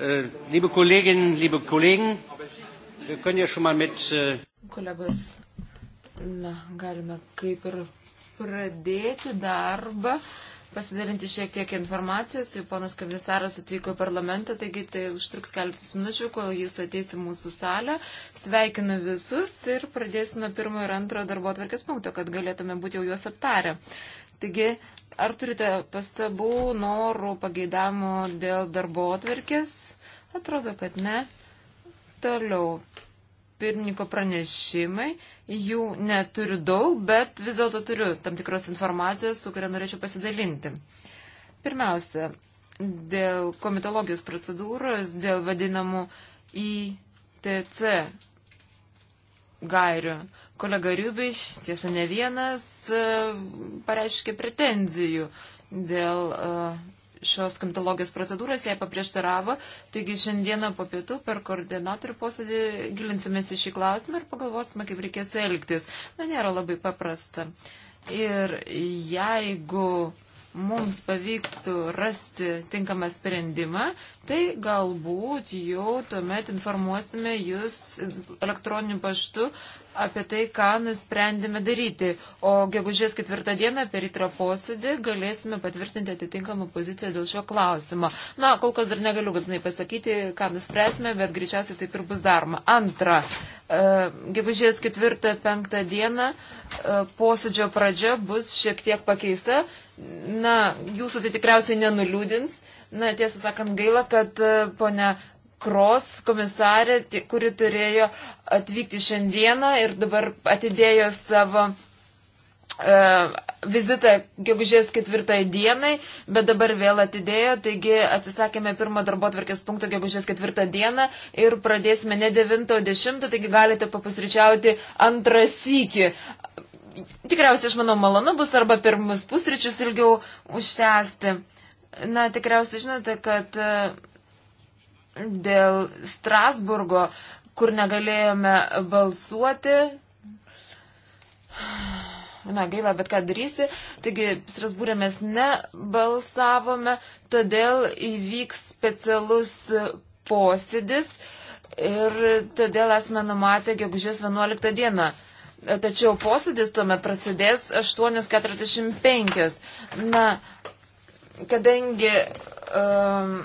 Äh, liebe Kolleginnen, liebe Kollegen, wir können ja schon mal mit. Äh, Kolegos, na, galime kaip ir pradėti darbą, pasidalinti šiek tiek informacijos. Jau ponas komisaras atvyko į parlamentą, taigi tai užtruks keletas minučių, kol jis ateis į mūsų salę. Sveikinu visus ir pradėsiu nuo pirmo ir antro darbo atvarkės punkto, kad galėtume būti jau juos aptarę. Taigi, ar turite pastabų, norų, pageidamų dėl darbo atvarkės? Atrodo, kad ne. Toliau. Pirmininko pranešimai. Jų neturiu daug, bet vis dėlto turiu tam tikros informacijos, su kuria norėčiau pasidalinti. Pirmiausia, dėl komitologijos procedūros, dėl vadinamų ITC gairių. Kolega Rybiš, tiesa ne vienas, e, pareiškė pretenzijų dėl uh, šios komitologijos procedūros, jai paprieštaravo. Taigi šiandieną po pietų per koordinatorių posėdį gilinsimės į šį klausimą ir pagalvosime, kaip reikės elgtis. Na, nėra labai paprasta. Ir jeigu mums pavyktų rasti tinkamą sprendimą, tai galbūt jau tuomet informuosime jūs elektroniniu paštu apie tai, ką nusprendėme daryti. O gegužės ketvirtą dieną per įtrą posėdį galėsime patvirtinti atitinkamą poziciją dėl šio klausimo. Na, kol kas dar negaliu gatinai pasakyti, ką nuspręsime, bet greičiausiai taip ir bus daroma. Antra. E, gegužės ketvirtą, penktą dieną e, posėdžio pradžia bus šiek tiek pakeista. Na, jūsų tai tikriausiai nenuliūdins. Na, tiesą sakant, gaila, kad e, ponia Kros komisarė, kuri turėjo atvykti šiandieną ir dabar atidėjo savo e, vizitą gegužės ketvirtai dienai, bet dabar vėl atidėjo, taigi atsisakėme pirmo darbo atvarkės punkto gegužės ketvirtą dieną ir pradėsime ne 9.10, taigi galite papusryčiauti antrą sykį. Tikriausiai, aš manau, malonu bus arba pirmus pusryčius ilgiau užtęsti. Na, tikriausiai žinote, kad uh, dėl Strasburgo, kur negalėjome balsuoti. Na, gaila, bet ką darysi. Taigi, Strasbūrė mes nebalsavome, todėl įvyks specialus posėdis ir todėl esame numatę gegužės 11 dieną. Tačiau posėdis tuomet prasidės 8.45. Na, kadangi um,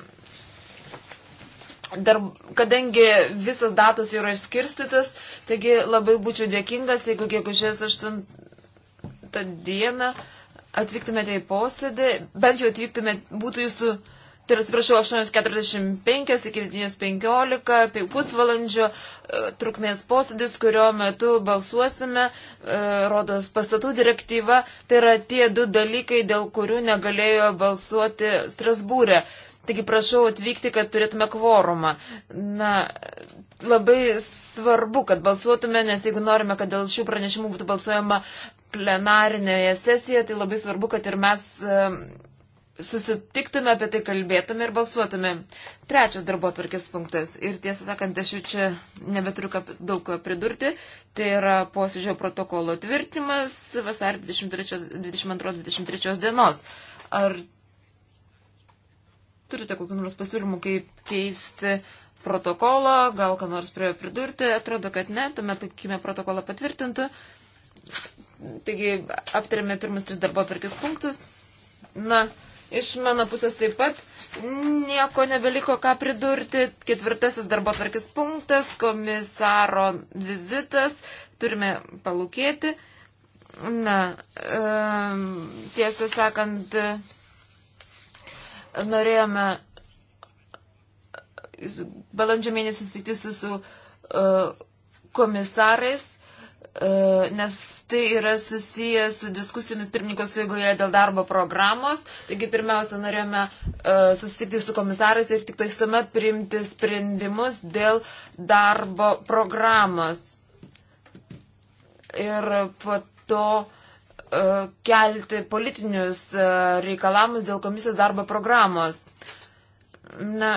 Dar, kadangi visas datos yra išskirstytas, taigi labai būčiau dėkingas, jeigu gegužės 8 dieną atvyktumėte į posėdį, bent jau atvyktumėte, būtų jūsų, tai atsiprašau, 8.45 iki 9.15, pusvalandžio e, trukmės posėdis, kurio metu balsuosime, e, rodos pastatų direktyva, tai yra tie du dalykai, dėl kurių negalėjo balsuoti Strasbūrė. E. Taigi prašau atvykti, kad turėtume kvorumą. Na, labai svarbu, kad balsuotume, nes jeigu norime, kad dėl šių pranešimų būtų balsuojama plenarinėje sesijoje, tai labai svarbu, kad ir mes e, susitiktume apie tai, kalbėtume ir balsuotume. Trečias darbo atvarkės punktas. Ir tiesą sakant, aš jau čia nebeturiu ką daug ką pridurti. Tai yra posėdžio protokolo tvirtinimas vasarį 22-23 dienos. Ar turite kokių nors pasiūlymų, kaip keisti protokolą, gal ką nors prie pridurti, atrodo, kad ne, tuomet tikime protokolą patvirtintų. Taigi aptarėme pirmus tris darbo atvarkės punktus. Na, iš mano pusės taip pat nieko nebeliko ką pridurti. Ketvirtasis darbo atvarkės punktas, komisaro vizitas, turime palūkėti. Na, e, tiesą sakant, e, norėjome balandžio mėnesį susitikti su, su e, uh, komisarais, uh, nes tai yra susiję su diskusijomis pirmininkos suigoje dėl darbo programos. Taigi pirmiausia, norėjome uh, susitikti su komisarais ir tik tais tuomet priimti sprendimus dėl darbo programos. Ir po to E, kelti politinius e, reikalavimus dėl komisijos darbo programos. Na,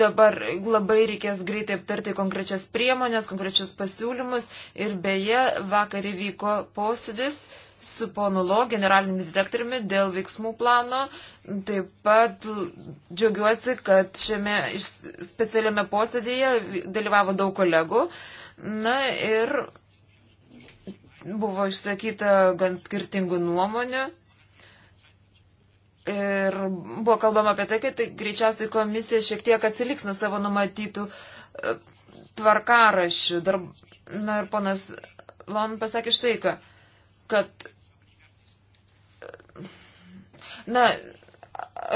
dabar labai reikės greitai aptarti konkrečias priemonės, konkrečius pasiūlymus ir beje vakar įvyko posėdis su ponu Lo, generaliniu direktoriumi, dėl veiksmų plano. Taip pat džiaugiuosi, kad šiame specialiame posėdėje dalyvavo daug kolegų. Na ir Buvo išsakyta gan skirtingų nuomonių. Ir buvo kalbama apie tai, kad tai greičiausiai komisija šiek tiek atsiliks nuo savo numatytų e, tvarkarašių. Dar, na ir ponas Lon pasakė štai ką, kad. E, na,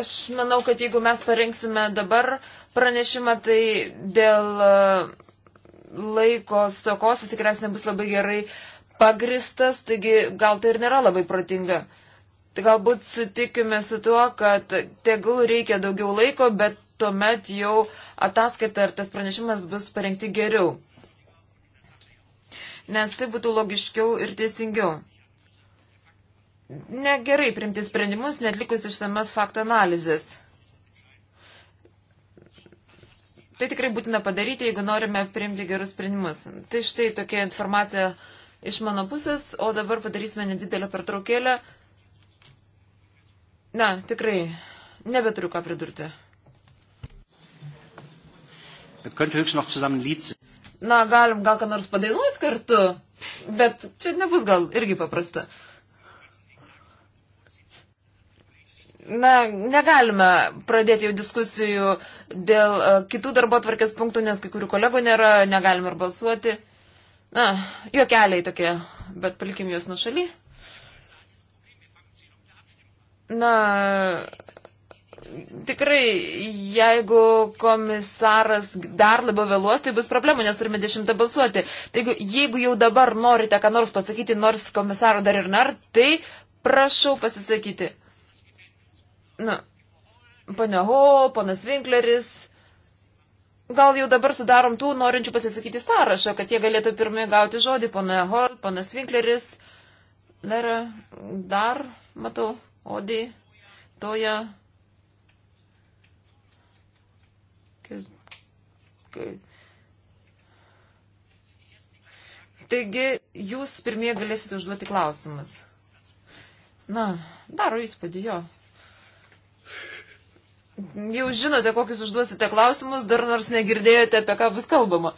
aš manau, kad jeigu mes parengsime dabar pranešimą, tai dėl e, laiko stokos, jis tikriausiai nebus labai gerai pagristas, taigi gal tai ir nėra labai protinga. Tai galbūt sutikime su tuo, kad tegul reikia daugiau laiko, bet tuomet jau ataskaita ar tas pranešimas bus parengti geriau. Nes tai būtų logiškiau ir teisingiau. Negerai primti sprendimus, netlikus išsames faktų analizės. Tai tikrai būtina padaryti, jeigu norime priimti gerus sprendimus. Tai štai tokia informacija iš mano pusės, o dabar padarysime nedidelę pertraukėlę. Na, tikrai, nebeturiu ką pridurti. Na, galim gal ką nors padainuoti kartu, bet čia nebus gal irgi paprasta. Na, negalime pradėti jau diskusijų dėl e, kitų darbo tvarkės punktų, nes kai kurių kolegų nėra, negalime ir balsuoti. Na, juokeliai tokie, bet palikim juos nuo šaly. Na, tikrai, jeigu komisaras dar labiau vėluos, tai bus problemų, nes turime dešimtą balsuoti. Taigi, jeigu jau dabar norite ką nors pasakyti, nors komisaro dar ir nar, tai prašau pasisakyti. Na, ponia Ho, ponas Winkleris, Gal jau dabar sudarom tų norinčių pasisakyti sąrašą, kad jie galėtų pirmie gauti žodį, pana Hol, panas Winkleris, Lera, dar, matau, Odi, Toja. Taigi, jūs pirmie galėsite užduoti klausimus. Na, daro įspūdį jo jau žinote, kokius užduosite klausimus, dar nors negirdėjote, apie ką bus kalbama.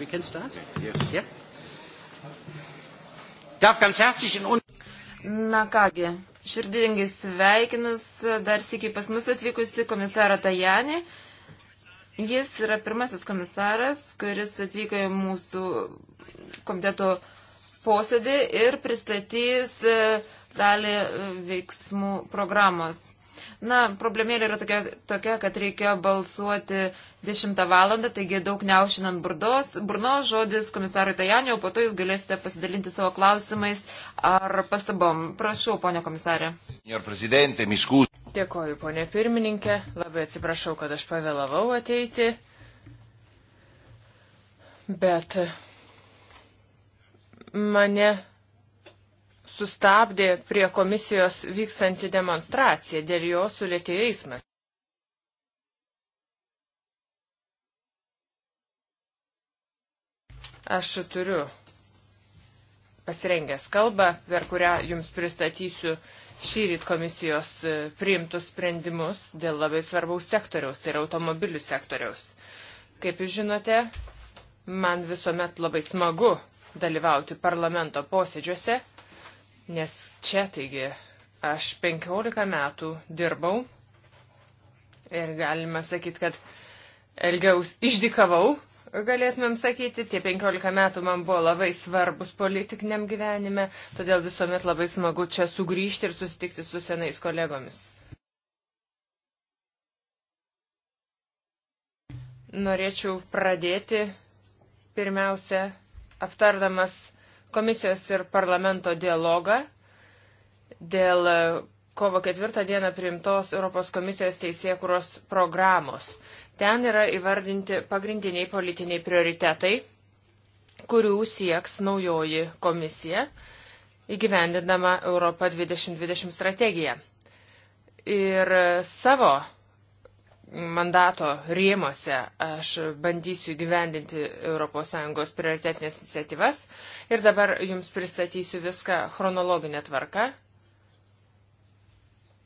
We can start? Yes. Yeah. Darf ganz herzlich in un... Na kągi, širdingai sveikinus dar sėkiai pas mus atvykusi komisarą Tajanį. Jis yra pirmasis komisaras, kuris atvyko į mūsų komiteto posėdį ir pristatys dalį veiksmų programos. Na, problemėlė yra tokia, tokia kad reikėjo balsuoti 10 valandą, taigi daug neušinant burdos, burnos žodis komisarui Tajanė, o po to jūs galėsite pasidalinti savo klausimais ar pastabom. Prašau, ponė komisarė. Dėkoju, ponė pirmininkė. Labai atsiprašau, kad aš pavėlavau ateiti. Bet mane sustabdė prie komisijos vykstantį demonstraciją, dėl jo sulėtėjo eismas. Aš turiu pasirengęs kalbą, per kurią jums pristatysiu šyrit komisijos e, priimtus sprendimus dėl labai svarbaus sektoriaus, tai yra automobilių sektoriaus. Kaip jūs žinote, man visuomet labai smagu dalyvauti parlamento posėdžiuose Nes čia taigi aš 15 metų dirbau ir galima sakyti, kad elgiaus išdikavau, galėtumėm sakyti, tie 15 metų man buvo labai svarbus politiniam gyvenime, todėl visuomet labai smagu čia sugrįžti ir susitikti su senais kolegomis. Norėčiau pradėti pirmiausia aptardamas komisijos ir parlamento dialogą dėl kovo ketvirtą dieną priimtos Europos komisijos teisėkuros programos. Ten yra įvardinti pagrindiniai politiniai prioritetai, kurių sieks naujoji komisija įgyvendindama Europą 2020 strategiją. Ir savo mandato rėmose aš bandysiu gyvendinti ES prioritetinės iniciatyvas ir dabar jums pristatysiu viską chronologinę tvarką,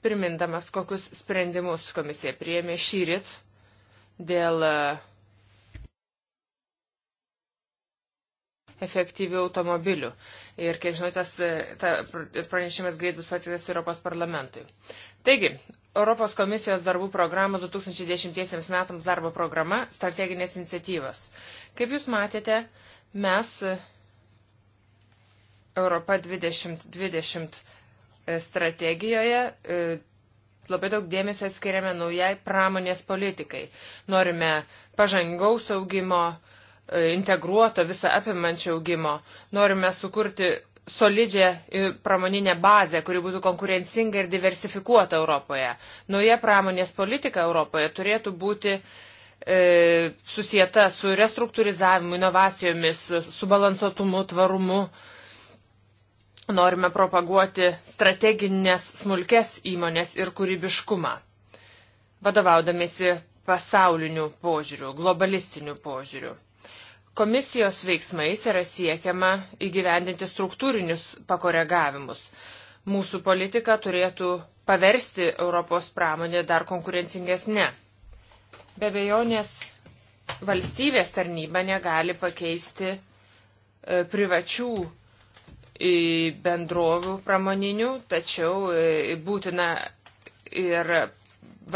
primindamas, kokius sprendimus komisija priėmė šyrit dėl e, efektyvių automobilių. Ir, kiek žinote, tas e, pranešimas greit bus atviras Europos parlamentui. Taigi, Europos komisijos darbų programos 2010 metams darbo programa - strateginės iniciatyvos. Kaip Jūs matėte, mes Europa 2020 e, strategijoje e, labai daug dėmesio skiriame naujai pramonės politikai. Norime pažangaus augimo, e, integruoto visą apimančio augimo. Norime sukurti solidžią pramoninę bazę, kuri būtų konkurencinga ir diversifikuota Europoje. Nauja pramonės politika Europoje turėtų būti e, susijęta su restruktūrizavimu, inovacijomis, subalansuotumu, tvarumu. Norime propaguoti strateginės smulkes įmonės ir kūrybiškumą, vadovaudamėsi pasauliniu požiūriu, globalistiniu požiūriu. Komisijos veiksmais yra siekiama įgyvendinti struktūrinius pakoregavimus. Mūsų politika turėtų paversti Europos pramonę dar konkurencingesnė. Be bejonės, valstybės tarnyba negali pakeisti e, privačių e, bendrovių pramoninių, tačiau e, būtina ir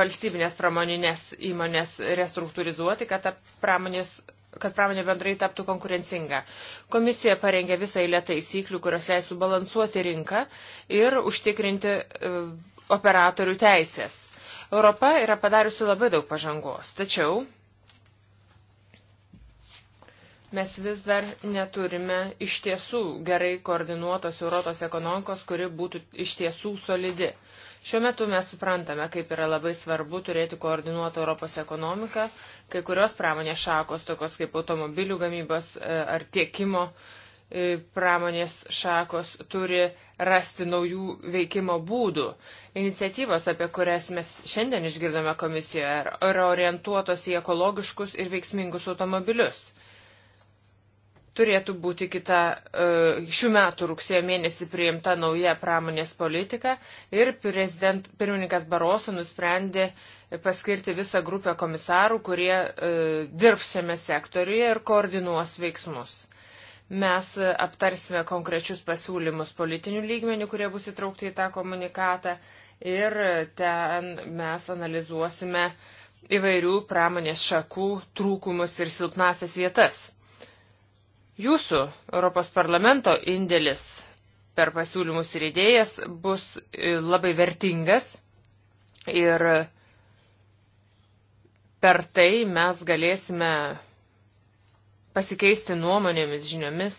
valstybinės pramoninės įmonės restruktūrizuoti, kad ta pramonės kad pramonė bendrai taptų konkurencinga. Komisija parengė visą eilę taisyklių, kurios leis subalansuoti rinką ir užtikrinti e, operatorių teisės. Europa yra padariusi labai daug pažangos, tačiau mes vis dar neturime iš tiesų gerai koordinuotos Europos ekonomikos, kuri būtų iš tiesų solidi. Šiuo metu mes suprantame, kaip yra labai svarbu turėti koordinuotą Europos ekonomiką. Kai kurios pramonės šakos, tokios kaip automobilių gamybos e, ar tiekimo e, pramonės šakos, turi rasti naujų veikimo būdų. Iniciatyvos, apie kurias mes šiandien išgirdome komisijoje, yra orientuotos į ekologiškus ir veiksmingus automobilius turėtų būti kita e, šių metų rugsėjo mėnesį priimta nauja pramonės politika ir pirmininkas Baroso nusprendė paskirti visą grupę komisarų, kurie e, dirbs šiame sektoriuje ir koordinuos veiksmus. Mes e, aptarsime konkrečius pasiūlymus politinių lygmenių, kurie bus įtraukti į tą komunikatą ir ten mes analizuosime įvairių pramonės šakų trūkumus ir silpnasias vietas. Jūsų Europos parlamento indėlis per pasiūlymus ir idėjas bus e, labai vertingas ir per tai mes galėsime pasikeisti nuomonėmis, žiniomis.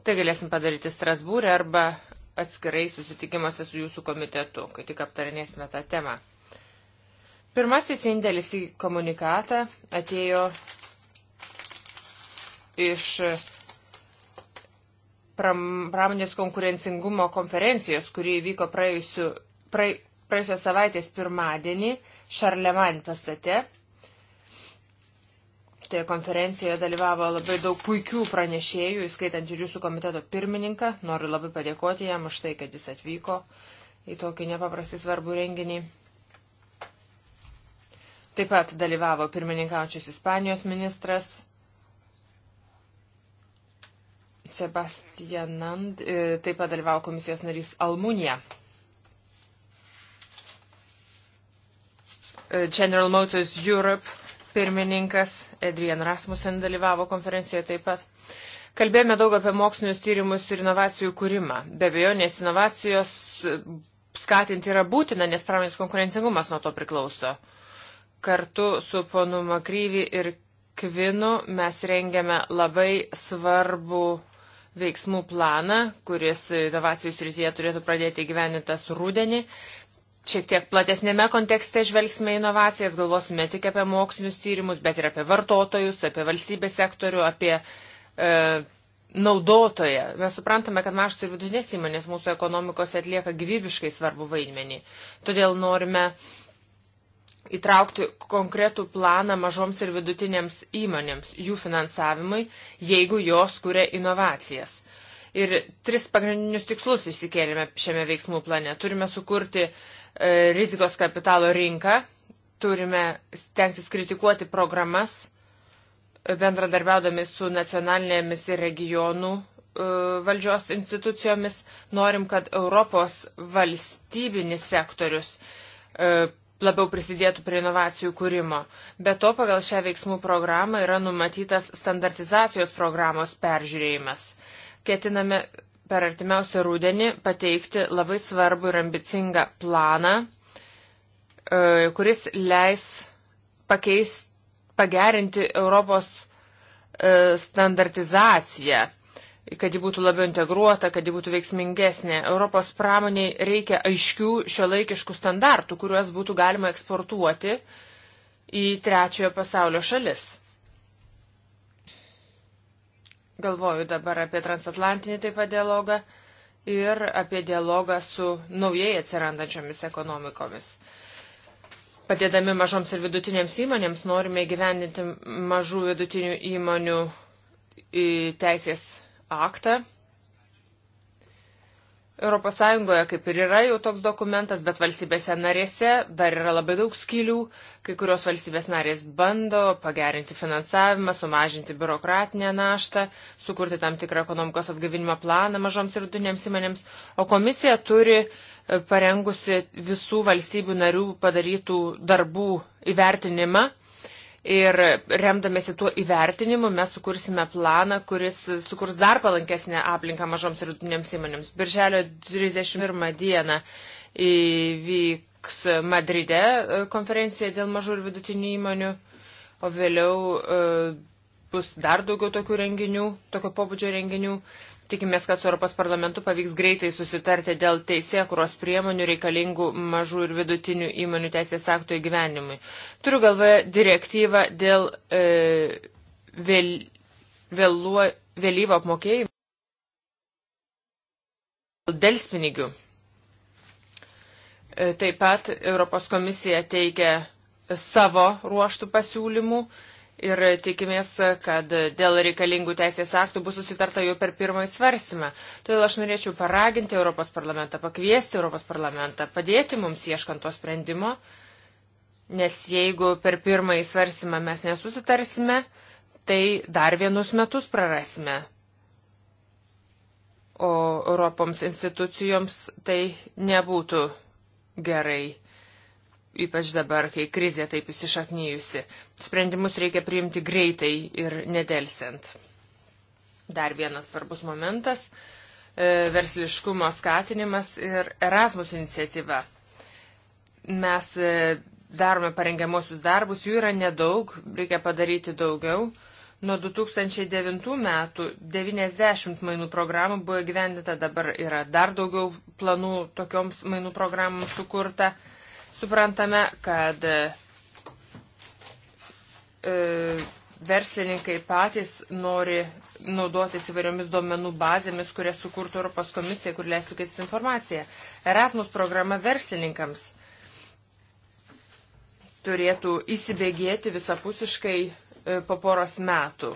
Tai galėsim padaryti Strasbūrė arba atskirai susitikimuose su jūsų komitetu, kai tik aptarinėsime tą temą. Pirmasis indėlis į komunikatą atėjo iš pramonės konkurencingumo konferencijos, kuri vyko praėjusiu, praė, praėjusios savaitės pirmadienį Šarleman pastate. Toje konferencijoje dalyvavo labai daug puikių pranešėjų, įskaitant ir jūsų komiteto pirmininką. Noriu labai padėkoti jam už tai, kad jis atvyko į tokį nepaprastai svarbų renginį. Taip pat dalyvavo pirmininkaučius Ispanijos ministras Sebastianand, e, taip pat dalyvavo komisijos narys Almunija. E, General Motors Europe pirmininkas Edrian Rasmussen dalyvavo konferencijoje taip pat. Kalbėjome daug apie mokslinius tyrimus ir inovacijų kūrimą. Be abejo, nes inovacijos e, skatinti yra būtina, nes pramonės konkurencingumas nuo to priklauso. Kartu su ponu Makryvi ir Kvinu mes rengiame labai svarbų veiksmų planą, kuris inovacijų srityje turėtų pradėti gyvenintas rūdienį. Šiek tiek platesnėme kontekste žvelgsime inovacijas, galvosime tik apie mokslinius tyrimus, bet ir apie vartotojus, apie valstybės sektorių, apie e, naudotoją. Mes suprantame, kad mažos ir vidutinės įmonės mūsų ekonomikose atlieka gyvybiškai svarbu vaidmenį. Todėl norime įtraukti konkretų planą mažoms ir vidutinėms įmonėms, jų finansavimui, jeigu jos kuria inovacijas. Ir tris pagrindinius tikslus išsikėlėme šiame veiksmų plane. Turime sukurti e, rizikos kapitalo rinką, turime stengtis kritikuoti programas, e, bendradarbiaudami su nacionalinėmis ir regionų e, valdžios institucijomis, norim, kad Europos valstybinis sektorius e, labiau prisidėtų prie inovacijų kūrimo. Be to, pagal šią veiksmų programą yra numatytas standartizacijos programos peržiūrėjimas. Ketiname per artimiausią rūdienį pateikti labai svarbų ir ambicingą planą, e, kuris leis pakeis, pagerinti Europos e, standartizaciją kad ji būtų labiau integruota, kad ji būtų veiksmingesnė. Europos pramoniai reikia aiškių šio laikiškų standartų, kuriuos būtų galima eksportuoti į trečiojo pasaulio šalis. Galvoju dabar apie transatlantinį taip pat dialogą ir apie dialogą su naujai atsirandančiomis ekonomikomis. Padėdami mažoms ir vidutinėms įmonėms norime gyveninti mažų vidutinių įmonių teisės aktą. ES kaip ir yra jau toks dokumentas, bet valstybėse narėse dar yra labai daug skylių. Kai kurios valstybės narės bando pagerinti finansavimą, sumažinti biurokratinę naštą, sukurti tam tikrą ekonomikos atgavinimo planą mažoms ir vidutinėms įmonėms, o komisija turi e, parengusi visų valstybių narių padarytų darbų įvertinimą Ir remdamėsi tuo įvertinimu mes sukursime planą, kuris sukurs dar palankesnę aplinką mažoms ir rutinėms įmonėms. Birželio 31 dieną įvyks Madride e, konferencija dėl mažų ir vidutinių įmonių, o vėliau e, bus dar daugiau tokių renginių, tokio pobūdžio renginių. Tikimės, kad su Europos parlamentu pavyks greitai susitarti dėl teisė, kurios priemonių reikalingų mažų ir vidutinių įmonių teisės aktų įgyvenimui. Turiu galvoje direktyvą dėl e, vėl, vėluo, vėlyvo apmokėjimo. Delspinigių. E, taip pat Europos komisija teikia savo ruoštų pasiūlymų. E, ir tikimės, kad dėl reikalingų teisės aktų bus susitarta jau per pirmąjį svarstymą. Todėl aš norėčiau paraginti Europos parlamentą, pakviesti Europos parlamentą, padėti mums ieškant to sprendimo, nes jeigu per pirmąjį svarstymą mes nesusitarsime, tai dar vienus metus prarasime. O Europoms institucijoms tai nebūtų gerai ypač dabar, kai krizė taip įsišaknyjusi. Sprendimus reikia priimti greitai ir nedelsiant. Dar vienas svarbus momentas - e, versliškumo skatinimas ir Erasmus iniciatyva. Mes e, darome parengiamosius darbus, jų yra nedaug, reikia padaryti daugiau. Nuo 2009 metų 90 mainų programų buvo gyvendita, dabar yra dar daugiau planų tokioms mainų programams sukurta. Suprantame, kad e, verslininkai patys nori naudotis įvairiomis duomenų bazėmis, kurias sukurtų Europos komisija, kur leistų keistis informaciją. Erasmus programa verslininkams turėtų įsibėgėti visapusiškai e, po poros metų.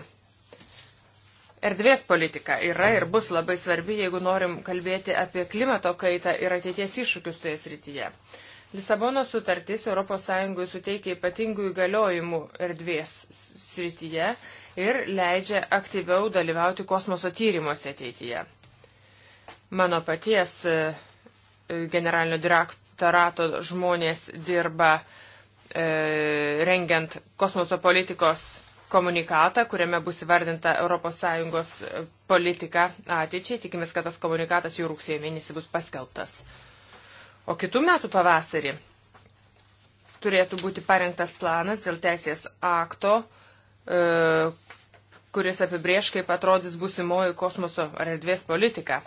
Erdvės politika yra ir bus labai svarbi, jeigu norim kalbėti apie klimato kaitą ir ateities iššūkius toje srityje. Tai Lisabono sutartis ES suteikia ypatingų įgaliojimų erdvės srityje ir leidžia aktyviau dalyvauti kosmoso tyrimuose ateityje. Mano paties e, generalinio direktorato žmonės dirba e, rengiant kosmoso politikos komunikatą, kuriame bus įvardinta ES politika ateičiai. Tikimės, kad tas komunikatas jau rugsėjo mėnesį bus paskelbtas. O kitų metų pavasarį turėtų būti parengtas planas dėl teisės akto, e, kuris apibrieš, kaip atrodys būsimoji kosmoso ar erdvės politika.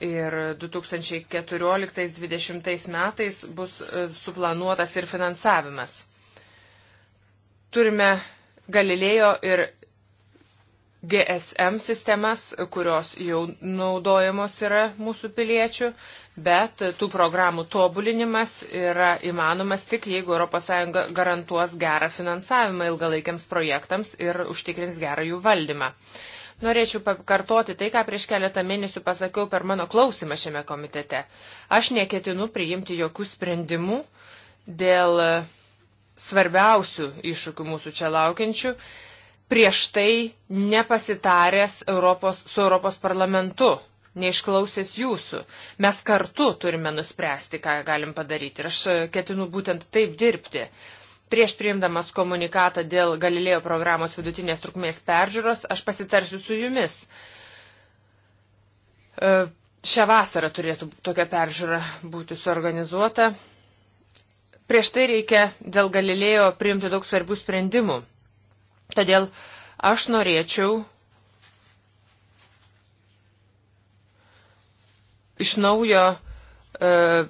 Ir 2014-2020 metais bus e, suplanuotas ir finansavimas. Turime Galilėjo ir GSM sistemas, kurios jau naudojamos yra mūsų piliečių bet tų programų tobulinimas yra įmanomas tik jeigu ES garantuos gerą finansavimą ilgalaikiams projektams ir užtikrins gerą jų valdymą. Norėčiau pakartoti tai, ką prieš keletą mėnesių pasakiau per mano klausimą šiame komitete. Aš neketinu priimti jokių sprendimų dėl svarbiausių iššūkių mūsų čia laukiančių prieš tai nepasitaręs Europos, su Europos parlamentu neišklausęs jūsų. Mes kartu turime nuspręsti, ką galim padaryti. Ir aš ketinu būtent taip dirbti. Prieš priimdamas komunikatą dėl Galilėjo programos vidutinės trukmės peržiūros, aš pasitarsiu su jumis. E, šią vasarą turėtų tokia peržiūra būti suorganizuota. Prieš tai reikia dėl Galilėjo priimti daug svarbių sprendimų. Todėl aš norėčiau iš naujo e,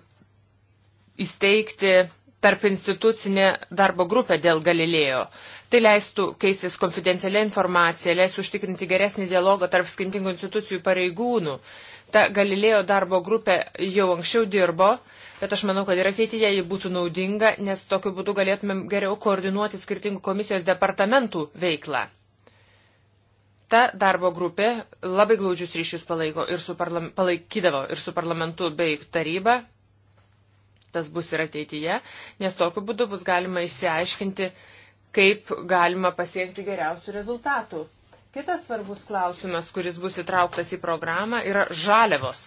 įsteigti tarp institucinę darbo grupę dėl Galilėjo. Tai leistų keistis konfidencialią informaciją, leistų užtikrinti geresnį dialogą tarp skirtingų institucijų pareigūnų. Ta Galilėjo darbo grupė jau anksčiau dirbo, bet aš manau, kad ir ateityje ji būtų naudinga, nes tokiu būdu galėtumėm geriau koordinuoti skirtingų komisijos departamentų veiklą ta darbo grupė labai glaudžius ryšius palaiko ir su parlam, palaikydavo ir su parlamentu bei taryba. Tas bus ir ateityje, nes tokiu būdu bus galima išsiaiškinti, kaip galima pasiekti geriausių rezultatų. Kitas svarbus klausimas, kuris bus įtrauktas į programą, yra žaliavos.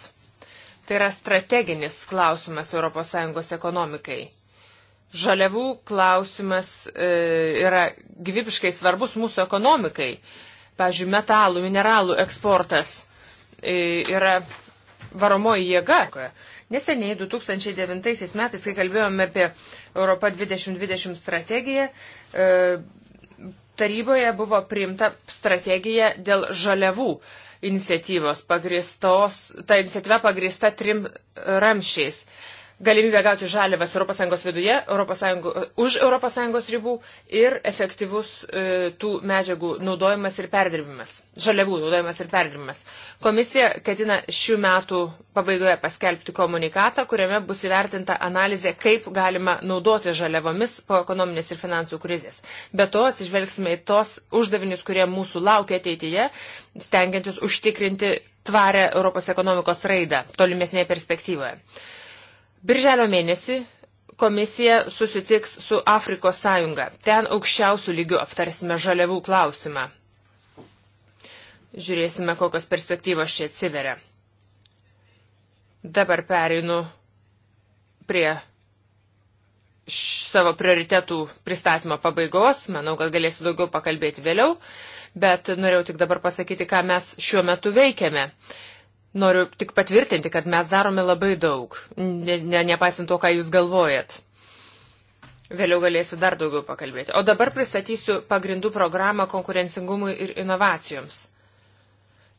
Tai yra strateginis klausimas ES ekonomikai. Žaliavų klausimas e, yra gyvybiškai svarbus mūsų ekonomikai. E, Pavyzdžiui, metalų, mineralų eksportas e, yra varomoji jėga. Neseniai 2009 metais, kai kalbėjome apie Europą 2020 strategiją, e, taryboje buvo priimta strategija dėl žaliavų iniciatyvos pagristos, ta iniciatyva pagrista trim ramšiais galimybę gauti žalėvas ES viduje, ES, už ES ribų ir efektyvus e, tų medžiagų naudojimas ir perdirbimas, žaliavų naudojimas ir perdirbimas. Komisija ketina šių metų pabaigoje paskelbti komunikatą, kuriame bus įvertinta analizė, kaip galima naudoti žaliavomis po ekonominės ir finansų krizės. Be to atsižvelgsime į tos uždavinius, kurie mūsų laukia ateityje, stengiantis užtikrinti tvarę Europos ekonomikos raidą tolimesnėje perspektyvoje. Birželio mėnesį komisija susitiks su Afrikos sąjunga. Ten aukščiausių lygių aptarsime žaliavų klausimą. Žiūrėsime, kokios perspektyvos čia atsiveria. Dabar pereinu prie savo prioritetų pristatymo pabaigos. Manau, kad galėsiu daugiau pakalbėti vėliau, bet norėjau tik dabar pasakyti, ką mes šiuo metu veikiame. Uh, Noriu tik patvirtinti, kad mes darome labai daug, ne, ne, nepaisant to, ką jūs galvojat. Vėliau galėsiu dar daugiau pakalbėti. O dabar pristatysiu pagrindų programą konkurencingumui ir inovacijoms.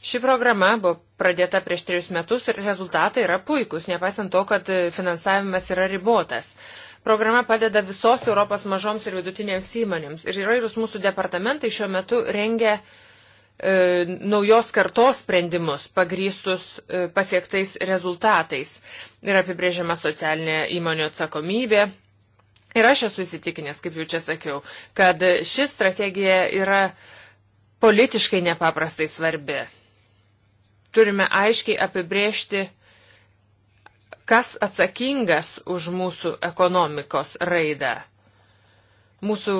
Ši programa buvo pradėta prieš trejus metus ir rezultatai yra puikūs, nepaisant to, kad finansavimas yra ribotas. Programa padeda visos Europos mažoms ir vidutinėms įmonėms. Ir įvairūs mūsų departamentai šiuo metu rengia uh, E, naujos kartos sprendimus pagrystus e, pasiektais rezultatais. Yra apibrėžiama socialinė įmonių atsakomybė. Ir aš esu įsitikinęs, kaip jau čia sakiau, kad ši strategija yra politiškai nepaprastai svarbi. Turime aiškiai apibrėžti, kas atsakingas už mūsų ekonomikos raidą mūsų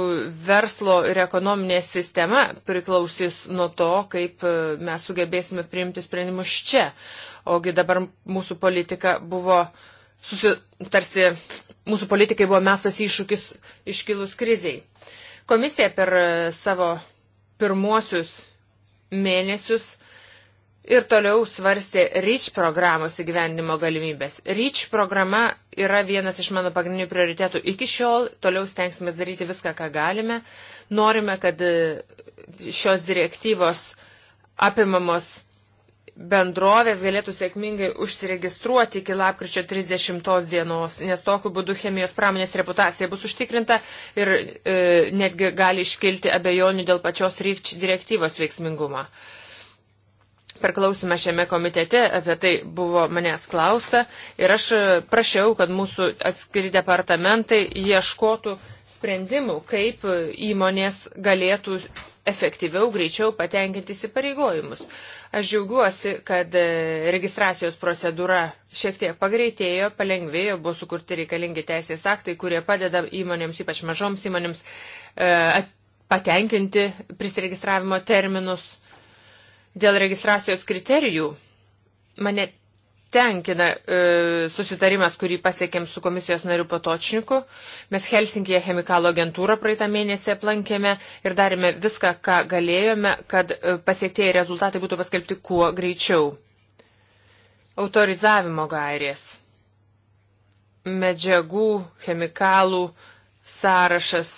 verslo ir ekonominė sistema priklausys nuo to, kaip e, mes sugebėsime priimti sprendimus čia. Ogi dabar mūsų politika buvo susi, tarsi mūsų politikai buvo mesas iššūkis iškilus kriziai. Komisija per e, savo pirmuosius mėnesius uh, ir toliau svarstė REACH programos įgyvendimo galimybės. REACH programa yra vienas iš mano pagrindinių prioritetų iki šiol, toliau stengsime daryti viską, ką galime. Norime, kad e, šios direktyvos apimamos bendrovės galėtų sėkmingai užsiregistruoti iki lapkričio 30 dienos, nes tokiu būdu chemijos pramonės reputacija bus užtikrinta ir e, netgi gali iškilti abejonių dėl pačios REACH direktyvos veiksmingumą. E, Per klausimą šiame komitete apie tai buvo manęs klausta ir aš prašiau, kad mūsų atskiri departamentai ieškotų sprendimų, kaip įmonės galėtų efektyviau, greičiau patenkinti įsipareigojimus. Aš džiaugiuosi, kad e, registracijos procedūra šiek tiek pagreitėjo, palengvėjo, buvo sukurti reikalingi teisės aktai, kurie padeda įmonėms, ypač mažoms įmonėms, e, patenkinti prisiregistravimo terminus. Dėl registracijos kriterijų mane tenkina e, susitarimas, kurį pasiekėm su komisijos nariu Patočniku. Mes Helsinkije chemikalo agentūrą praeitą mėnesį aplankėme ir darėme viską, ką galėjome, kad e, pasiektieji rezultatai būtų paskelbti kuo greičiau. Autorizavimo gairės. Medžiagų, chemikalų sąrašas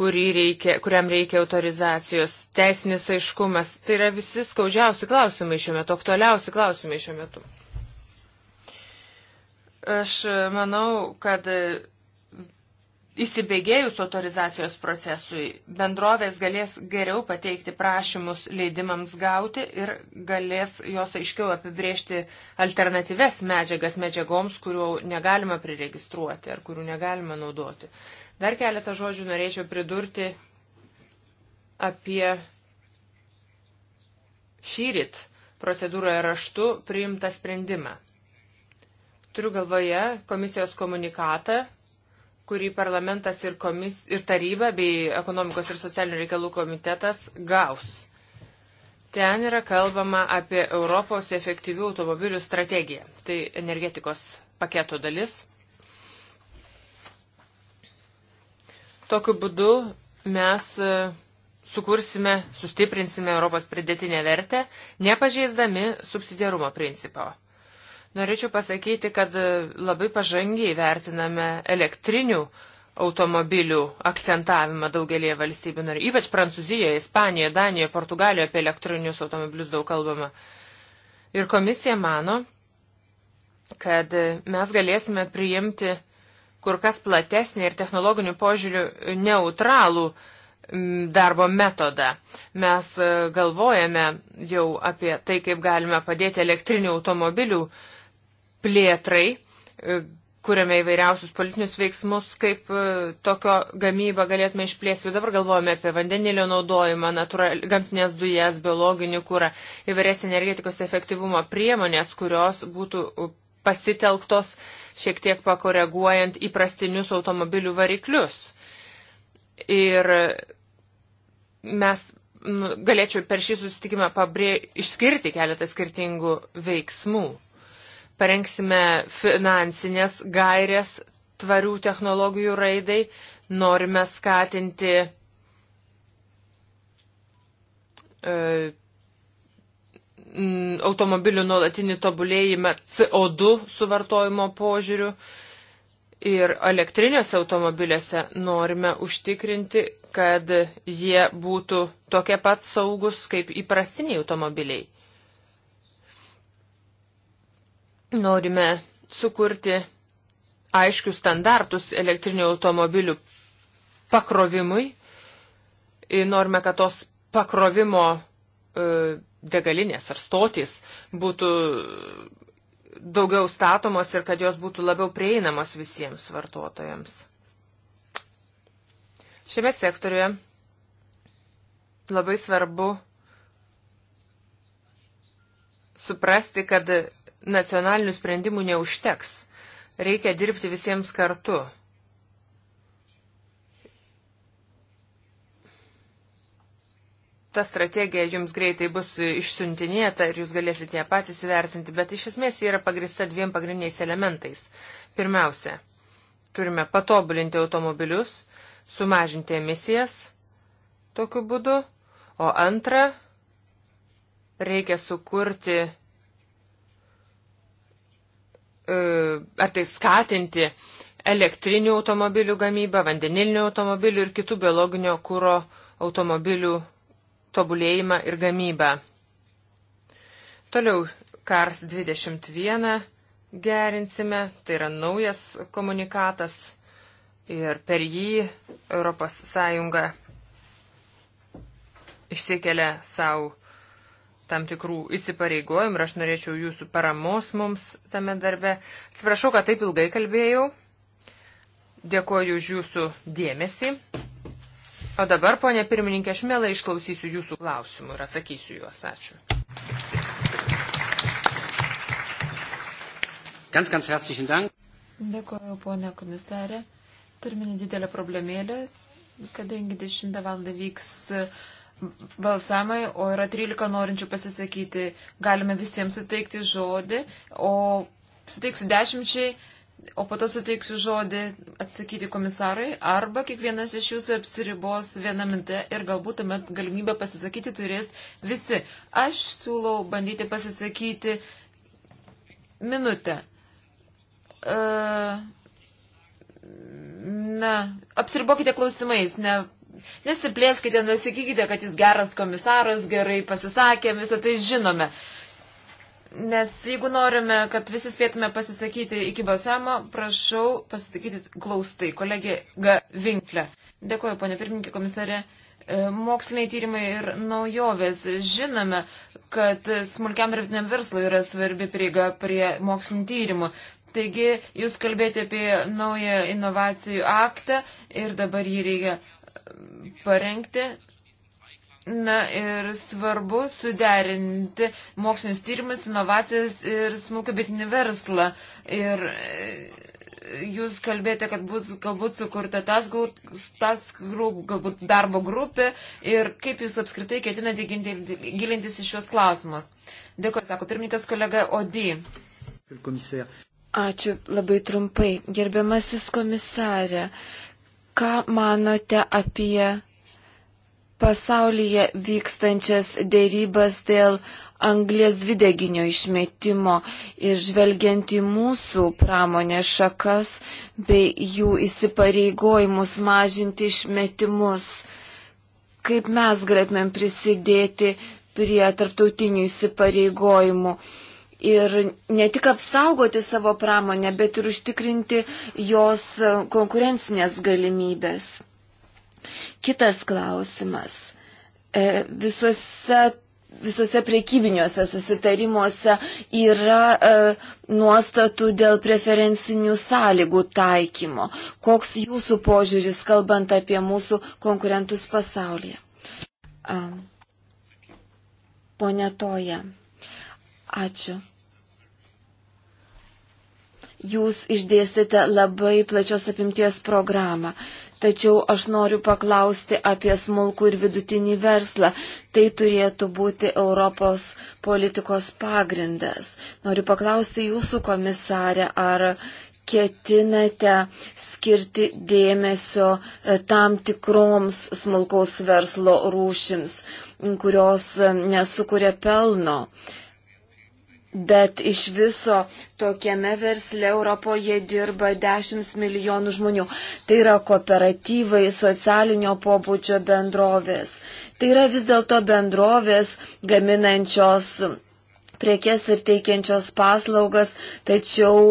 reikia, kuriam reikia autorizacijos, teisinis aiškumas. Tai yra visi skaudžiausi klausimai šiuo metu, aktualiausi klausimai šiuo metu. Aš e, manau, kad e, įsibėgėjus autorizacijos procesui bendrovės galės geriau pateikti prašymus leidimams gauti ir galės jos aiškiau apibriežti alternatyves medžiagas medžiagoms, kurių negalima priregistruoti ar kurių negalima naudoti. Dar keletą žodžių norėčiau pridurti apie šyrit procedūroje raštu priimtą sprendimą. Turiu galvoje komisijos komunikatą, kurį parlamentas ir, komis, ir taryba bei ekonomikos ir socialinių reikalų komitetas gaus. Ten yra kalbama apie Europos efektyvių automobilių strategiją. Tai energetikos paketo dalis. Tokiu būdu mes e, sukursime, sustiprinsime Europos pridėtinę vertę, nepažeisdami subsidiarumo principo. Norėčiau pasakyti, kad e, labai pažangiai vertiname elektrinių automobilių akcentavimą daugelie valstybių narių. Ypač Prancūzijoje, Ispanijoje, Danijoje, Portugalijoje apie elektrinius automobilius daug kalbama. Ir komisija mano, kad e, mes galėsime priimti kur kas platesnį ir technologinių požiūrių neutralų darbo metodą. Mes e, galvojame jau apie tai, kaip galime padėti elektrinių automobilių plėtrai, e, kuriame įvairiausius politinius veiksmus, kaip e, tokio gamybą galėtume išplėsti. Dabar galvojame apie vandenilio naudojimą, natural, gamtinės dujas, biologinį kūrą, įvairias energetikos efektyvumo priemonės, kurios būtų pasitelktos uh, šiek tiek pakoreguojant įprastinius automobilių variklius. Ir mes nu, galėčiau per šį susitikimą pabrė, išskirti keletą skirtingų veiksmų. Parengsime finansinės gairės tvarių technologijų raidai, norime skatinti e, Mm, automobilių nuolatinį tobulėjimą CO2 suvartojimo požiūriu. Ir elektrinėse automobiliuose norime užtikrinti, kad jie būtų tokie pat saugus kaip įprastiniai automobiliai. Norime sukurti aiškius standartus elektrinių automobilių pakrovimui. Norime, kad tos pakrovimo e, degalinės ar stotys būtų daugiau statomos ir kad jos būtų labiau prieinamos visiems vartotojams. Šiame sektoriuje labai svarbu suprasti, kad nacionalinių sprendimų neužteks. Reikia dirbti visiems kartu. ta strategija jums greitai bus išsiuntinėta ir jūs galėsite ją patys įvertinti, bet iš esmės ji yra pagrista dviem pagrindiniais elementais. Pirmiausia, turime patobulinti automobilius, sumažinti emisijas tokiu būdu, o antra, reikia sukurti e, ar tai skatinti elektrinių automobilių gamybą, vandenilinių automobilių ir kitų biologinio kūro automobilių tobulėjimą ir gamybą. Toliau Kars 21 gerinsime, tai yra naujas komunikatas ir per jį Europos Sąjunga išsikelia savo tam tikrų įsipareigojimų ir aš norėčiau jūsų paramos mums tame darbe. Atsiprašau, kad taip ilgai kalbėjau. Dėkoju už jūsų dėmesį. O dabar, ponė pirmininkė, aš mielai išklausysiu jūsų klausimų ir atsakysiu juos. Ačiū. Ganz, ganz herzlichen Dank. Dėkuoju, ponė komisarė. Turime nedidelę problemėlę, kadangi 10 val. vyks balsamai, o yra 13 norinčių pasisakyti. Galime visiems suteikti žodį, o suteiksiu dešimčiai o po to suteiksiu žodį atsakyti komisarai, arba kiekvienas iš jūsų apsiribos vieną mintę ir galbūt tuomet galimybę pasisakyti turės visi. Aš siūlau bandyti pasisakyti minutę. E, na, apsiribokite klausimais, ne nesiplėskite, nesakykite, kad jis geras komisaras, gerai pasisakė, visą tai žinome. Nes jeigu norime, kad visi spėtume pasisakyti iki balsavimo, prašau pasisakyti glaustai. Kolegė Gavinklė. Dėkuoju, ponė pirmininkė komisarė. E, moksliniai tyrimai ir naujovės. Žinome, kad smulkiam ir vidiniam verslui yra svarbi prieiga prie mokslinio tyrimų. Taigi, jūs kalbėjote apie naują inovacijų aktą ir dabar jį reikia parengti. Na ir svarbu suderinti mokslinius tyrimus, inovacijas ir smulkų bitinį verslą. Ir e, jūs kalbėjote, kad bus galbūt sukurta tas, tas grup, galbūt darbo grupė ir kaip jūs apskritai ketinate gilintis į šios klausimus. Dėkuoju, sako pirmininkas kolega Odi. Ačiū labai trumpai. Gerbiamasis komisarė, ką manote apie pasaulyje vykstančias dėrybas dėl anglės dvideginio išmetimo ir žvelgiant į mūsų pramonės šakas bei jų įsipareigojimus mažinti išmetimus, kaip mes galėtumėm prisidėti prie tarptautinių įsipareigojimų. Ir ne tik apsaugoti savo pramonę, bet ir užtikrinti jos konkurencinės galimybės. Kitas klausimas. E, visose visose priekybiniuose susitarimuose yra e, nuostatų dėl preferencinių sąlygų taikymo. Koks jūsų požiūris, kalbant apie mūsų konkurentus pasaulyje? A, pone Toja, ačiū. Jūs išdėstėte labai plačios apimties programą. E, Tačiau aš noriu paklausti apie smulkų ir vidutinį verslą. Tai turėtų būti Europos politikos pagrindas. Noriu paklausti jūsų komisarę, ar ketinate skirti dėmesio e, tam tikroms smulkaus verslo rūšims, kurios e, nesukuria pelno. Uh, Bet iš viso tokiame versle Europoje dirba 10 milijonų žmonių. Tai yra kooperatyvai, socialinio pobūdžio bendrovės. Tai yra vis dėlto bendrovės gaminančios priekes ir teikiančios paslaugas, tačiau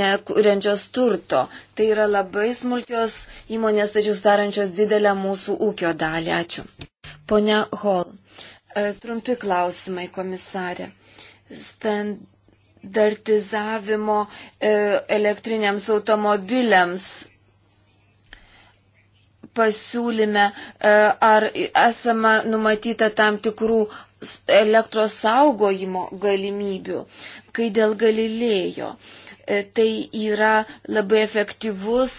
nekuriančios ne, ne turto. Tai yra labai smulkios įmonės, tačiau sudarančios didelę mūsų ūkio dalį. Ačiū. Pone Hol. E, trumpi klausimai, komisarė. Standartizavimo e, elektriniams automobiliams pasiūlyme, e, ar esama numatyta tam tikrų elektros saugojimo galimybių, kai dėl galilėjo. Tai yra labai efektyvus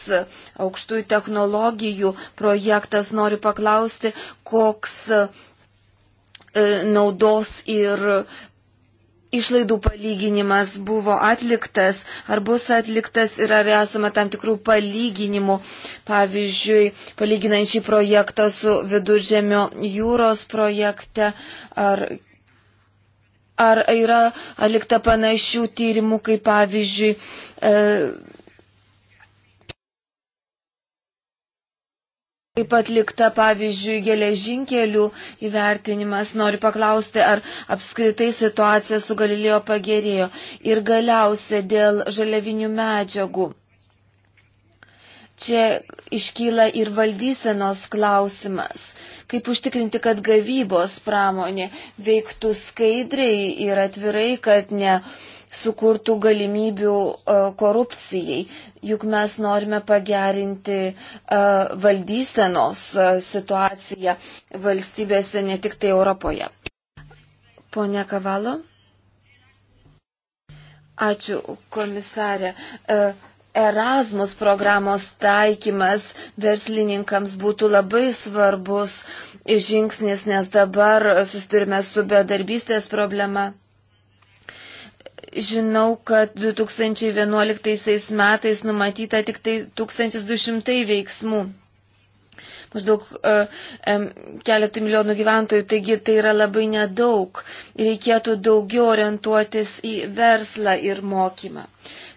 aukštųjų technologijų projektas. Noriu paklausti, koks E, naudos ir išlaidų palyginimas buvo atliktas, ar bus atliktas ir ar esame tam tikrų palyginimų, pavyzdžiui, palyginant šį projektą su viduržėmio jūros projekte, ar, ar yra atlikta panašių tyrimų, kaip pavyzdžiui, e, Kaip atlikta, pavyzdžiui, geležinkelių įvertinimas, noriu paklausti, ar apskritai situacija su Galilėjo pagerėjo. Ir galiausia dėl žaliavinių medžiagų. Čia iškyla ir valdysenos klausimas. Kaip užtikrinti, kad gavybos pramonė veiktų skaidriai ir atvirai, kad ne sukurtų galimybių e, korupcijai, juk mes norime pagerinti e, valdysenos e, situaciją valstybėse, ne tik tai Europoje. Pone Kavalo. Ačiū, komisarė. Erasmus programos taikymas verslininkams būtų labai svarbus žingsnis, nes dabar susiturime su bedarbystės problema. Žinau, kad 2011 metais numatyta tik tai 1200 veiksmų. Maždaug um, e, keletų milijonų gyventojų, taigi tai yra labai nedaug. Reikėtų daugiau orientuotis į verslą ir mokymą.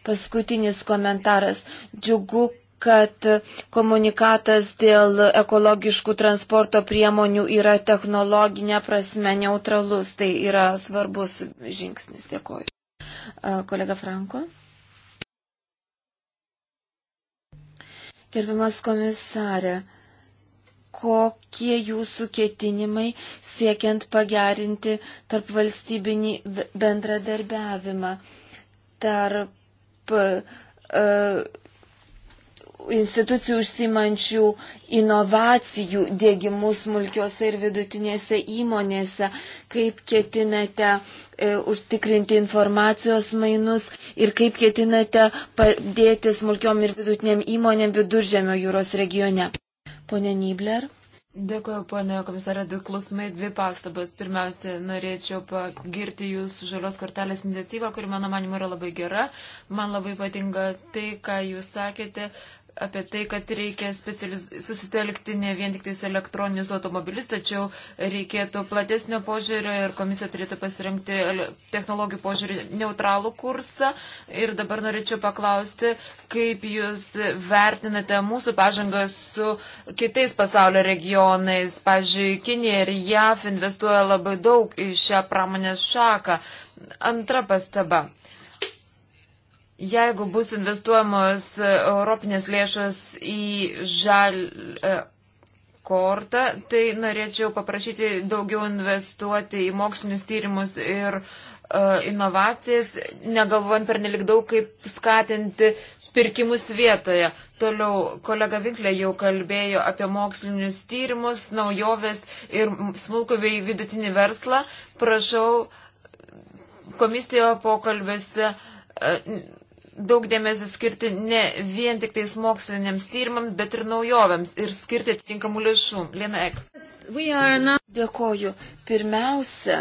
Paskutinis komentaras. Džiugu, kad komunikatas dėl ekologiškų transporto priemonių yra technologinė prasme neutralus. Tai yra svarbus žingsnis. Dėkoju. Kolega Franko. Gerbiamas komisarė, kokie jūsų ketinimai siekiant pagerinti tarp valstybinį bendradarbiavimą tarp uh, institucijų užsimančių inovacijų dėgymus smulkiose ir vidutinėse įmonėse, kaip ketinate e, užtikrinti informacijos mainus ir kaip ketinate padėti smulkiom ir vidutiniam įmonėm viduržėmio jūros regione. Pone Nibler. Dėkuoju, ponė komisarė, du klausimai, dvi pastabas. Pirmiausia, norėčiau pagirti jūsų žalios kortelės iniciatyvą, kuri mano manimo yra labai gera. Man labai patinka tai, ką jūs sakėte apie tai, kad reikia specializ... susitelkti ne vien tik tais elektroninius automobilius, tačiau reikėtų platesnio požiūrio ir komisija turėtų pasirinkti technologijų požiūrį neutralų kursą. Ir dabar norėčiau paklausti, kaip jūs vertinate mūsų pažangą su kitais pasaulio regionais. Pavyzdžiui, Kinija ir JAF investuoja labai daug į šią pramonės šaką. Antra pastaba. Jeigu bus investuojamos e, europinės lėšos į žal e, kortą, tai norėčiau paprašyti daugiau investuoti į mokslinius tyrimus ir e, inovacijas, negalvojant per nelik daug, kaip skatinti pirkimus vietoje. Toliau kolega Vinklė jau kalbėjo apie mokslinius tyrimus, naujoves ir smulkų bei vidutinį verslą. Prašau komisijoje pokalbėse daug dėmesio skirti ne vien tik tais moksliniams tyrimams, bet ir naujovėms ir skirti atitinkamų lėšų. Lena Ek. Dėkoju. Pirmiausia,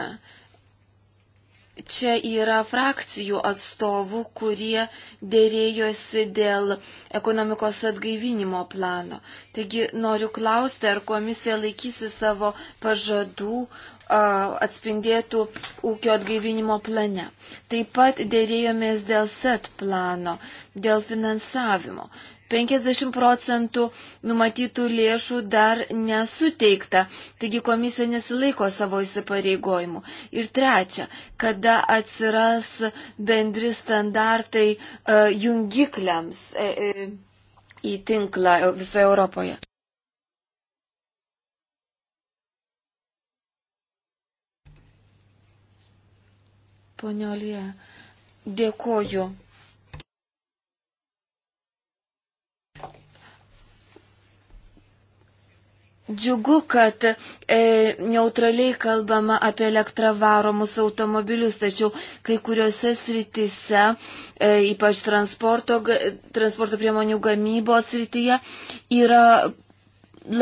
čia yra frakcijų atstovų, kurie dėrėjosi dėl ekonomikos atgaivinimo plano. Taigi noriu klausti, ar komisija laikysi savo pažadų atspindėtų ūkio atgaivinimo plane. Taip pat dėrėjomės dėl SET plano, dėl finansavimo. 50 procentų numatytų lėšų dar nesuteikta, taigi komisija nesilaiko savo įsipareigojimų. Ir trečia, kada atsiras bendri standartai uh, jungikliams uh, į tinklą visoje Europoje. Poniolie, dėkoju. Džiugu, kad e, neutraliai kalbama apie elektravaromus automobilius, tačiau kai kuriuose srityse, e, ypač transporto, transporto priemonių gamybos srityje, yra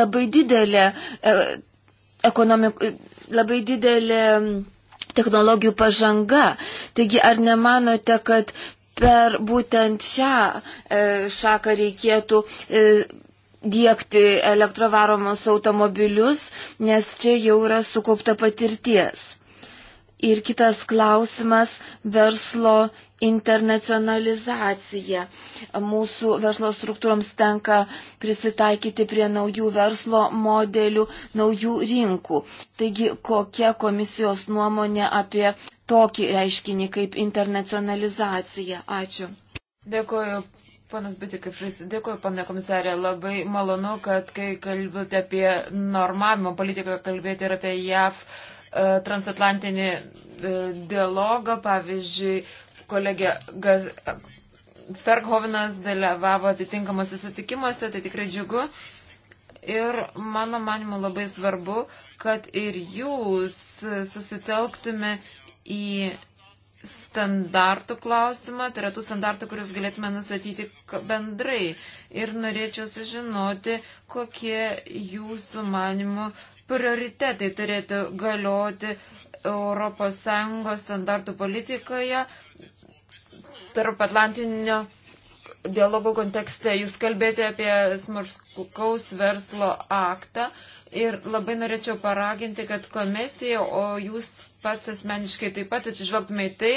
labai didelė, e, ekonomik, e, labai didelė technologijų pažanga. Taigi, ar nemanote, kad per būtent šią e, šaką reikėtų e, dėkti elektrovaromus automobilius, nes čia jau yra sukaupta patirties. Ir kitas klausimas - verslo internacionalizacija. Mūsų verslo struktūroms tenka prisitaikyti prie naujų verslo modelių, naujų rinkų. Taigi, kokia komisijos nuomonė apie tokį reiškinį kaip internacionalizacija? Ačiū. Dėkuoju. Panas Bitikifris, dėkuoju, pana komisarė, labai malonu, kad kai kalbėte apie normavimo politiką, kalbėti ir apie JAV e, transatlantinį e, dialogą, pavyzdžiui, kolegė Gaz... Ferghovinas dalyvavo atitinkamuose sutikimuose, tai tikrai džiugu. Ir mano manimu labai svarbu, kad ir jūs susitelktume į standartų klausimą, tai yra tų standartų, kuriuos galėtume nusatyti bendrai. Ir norėčiau sužinoti, kokie jūsų manimų prioritetai turėtų galioti ES standartų politikoje, tarp Atlantinio dialogo kontekste jūs kalbėjote apie smurskaus verslo aktą ir labai norėčiau paraginti, kad komisija, o jūs pats asmeniškai taip pat atsižvelgtume į tai,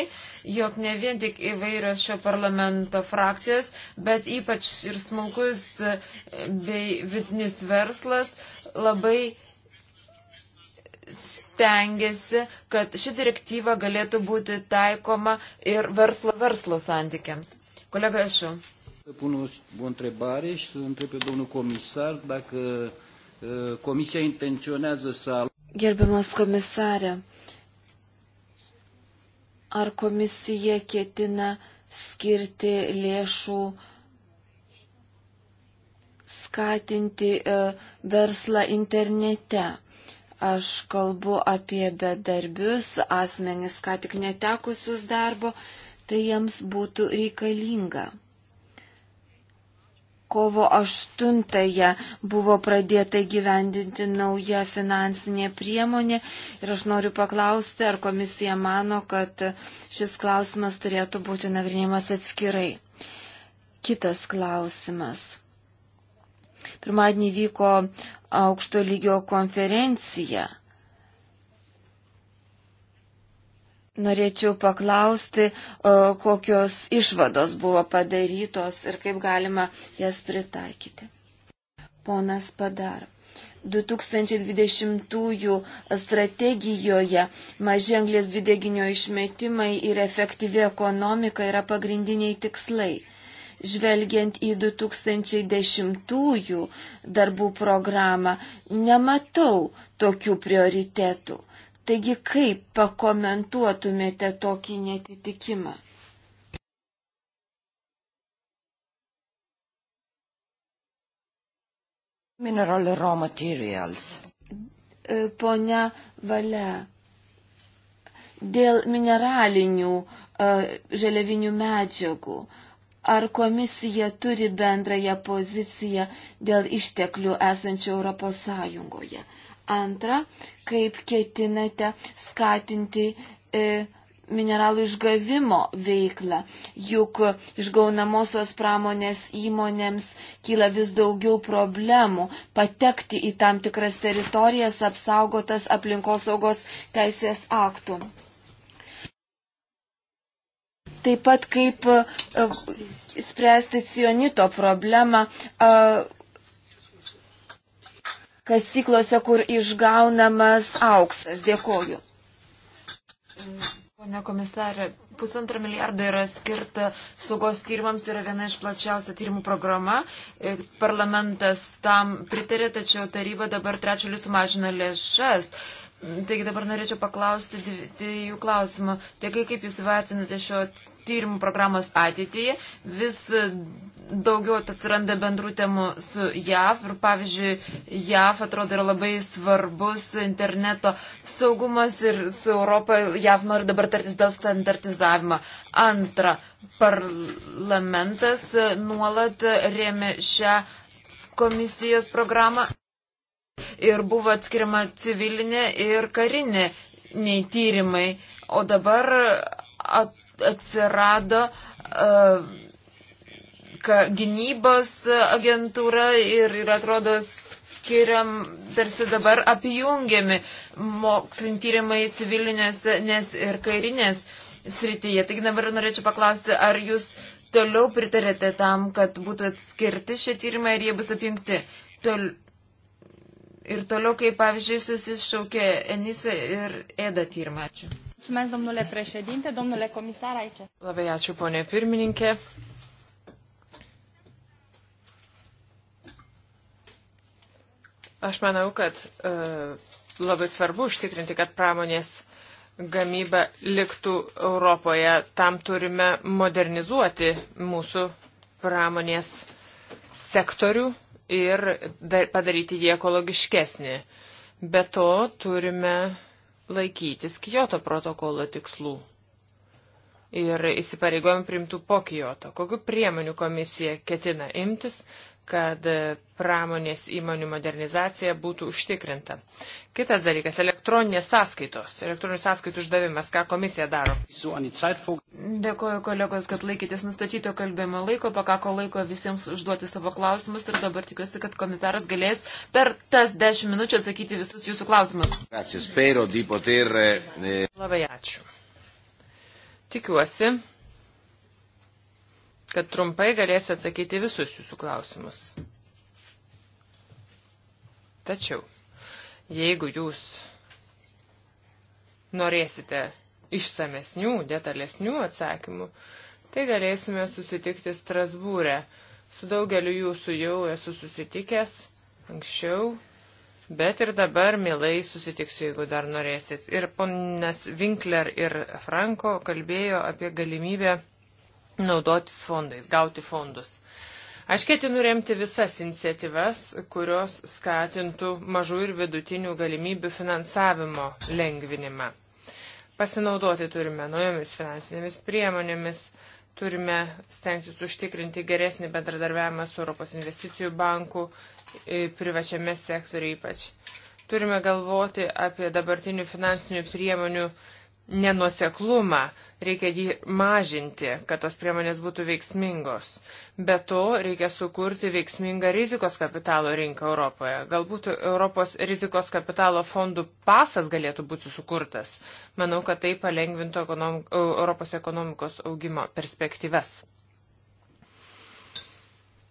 jog ne vien tik įvairios šio parlamento frakcijos, bet ypač ir smulkus bei vidinis verslas labai tengiasi, kad ši direktyva galėtų būti taikoma ir verslo verslo santykiams. Kolega Ešu. Pun o întrebare și întreb pe domnul comisar dacă e, comisia intenționează să... Gerbiamas komisarė, ar komisija ketina skirti lėšų skatinti e, verslą internete? Aš kalbu apie bedarbius, asmenis, ką tik netekusius darbo, tai jiems būtų reikalinga. Kovo 8-ąją buvo pradėta gyvendinti nauja finansinė priemonė ir aš noriu paklausti, ar komisija mano, kad šis klausimas turėtų būti nagrinėjimas atskirai. Kitas klausimas. Pirmadienį vyko aukšto lygio konferenciją. Norėčiau paklausti, kokios išvados buvo padarytos ir kaip galima jas pritaikyti. Ponas Padar. 2020 strategijoje maži anglės dvideginio išmetimai ir efektyvi ekonomika yra pagrindiniai tikslai žvelgiant į 2010 darbų programą, nematau tokių prioritetų. Taigi kaip pakomentuotumėte tokį netitikimą? Mineral raw materials. E, Pone Valia, dėl mineralinių e, žaliavinių medžiagų. Uh, Ar komisija turi bendrąją poziciją dėl išteklių esančių Europos Sąjungoje? Antra, kaip ketinate skatinti e, mineralų išgavimo veiklą, juk išgaunamosios pramonės įmonėms kyla vis daugiau problemų patekti į tam tikras teritorijas apsaugotas aplinkosaugos teisės aktų taip pat kaip e, e, spręsti cionito problemą e, kasyklose, kur išgaunamas auksas. Dėkoju. Pone komisarė, pusantrą milijardą yra skirta saugos tyrimams, tai yra viena iš plačiausia tyrimų programa. Parlamentas tam pritarė, tačiau taryba dabar trečiolis sumažina lėšas. Taigi dabar norėčiau paklausti dviejų klausimų. Taigi kaip Jūs vertinate šio tyrimų programos ateityje? Vis daugiau atsiranda bendrų temų su JAV ir pavyzdžiui, JAV atrodo yra labai svarbus interneto saugumas ir su Europą JAV nori dabar tartis dėl standartizavimo. Antra, parlamentas nuolat rėmė šią komisijos programą ir buvo atskiriama civilinė ir karinė nei tyrimai, o dabar at, atsirado uh, ka, gynybos agentūra ir, ir atrodo skiriam, tarsi dabar apjungiami mokslinį tyrimai civilinėse nes ir kairinės srityje. Taigi dabar norėčiau paklausti, ar jūs toliau pritarėte tam, kad būtų atskirti šie tyrimai ir jie bus apjungti. Toliau ir toliau, kaip pavyzdžiui, susišaukė Enisa ir Eda tyrimą. Ačiū. Mulțumesc, domnule președinte, domnule comisar, aici. Labai ačiū, ponė pirmininkė. Aš manau, kad e, labai svarbu užtikrinti, kad pramonės gamyba liktų Europoje. Tam turime modernizuoti mūsų pramonės sektorių ir padaryti jį ekologiškesnį. Be to turime laikytis Kyoto protokolo tikslų ir įsipareigojimų primtų po Kyoto. Kokiu priemonių komisija ketina imtis kad e, pramonės įmonių modernizacija būtų užtikrinta. Kitas dalykas - elektroninės sąskaitos, elektroninių sąskaitų uždavimas, ką komisija daro. Dėkuoju kolegos, kad laikytės nustatyto kalbėjimo laiko, pakako laiko visiems užduoti savo klausimus ir dabar tikiuosi, kad komisaras galės per tas dešimt minučių atsakyti visus jūsų klausimus. Grazie, spero, poter... Eh, Labai ačiū. Tikiuosi kad trumpai galėsiu atsakyti visus jūsų klausimus. Tačiau, jeigu jūs norėsite išsamesnių, detalesnių atsakymų, tai galėsime susitikti Strasbūrę. Su daugeliu jūsų jau esu susitikęs anksčiau, bet ir dabar mielai susitiksiu, jeigu dar norėsit. Ir ponas Winkler ir Franko kalbėjo apie galimybę naudotis fondais, gauti fondus. Aš ketinu remti visas iniciatyvas, kurios skatintų mažų ir vidutinių galimybių finansavimo lengvinimą. Pasinaudoti turime naujomis finansinėmis priemonėmis, turime stengtis užtikrinti geresnį bendradarbiavimą su Europos investicijų banku e, privačiame sektoriu ypač. Turime galvoti apie dabartinių finansinių priemonių nenuseklumą, reikia jį mažinti, kad tos priemonės būtų veiksmingos. Be to, reikia sukurti veiksmingą rizikos kapitalo rinką Europoje. Galbūt Europos rizikos kapitalo fondų pasas galėtų būti sukurtas. Manau, kad tai palengvintų ekonomik e, Europos ekonomikos augimo perspektyves.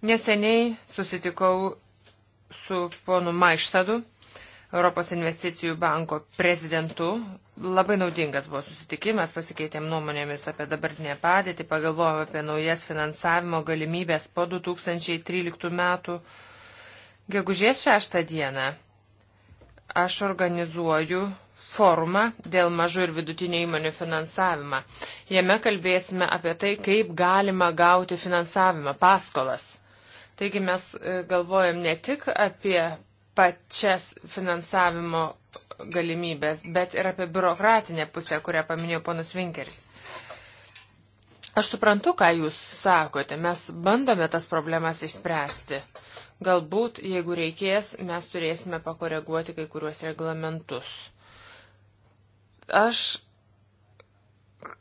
Neseniai susitikau su ponu Maištadu Europos investicijų banko prezidentu. Labai naudingas buvo susitikimas, pasikeitėm nuomonėmis apie dabartinę padėtį, pagalvojom apie naujas finansavimo galimybės po 2013 metų. Gegužės 6 dieną aš organizuoju forumą dėl mažų ir vidutinių įmonių finansavimą. Jame kalbėsime apie tai, kaip galima gauti finansavimą, paskolas. Taigi mes e, galvojam ne tik apie pačias finansavimo galimybės, bet ir apie biurokratinę pusę, kurią paminėjo ponas Vinkeris. Aš suprantu, ką jūs sakote, mes bandome tas problemas išspręsti. Galbūt, jeigu reikės, mes turėsime pakoreguoti kai kuriuos reglamentus. Aš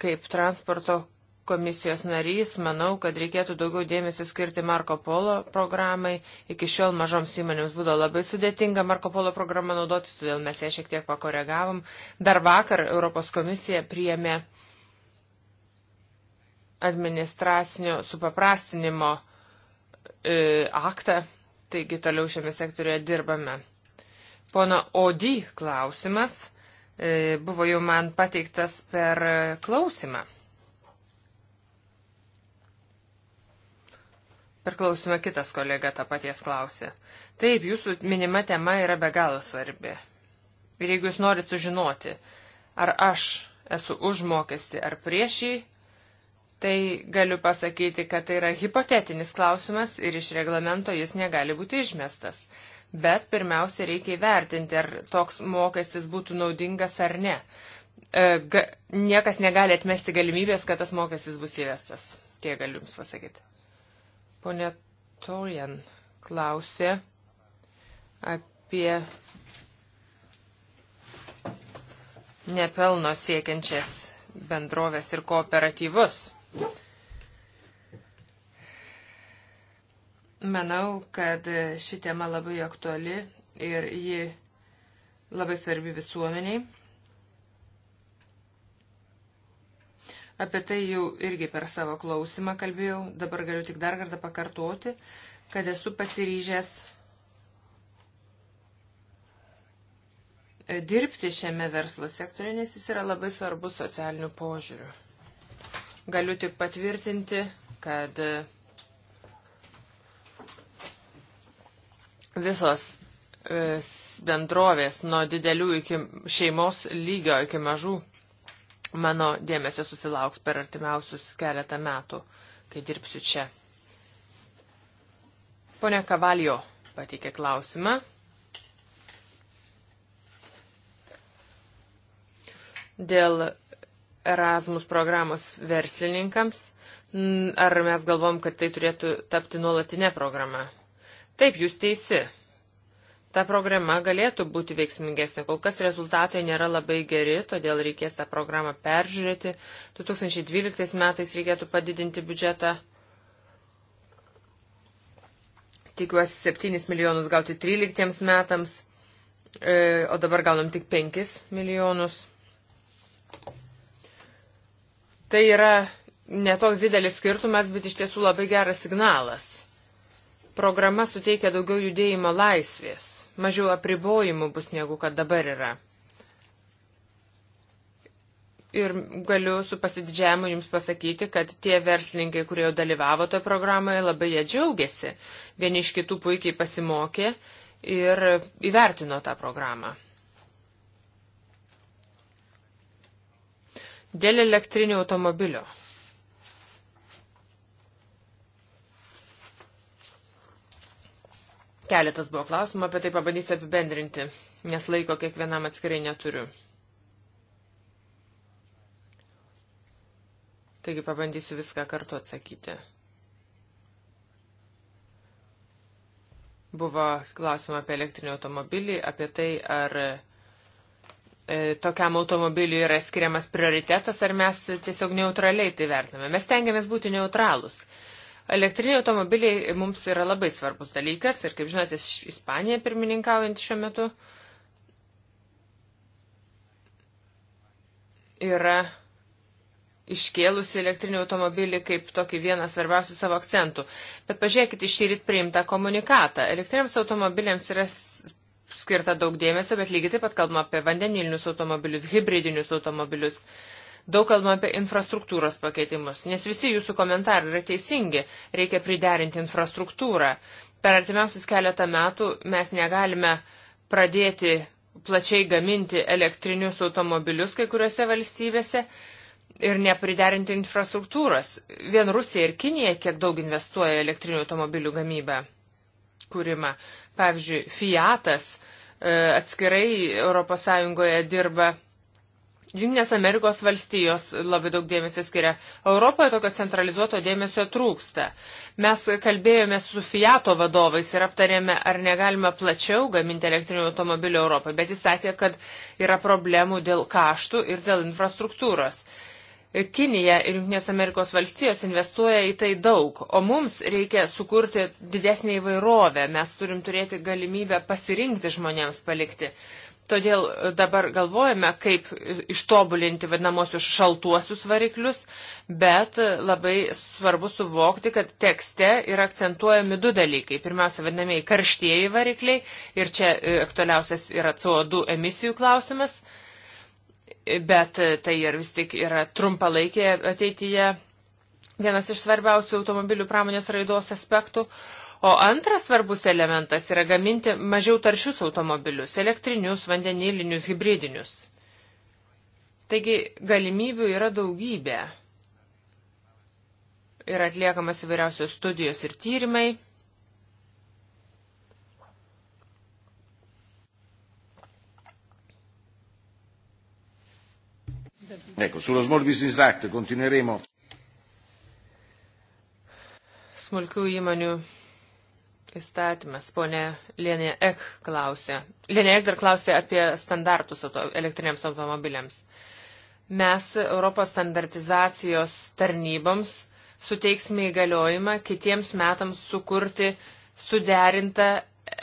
kaip transporto komisijos narys, manau, kad reikėtų daugiau dėmesio skirti Marko Polo programai. Iki šiol mažoms įmonėms būdavo labai sudėtinga Marko Polo programą naudotis, todėl mes ją šiek tiek pakoregavom. Dar vakar Europos komisija priėmė administracinio supaprastinimo e, aktą, taigi toliau šiame sektorioje dirbame. Pono Odi klausimas e, buvo jau man pateiktas per klausimą. Per klausimą kitas kolega tą paties klausė. Taip, jūsų minima tema yra be galo svarbi. Ir jeigu jūs norit sužinoti, ar aš esu už mokestį ar prieš jį, tai galiu pasakyti, kad tai yra hipotetinis klausimas ir iš reglamento jis negali būti išmestas. Bet pirmiausia, reikia įvertinti, ar toks mokestis būtų naudingas ar ne. E, ga, niekas negali atmesti galimybės, kad tas mokestis bus įvestas. Tie galiu Jums pasakyti. Pone Toljan klausė apie nepelno siekiančias bendrovės ir kooperatyvus. Manau, kad ši tema labai aktuali ir ji labai svarbi visuomeniai. Apie tai jau irgi per savo klausimą kalbėjau. Dabar galiu tik dar kartą pakartoti, kad esu pasiryžęs e, dirbti šiame verslo sektoriu, nes jis yra labai svarbus socialiniu požiūriu. Galiu tik patvirtinti, kad e, visos e, bendrovės nuo didelių iki šeimos lygio iki mažų mano dėmesio susilauks per artimiausius keletą metų, kai dirbsiu čia. Pone Kavalio pateikė klausimą. Dėl Erasmus programos verslininkams, ar mes galvom, kad tai turėtų tapti nuolatinė programa? Taip, jūs teisi ta programa galėtų būti veiksmingesnė. Kol kas rezultatai nėra labai geri, todėl reikės tą programą peržiūrėti. 2012 metais reikėtų padidinti biudžetą. Tikiuosi 7 milijonus gauti 13 metams, e, o dabar gaunam tik 5 milijonus. Tai yra netoks didelis skirtumas, bet iš tiesų labai geras signalas. Programa suteikia daugiau judėjimo laisvės mažiau apribojimų bus negu kad dabar yra. Ir galiu su pasididžiavimu Jums pasakyti, kad tie verslininkai, kurie jau dalyvavo toje programoje, labai jie džiaugiasi. Vieni iš kitų puikiai pasimokė ir įvertino tą programą. Dėl elektrinio automobilio. Keletas buvo klausimų, apie tai pabandysiu apibendrinti, nes laiko kiekvienam atskirai neturiu. Taigi pabandysiu viską kartu atsakyti. Buvo klausimą apie elektrinį automobilį, apie tai, ar e, tokiam automobiliui yra skiriamas prioritetas, ar mes tiesiog neutraliai tai vertiname. Mes tengiamės būti neutralus. E, Elektriniai automobiliai mums yra labai svarbus dalykas ir, kaip žinote, Ispanija pirmininkaujant šiuo metu yra iškėlusi elektrinį automobilį kaip tokį vieną svarbiausių savo akcentų. Bet pažiūrėkite iš ryt priimtą komunikatą. Elektriniams automobiliams yra skirta daug dėmesio, bet lygiai taip pat kalbama apie vandenilinius automobilius, hybridinius automobilius. Uh, Daug kalbama apie infrastruktūros pakeitimus, nes visi jūsų komentarai yra teisingi, reikia priderinti infrastruktūrą. Per artimiausius keletą metų mes negalime pradėti plačiai gaminti elektrinius automobilius kai kuriuose valstybėse ir nepriderinti infrastruktūros. Vien Rusija ir Kinija kiek daug investuoja elektrinių automobilių gamybą, kūrimą. Pavyzdžiui, Fiatas e, atskirai ES dirba Junktinės Amerikos valstijos labai daug dėmesio skiria. Europoje tokio centralizuoto dėmesio trūksta. Mes kalbėjome su Fiato vadovais ir aptarėme, ar negalima plačiau gaminti elektrinių automobilių Europoje, bet jis sakė, kad yra problemų dėl kaštų ir dėl infrastruktūros. Kinija ir Junktinės Amerikos valstijos investuoja į tai daug, o mums reikia sukurti didesnį įvairovę, mes turim turėti galimybę pasirinkti žmonėms palikti. Todėl dabar galvojame, kaip ištobulinti vadinamosius šaltuosius variklius, bet labai svarbu suvokti, kad tekste yra akcentuojami du dalykai. Pirmiausia, vadinamieji karštieji varikliai ir čia e, aktualiausias yra CO2 emisijų klausimas, bet e, tai ir vis tik yra trumpalaikė ateityje vienas iš svarbiausių automobilių pramonės raidos aspektų. O antras svarbus elementas yra gaminti mažiau taršius automobilius - elektrinius, vandenilinius, hybridinius. Taigi galimybių yra daugybė. Yra atliekamas įvairiausios studijos ir tyrimai. Ecco, sullo Small Business Act continueremo. Smulkių įmonių Įstatymas, ponė Lenė Ek klausė. Lenė Ek dar klausė apie standartus auto, elektriniams automobiliams. Mes Europos standartizacijos tarnyboms suteiksime įgaliojimą kitiems metams sukurti suderintą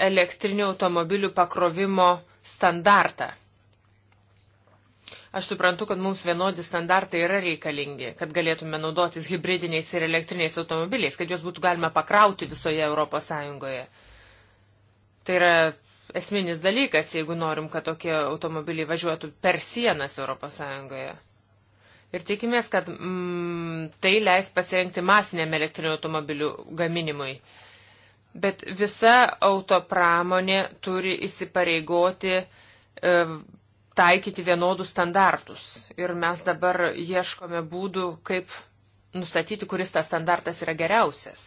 elektrinių automobilių pakrovimo standartą. Aš suprantu, kad mums vienodi standartai yra reikalingi, kad galėtume naudotis hybridiniais ir elektriniais automobiliais, kad juos būtų galima pakrauti visoje Europos Sąjungoje. Tai yra esminis dalykas, jeigu norim, kad tokie automobiliai važiuotų per sienas Europos Sąjungoje. Ir tikimės, kad mm, tai leis pasirengti masiniam elektrinių automobilių gaminimui. Bet visa autopramonė turi įsipareigoti e, taikyti vienodus standartus. Ir mes dabar ieškome būdų, kaip nustatyti, kuris tas standartas yra geriausias.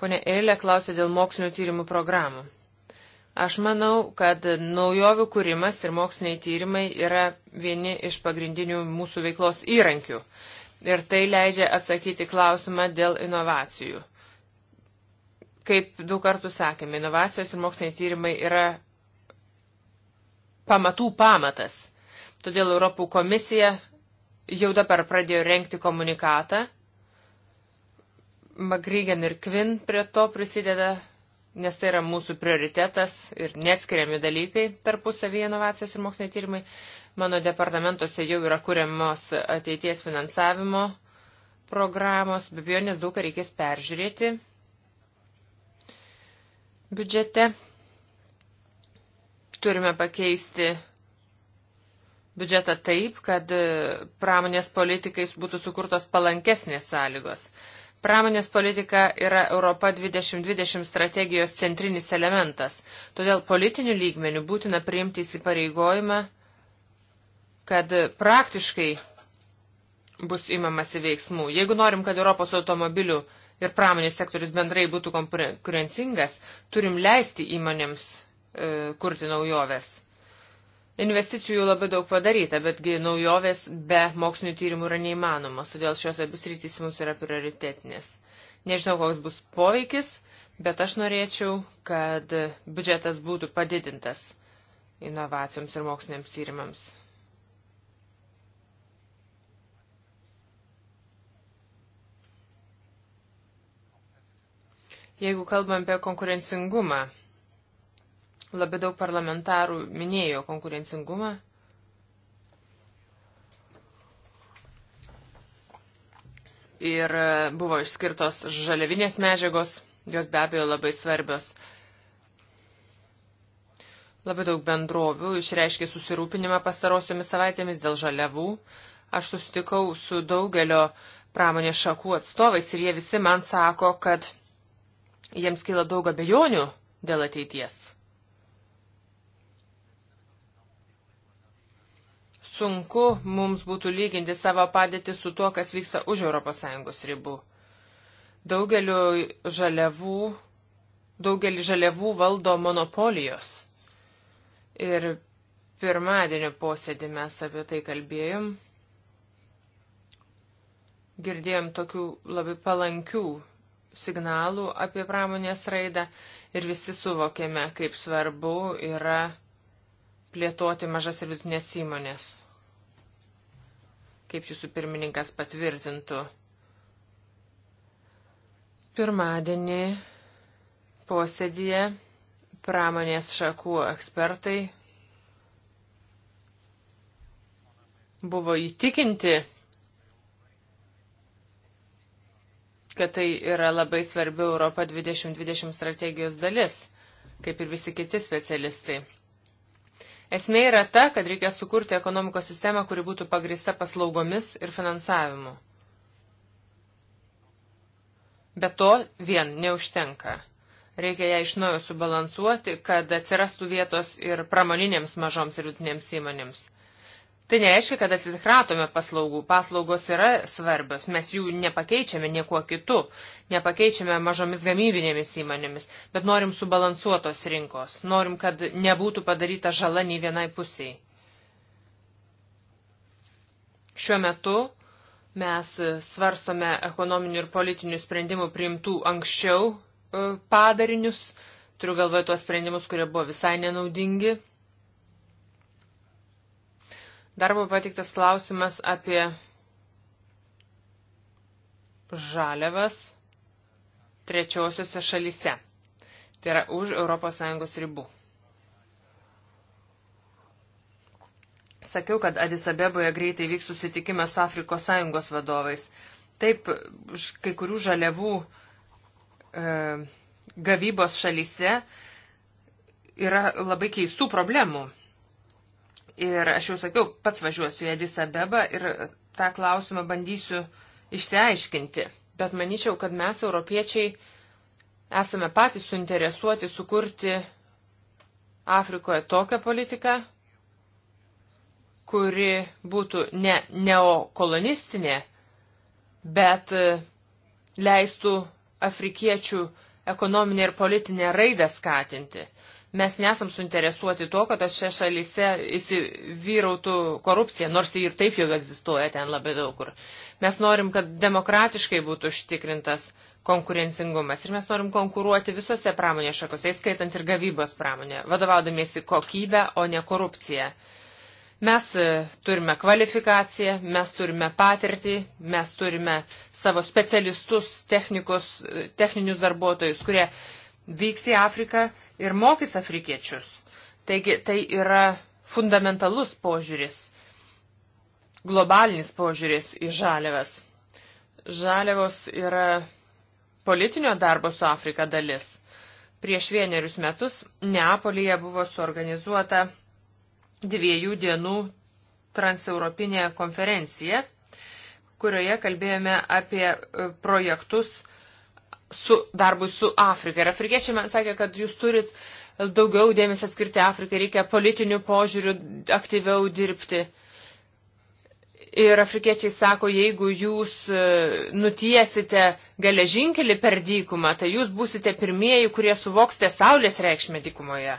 Pone Eilė klausė dėl mokslinio tyrimų programų. Aš manau, kad naujovių kūrimas ir moksliniai tyrimai yra vieni iš pagrindinių mūsų veiklos įrankių. Ir tai leidžia atsakyti klausimą dėl inovacijų. Kaip du kartus sakėme, inovacijos ir moksliniai tyrimai yra pamatų pamatas. Todėl Europų komisija jau dabar pradėjo renkti komunikatą. Magrygen ir Kvin prie to prisideda nes tai yra mūsų prioritetas ir neatskiriami dalykai tarpusavį inovacijos ir moksliniai tyrimai. Mano departamentuose jau yra kuriamos ateities finansavimo programos, be abejo, nes daug ką reikės peržiūrėti biudžete. Turime pakeisti biudžetą taip, kad e, pramonės politikais būtų sukurtos palankesnės sąlygos. Pramonės politika yra Europa 2020 strategijos centrinis elementas, todėl politinių lygmenių būtina priimti įsipareigojimą, kad praktiškai bus imamasi veiksmų. Jeigu norim, kad Europos automobilių uh, ir pramonės sektorius bendrai būtų konkurencingas, turim leisti įmonėms e, kurti naujoves. Investicijų labai daug padaryta, betgi naujovės be mokslinių tyrimų yra neįmanomos, todėl šios abis rytis mums yra prioritetinės. Nežinau, koks bus poveikis, bet aš norėčiau, kad biudžetas būtų padidintas inovacijoms ir moksliniams tyrimams. Jeigu kalbam apie konkurencingumą, labai daug parlamentarų minėjo konkurencingumą. Ir e, buvo išskirtos žaliavinės medžiagos, jos be abejo labai svarbios. Labai daug bendrovių išreiškė susirūpinimą pastarosiomis savaitėmis dėl žaliavų. Aš susitikau su daugelio pramonės šakų atstovais ir jie visi man sako, kad Jiems kyla daug abejonių dėl ateities. Sunku mums būtų lyginti savo padėtį su tuo, kas vyksta už ES ribų. Daugeliu žaliavų, daugelį žaliavų valdo monopolijos. Ir pirmadienio posėdį mes apie tai kalbėjom. Girdėjom tokių labai palankių signalų apie pramonės raidą ir visi suvokėme, kaip svarbu yra plėtoti mažas ir vidutinės įmonės. Kaip jūsų pirmininkas patvirtintų. Pirmadienį posėdėje pramonės šakų ekspertai buvo įtikinti kad tai yra labai svarbi Europa 2020 strategijos dalis, kaip ir visi kiti specialistai. Esmė yra ta, kad reikia sukurti ekonomikos sistemą, kuri būtų pagrista paslaugomis ir finansavimu. Bet to vien neužtenka. Reikia ją iš naujo subalansuoti, kad atsirastų vietos ir pramoninėms mažoms ir vidutinėms įmonėms. Tai nereiškia, kad atsikratome paslaugų. Paslaugos yra svarbios, mes jų nepakeičiame niekuo kitu, nepakeičiame mažomis gamybinėmis įmonėmis, bet norim subalansuotos rinkos, norim, kad nebūtų padaryta žala nei vienai pusiai. Šiuo metu mes svarstome ekonominių ir politinių sprendimų priimtų anksčiau e, padarinius, turiu galvoje tuos sprendimus, kurie buvo visai nenaudingi Dar buvo patiktas klausimas apie žaliavas trečiosiuose šalyse. Tai yra už ES ribų. Sakiau, kad Adisabeboje greitai vyks susitikimas su Afrikos Sąjungos vadovais. Taip, kai kurių žaliavų e, gavybos šalyse yra labai keistų problemų. Ir aš jau sakiau, pats važiuosiu į Adis Abebą ir tą klausimą bandysiu išsiaiškinti. Bet manyčiau, kad mes, europiečiai, esame patys suinteresuoti sukurti Afrikoje tokią politiką, kuri būtų ne neokolonistinė, bet leistų afrikiečių ekonominę ir politinę raidą skatinti. Mes nesam suinteresuoti tuo, kad šia šalyse įsivyrautų korupcija, nors ji ir taip jau egzistuoja ten labai daug kur. Mes norim, kad demokratiškai būtų užtikrintas konkurencingumas ir mes norim konkuruoti visose pramonės šakose, įskaitant ir gavybos pramonę, vadovaudamiesi kokybę, o ne korupciją. Mes e, turime kvalifikaciją, mes turime patirtį, mes turime savo specialistus, technikus, e, techninius darbuotojus, kurie vyks į Afriką ir mokys afrikiečius. Taigi tai yra fundamentalus požiūris, globalinis požiūris į žaliavas. Žaliavos yra politinio darbo su Afrika dalis. Prieš vienerius metus Neapolyje buvo suorganizuota dviejų dienų transeuropinė konferencija, kurioje kalbėjome apie e, projektus su darbui su Afrika. Ir afrikiečiai man sakė, kad jūs turit daugiau dėmesio skirti Afrikai, reikia politinių požiūrių aktyviau dirbti. Ir afrikiečiai sako, jeigu jūs e, nutiesite geležinkelį per dykumą, tai jūs būsite pirmieji, kurie suvoksite Saulės reikšmę dykumoje.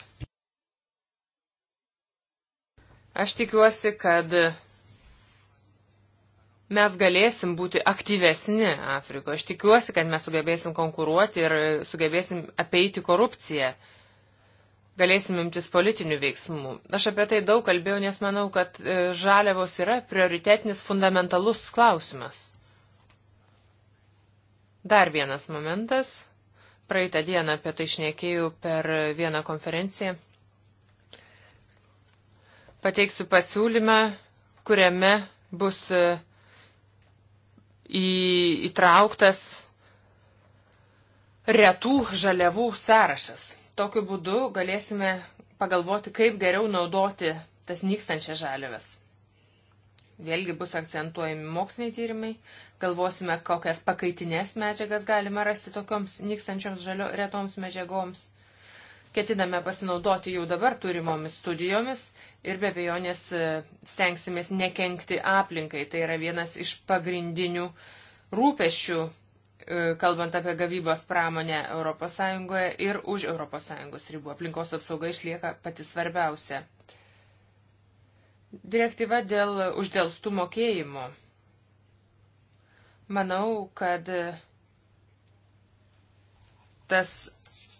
Aš tikiuosi, kad mes galėsim būti aktyvesni Afrikoje. Aš tikiuosi, kad mes sugebėsim konkuruoti ir sugebėsim apeiti korupciją. Galėsim imtis politinių veiksmų. Aš apie tai daug kalbėjau, nes manau, kad e, žaliavos yra prioritetinis fundamentalus klausimas. Dar vienas momentas. Praeitą dieną apie tai šnekėjau per vieną konferenciją. Pateiksiu pasiūlymą, kuriame bus uh, į, įtrauktas retų žaliavų sąrašas. Tokiu būdu galėsime pagalvoti, kaip geriau naudoti tas nykstančias žaliavas. Vėlgi bus akcentuojami moksliniai tyrimai, galvosime, kokias pakaitinės medžiagas galima rasti tokioms nykstančioms žalio, retoms medžiagoms. Ketiname pasinaudoti jau dabar turimomis studijomis ir be abejonės e, stengsimės nekenkti aplinkai. Tai yra vienas iš pagrindinių rūpešių, e, kalbant apie gavybos pramonę ES ir už ES ribų. Aplinkos apsauga išlieka pati svarbiausia. Direktyva dėl uždėlstų mokėjimų. Manau, kad tas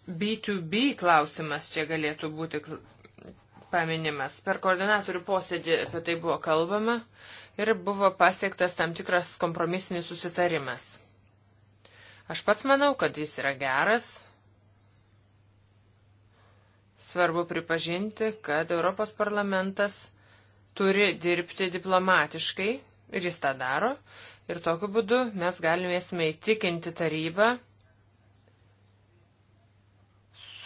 B2B klausimas čia galėtų būti paminimas. Per koordinatorių posėdį apie tai buvo kalbama ir buvo pasiektas tam tikras kompromisinis susitarimas. Aš pats manau, kad jis yra geras. Svarbu pripažinti, kad Europos parlamentas turi dirbti diplomatiškai ir jis tą daro. Ir tokiu būdu mes galime įtikinti tarybą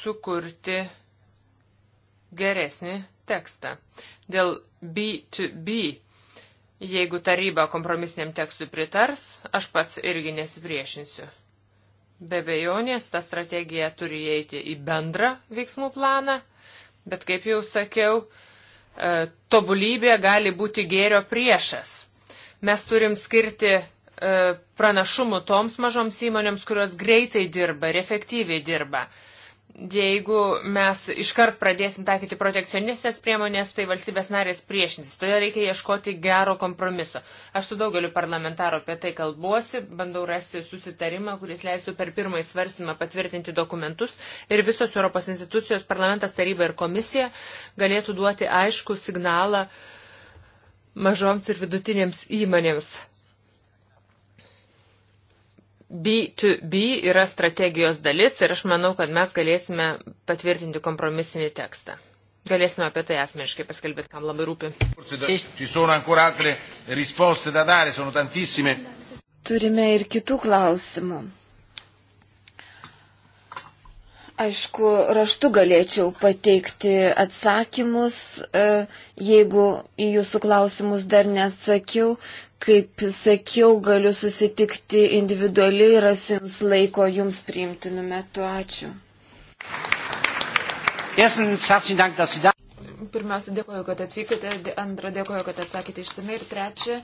sukurti geresnį tekstą. Dėl B2B, jeigu taryba kompromisiniam tekstui pritars, aš pats irgi nesipriešinsiu. Be bejonės, ta strategija turi įeiti į bendrą veiksmų planą, bet kaip jau sakiau, e, tobulybė gali būti gėrio priešas. Mes turim skirti e, pranašumų toms mažoms įmonėms, kurios greitai dirba ir efektyviai dirba. Jeigu mes iškart pradėsim taikyti protekcionistės priemonės, tai valstybės narės priešinsis. Todėl reikia ieškoti gero kompromiso. Aš su daugeliu parlamentarų apie tai kalbuosi, bandau rasti susitarimą, kuris leistų per pirmąjį svarstymą patvirtinti dokumentus ir visos Europos institucijos, parlamentas, taryba ir komisija galėtų duoti aišku signalą mažoms ir vidutinėms įmonėms B2B yra strategijos dalis ir aš manau, kad mes galėsime patvirtinti kompromisinį tekstą. Galėsime apie tai asmeniškai paskelbėti, kam labai rūpi. Turime ir kitų klausimų. Aišku, raštu galėčiau pateikti atsakymus, e, jeigu į jūsų klausimus dar neatsakiau, Kaip sakiau, galiu susitikti individualiai ir aš jums laiko jums priimtinu metu. Ačiū. Pirmiausia, dėkoju, kad atvykote. Antra, dėkoju, kad atsakėte išsamei. Ir trečia,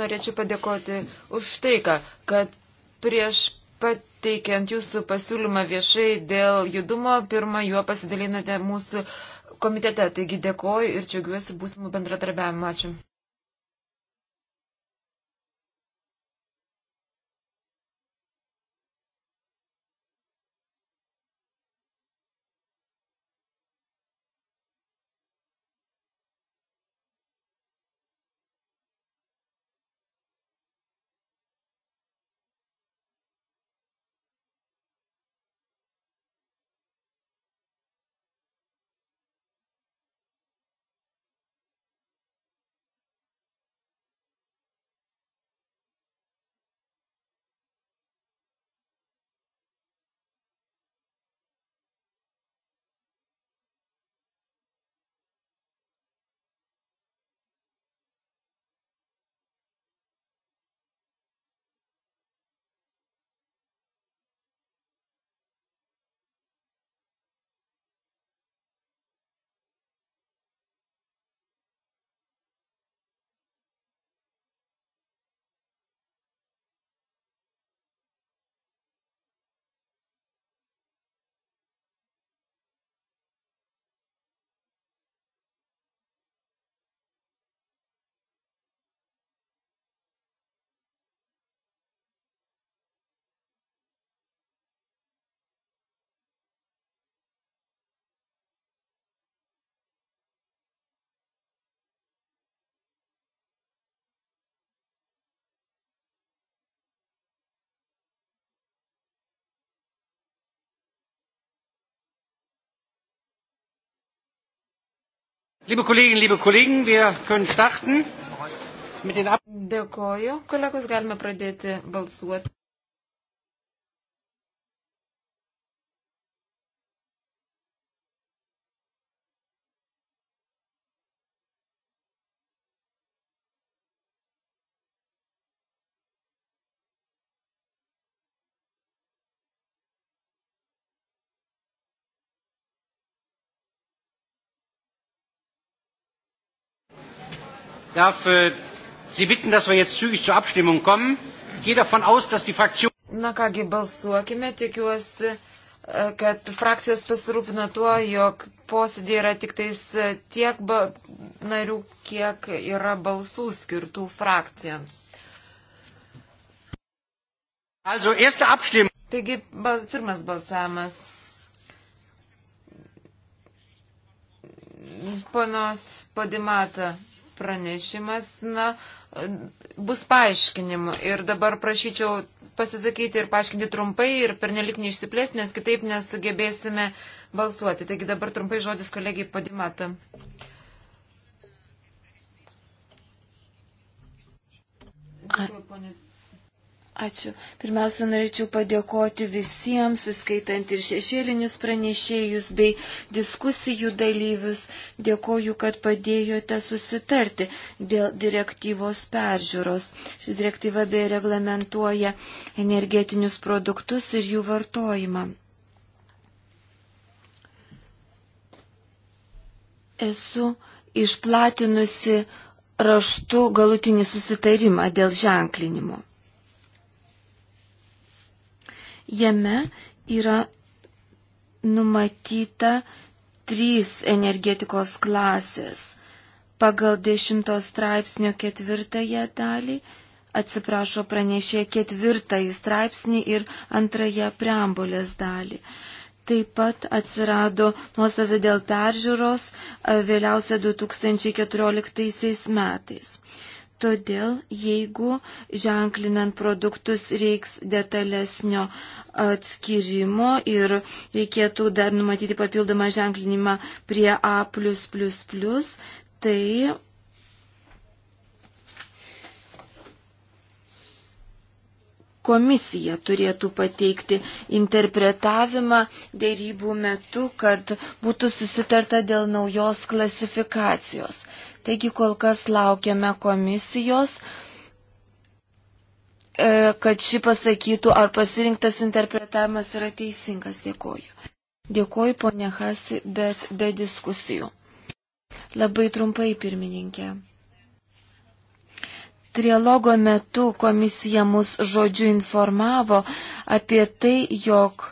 norėčiau padėkoti už tai, kad prieš pateikiant jūsų pasiūlymą viešai dėl judumo, pirmą juo pasidalinote mūsų komitete. Taigi dėkoju ir džiaugiuosi būsimų bendradarbiavimą. Ačiū. Liebe Kolleginnen, liebe Kollegen, wir können starten. Dėkoju, kolegos, galime pradėti balsuoti. darf äh, Sie bitten, dass wir jetzt zügig zur Abstimmung kommen. Ich gehe davon aus, dass die Fraktion. Na kągi, balsuokime, tikiuosi, äh, kad frakcijos pasirūpina tuo, jog posėdė yra tik tais e, tiek ba, narių, kiek yra balsų skirtų frakcijams. Also, Taigi, bal, pirmas balsavimas. Ponos Padimata pranešimas, na, bus paaiškinimų. Ir dabar prašyčiau pasisakyti ir paaiškinti trumpai ir pernelik neišsiplės, nes kitaip nesugebėsime balsuoti. Taigi dabar trumpai žodis kolegijai padimata. Dėkui, ponė Ačiū. Pirmiausia, norėčiau padėkoti visiems, įskaitant ir šešėlinius pranešėjus bei diskusijų dalyvius. Dėkoju, kad padėjote susitarti dėl direktyvos peržiūros. Ši direktyva beje reglamentuoja energetinius produktus ir jų vartojimą. Esu išplatinusi raštu galutinį susitarimą dėl ženklinimo. Jame yra numatyta trys energetikos klasės. Pagal dešimtos straipsnio ketvirtąją dalį, atsiprašo pranešė ketvirtąjį straipsnį ir antrąją preambulės dalį. Taip pat atsirado nuostata dėl peržiūros vėliausia 2014 metais. Todėl, jeigu ženklinant produktus reiks detalesnio atskirimo ir reikėtų dar numatyti papildomą ženklinimą prie A, tai komisija turėtų pateikti interpretavimą dėrybų metu, kad būtų susitarta dėl naujos klasifikacijos. Taigi kol kas laukiame komisijos, e, kad ši pasakytų, ar pasirinktas interpretavimas yra teisingas. Dėkoju. Dėkoju, ponė Hasi, bet be diskusijų. Labai trumpai, pirmininkė. Trialogo metu komisija mus žodžiu informavo apie tai, jog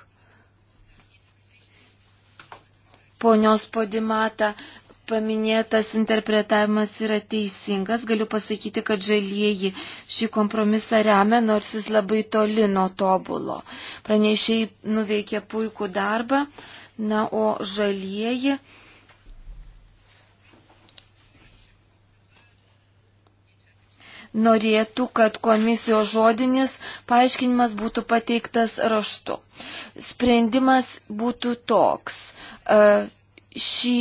ponios podimata paminėtas interpretavimas yra teisingas. Galiu pasakyti, kad žalieji šį kompromisą remia, nors jis labai toli nuo tobulo. Pranešiai nuveikė puikų darbą, na, o žalieji. norėtų, kad komisijos žodinis paaiškinimas būtų pateiktas raštu. Sprendimas būtų toks. E, šį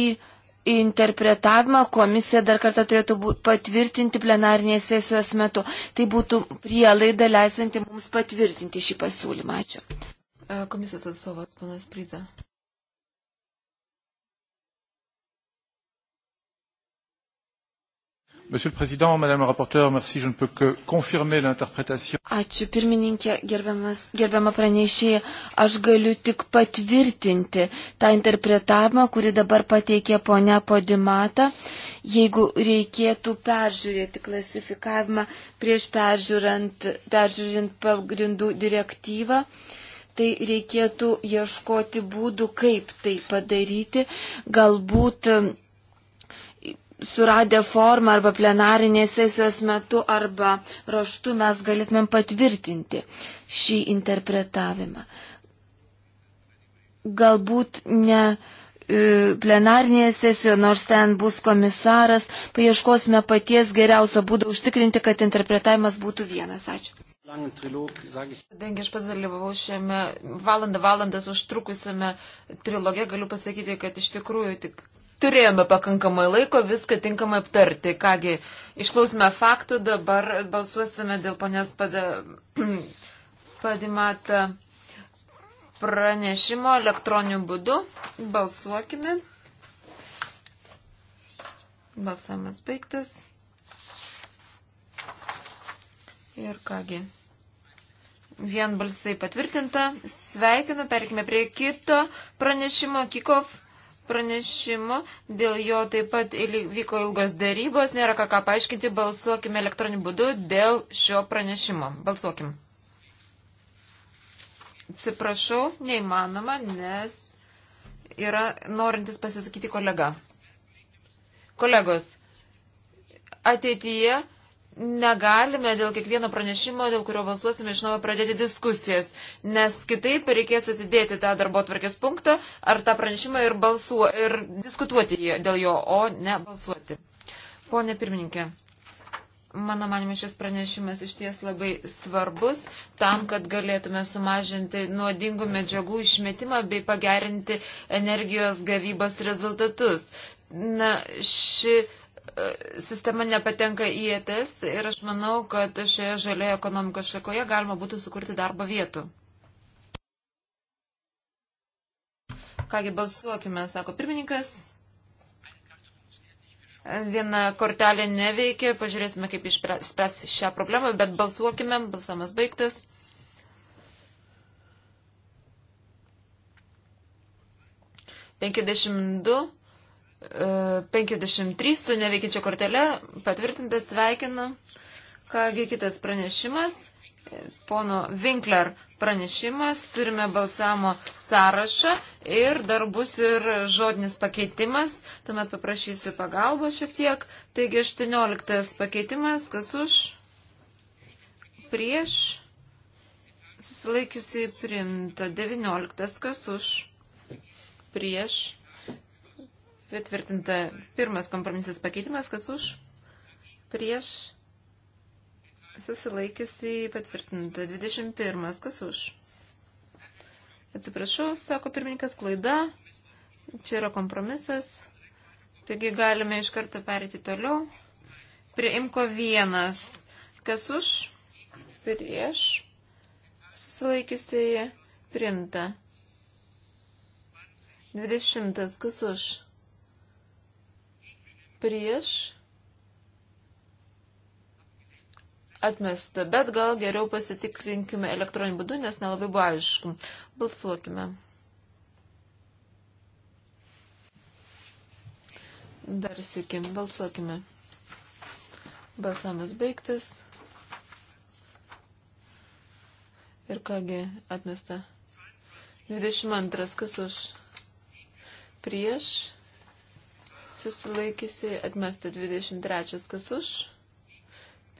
interpretavimą komisija dar kartą turėtų patvirtinti plenarinės sesijos metu. Tai būtų prielaida leisanti mums patvirtinti šį pasiūlymą. Ačiū. E, komisijos atstovas, panas Pryda. Monsieur le Président, Madame la rapporteure, merci, je ne peux que confirmer l'interprétation. Ačiū pirmininkė, gerbiamas, gerbiama pranešėja, aš galiu tik patvirtinti tą interpretavimą, kurį dabar pateikė ponia Podimata. Jeigu reikėtų peržiūrėti klasifikavimą prieš peržiūrint, peržiūrint pagrindų direktyvą, tai reikėtų ieškoti būdų, kaip tai padaryti. Galbūt suradę formą arba plenarinės sesijos metu arba raštu mes galėtumėm patvirtinti šį interpretavimą. Galbūt ne e, plenarinėje sesijoje, nors ten bus komisaras, paieškosime paties geriausio būdo užtikrinti, kad interpretavimas būtų vienas. Ačiū. Kadangi aš pats dalyvavau šiame valandą valandas užtrukusiame trilogė, galiu pasakyti, kad iš tikrųjų tik turėjome pakankamai laiko viską tinkamai aptarti. Kągi, išklausime faktų, dabar balsuosime dėl ponios pada, padimatą pranešimo elektroniniu būdu. Balsuokime. Balsavimas baigtas. Ir kągi. Vien balsai patvirtinta. Sveikinu, perkime prie kito pranešimo Kikov pranešimu, dėl jo taip pat vyko ilgos darybos, nėra ką ką paaiškinti, balsuokime elektroniniu būdu dėl šio pranešimo. Balsuokim. Atsiprašau, neįmanoma, nes yra norintis pasisakyti kolega. Kolegos, ateityje negalime dėl kiekvieno pranešimo, dėl kurio balsuosime, iš naujo pradėti diskusijas, nes kitaip reikės atidėti tą darbo tvarkės punktą ar tą pranešimą ir, balsuo, ir diskutuoti dėl jo, o ne balsuoti. Pone pirmininkė, mano manimi šis pranešimas iš ties labai svarbus tam, kad galėtume sumažinti nuodingų medžiagų išmetimą bei pagerinti energijos gavybos rezultatus. Na, ši sistema nepatenka į ETS ir aš manau, kad šioje žalioje ekonomikos šakoje galima būtų sukurti darbo vietų. Kągi balsuokime, sako pirmininkas. Viena kortelė neveikia, pažiūrėsime, kaip išspręs šią problemą, bet balsuokime, balsamas baigtas. Penkiasdešimt du 53 su neveikiančia kortelė patvirtintas sveikinu. Kągi kitas pranešimas, pono Winkler pranešimas, turime balsamo sąrašą ir dar bus ir žodinis pakeitimas, tuomet paprašysiu pagalbos šiek tiek. Taigi 18 pakeitimas, kas už, prieš, susilaikiusi primta, 19 kas už, prieš Pritvirtinta pirmas kompromisas pakeitimas, kas už, prieš, susilaikysi patvirtinta. 21, kas už. Atsiprašau, sako pirmininkas, klaida. Čia yra kompromisas. Taigi galime iš karto perėti toliau. Prie imko vienas. Kas už? Prieš. Sulaikysiai primta. Dvidešimtas. Kas už? prieš atmesta, bet gal geriau pasitikrinkime elektroniniu būdu, nes nelabai buvo aišku. Balsuokime. Dar sėkim, balsuokime. Balsamas baigtas. Ir kągi atmesta. 22. Kas už? Prieš susilaikysi, atmesta 23 kas už,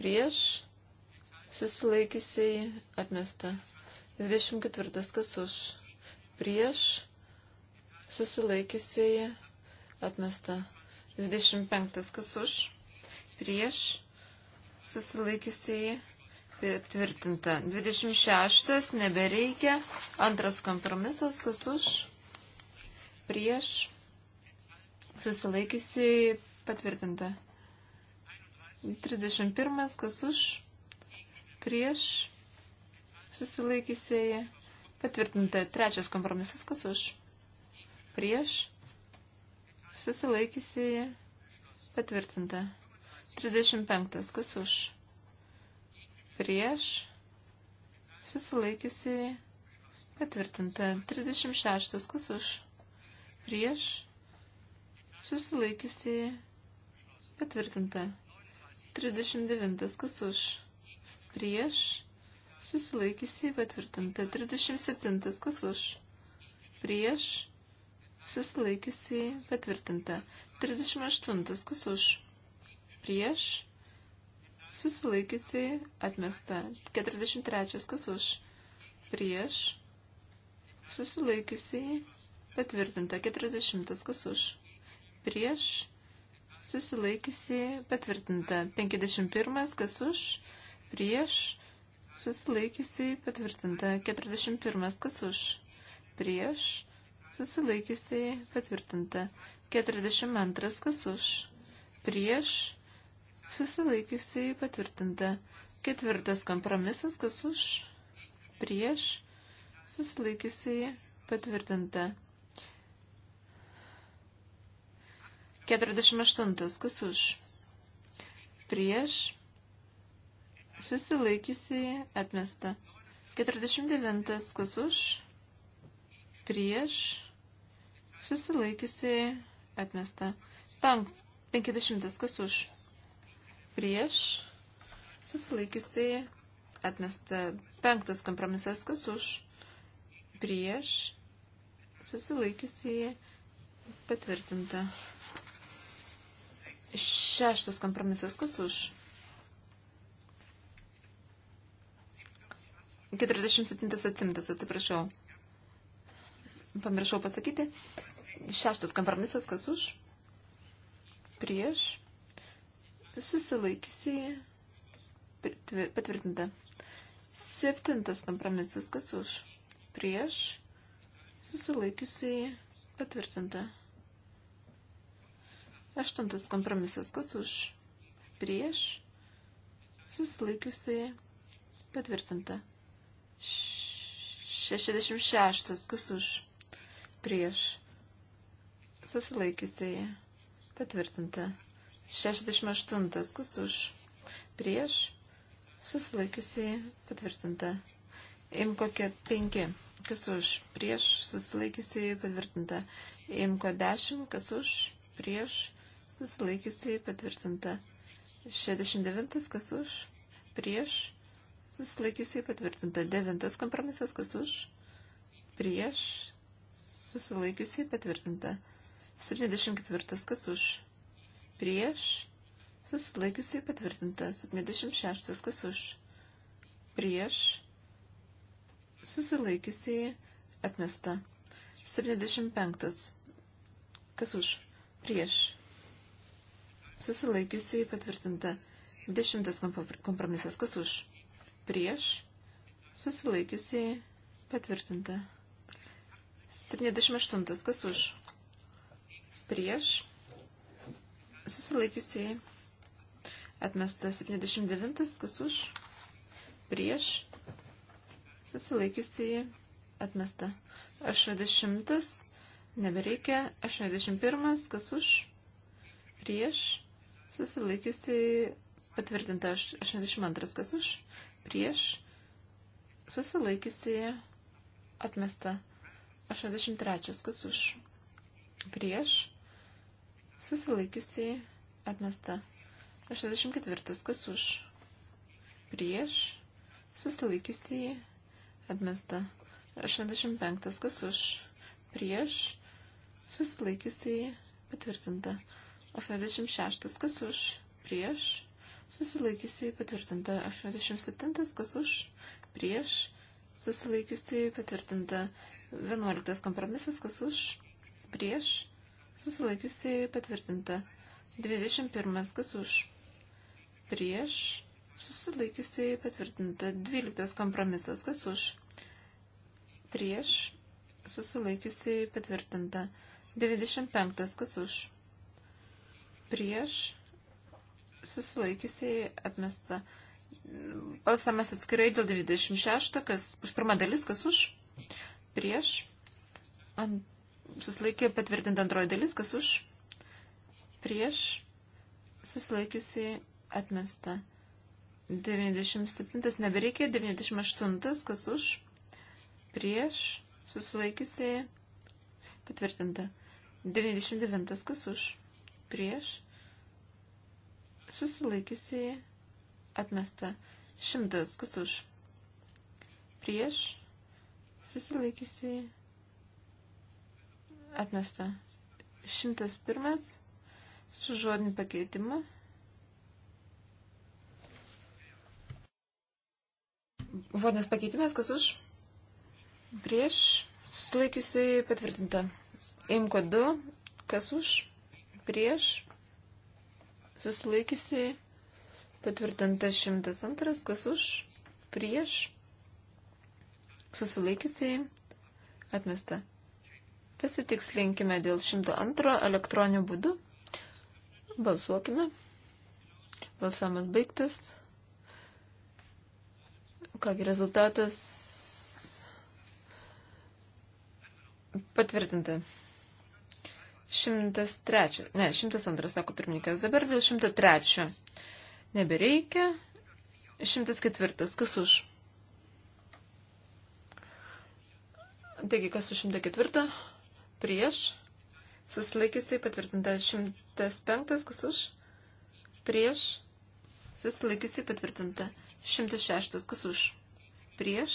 prieš susilaikysiai, atmesta 24 kas už, prieš susilaikysiai, atmesta 25 kas už, prieš susilaikysiai, tvirtinta 26, nebereikia, antras kompromisas kas už, prieš susilaikiusiai patvirtinta. 31. Kas už? Prieš susilaikiusiai patvirtinta. Trečias kompromisas. Kas už? Prieš susilaikiusiai patvirtinta. 35. Kas už? Prieš susilaikiusiai patvirtinta. 36. Kas už? Prieš susilaikiusi patvirtinta. 39. Kas už? Prieš susilaikiusi patvirtinta. 37. Kas už? Prieš susilaikiusi patvirtinta. 38. Kas už? Prieš susilaikiusi atmesta. 43. Kas už? Prieš susilaikiusi patvirtinta. 40. Kas už? prieš, susilaikysi patvirtinta. 51, kas už, prieš, susilaikysi patvirtinta. 41, kas už, prieš, susilaikysi patvirtinta. 42, kas už, prieš, susilaikysi patvirtinta. Ketvirtas kompromisas, kas už, prieš, susilaikysi patvirtinta. 48. Kas už? Prieš. Susilaikiusiai atmesta. 49. Kas už? Prieš. Susilaikiusiai atmesta. 50. Kas už? Prieš. Susilaikiusiai atmesta. 5. Kompromisas. Kas už? Prieš. Susilaikiusiai patvirtinta. Šeštas kompromisas, kas už? 47 atsimtas, atsiprašau. Pamiršau pasakyti. Šeštas kompromisas, kas už? Prieš. Susilaikysiai. Patvirtinta. Septintas kompromisas, kas už? Prieš. Susilaikysiai. Patvirtinta. Aštuntas kompromisas. Kas už? Prieš. Susilaikiusiai. Patvirtinta. 66. Kas už? Prieš. Susilaikiusiai. Patvirtinta. 68. Kas už? Prieš. Susilaikiusiai. Patvirtinta. Imko 5. Kas už? Prieš. Susilaikiusiai. Patvirtinta. Imko 10. Kas už? Prieš susilaikiusiai patvirtinta. 69 kas už, prieš, susilaikiusiai patvirtinta. 9 kompromisas kas už, prieš, susilaikiusiai patvirtinta. 74 kas už, prieš, susilaikiusiai patvirtinta. 76 kas už, prieš, susilaikiusiai atmesta. 75. Kas už? Prieš susilaikiusiai patvirtinta. Dešimtas kompromisas kas už, prieš, susilaikiusiai patvirtinta. 78 kas už, prieš, susilaikiusiai atmesta. 79 kas už, prieš, susilaikiusiai atmesta. 80 nebereikia, 81 kas už, prieš, susilaikiusiai patvirtinta 62, kas už, prieš, susilaikiusiai atmesta 83, kas už, prieš, susilaikiusiai atmesta 64, kas už, prieš, susilaikiusiai atmesta 85, kas už, prieš, susilaikiusiai patvirtinta 85. 86. Kas už? Prieš. Susilaikiusiai patvirtinta. 87. Kas už? Prieš. Susilaikiusiai patvirtinta. 11. Kompromisas. Kas už? Prieš. Susilaikiusiai patvirtinta. 21. Kas už? Prieš. Susilaikiusiai patvirtinta. 12. Kompromisas. Kas už? Prieš. Susilaikiusiai patvirtinta. 95. Kas už? prieš susilaikiusiai atmesta. Balsamas atskirai dėl 26, kas už pirmą dalis, kas už, prieš, ant, susilaikė patvirtinti antroji dalis, kas už, prieš, susilaikiusiai atmesta. 97 nebereikia, 98 kas už, prieš, susilaikiusiai patvirtinta. 99 kas už prieš, susilaikiusiai atmesta. Šimtas, kas už, prieš, susilaikiusiai atmesta. Šimtas pirmas, su žodiniu pakeitimu. Vadinas pakeitimas, kas už, prieš, susilaikiusiai patvirtinta. Imko 2, kas už, prieš, susilaikiusi, patvirtinta 102, kas už, prieš, susilaikiusi, atmesta. Pasitikslinkime dėl 102 elektroninių būdų. Balsuokime. Balsavimas baigtas. Kągi rezultatas patvirtinta. 103. Ne, 102, sako pirmininkas. Dabar dėl 103. Nebereikia. 104. Kas už? Taigi, kas už 104? Prieš. Susilaikysiai patvirtinta 105. Kas už? Prieš. Susilaikysiai patvirtinta 106. Kas už? Prieš.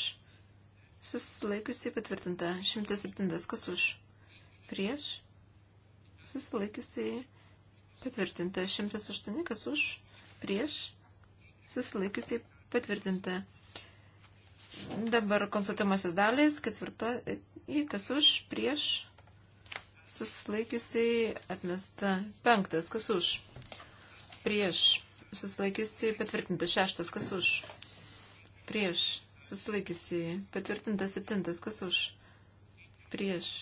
Susilaikiusiai patvirtinta. 107. Kas už? Prieš susilaikiusiai patvirtinta. 108 kas už, prieš, susilaikiusiai patvirtinta. Dabar konsultuomasis dalys, ketvirta, kas už, prieš, susilaikiusiai atmesta. Penktas kas už, prieš, susilaikiusiai patvirtinta. Šeštas kas už, prieš, susilaikiusiai patvirtinta. Septintas kas už, prieš,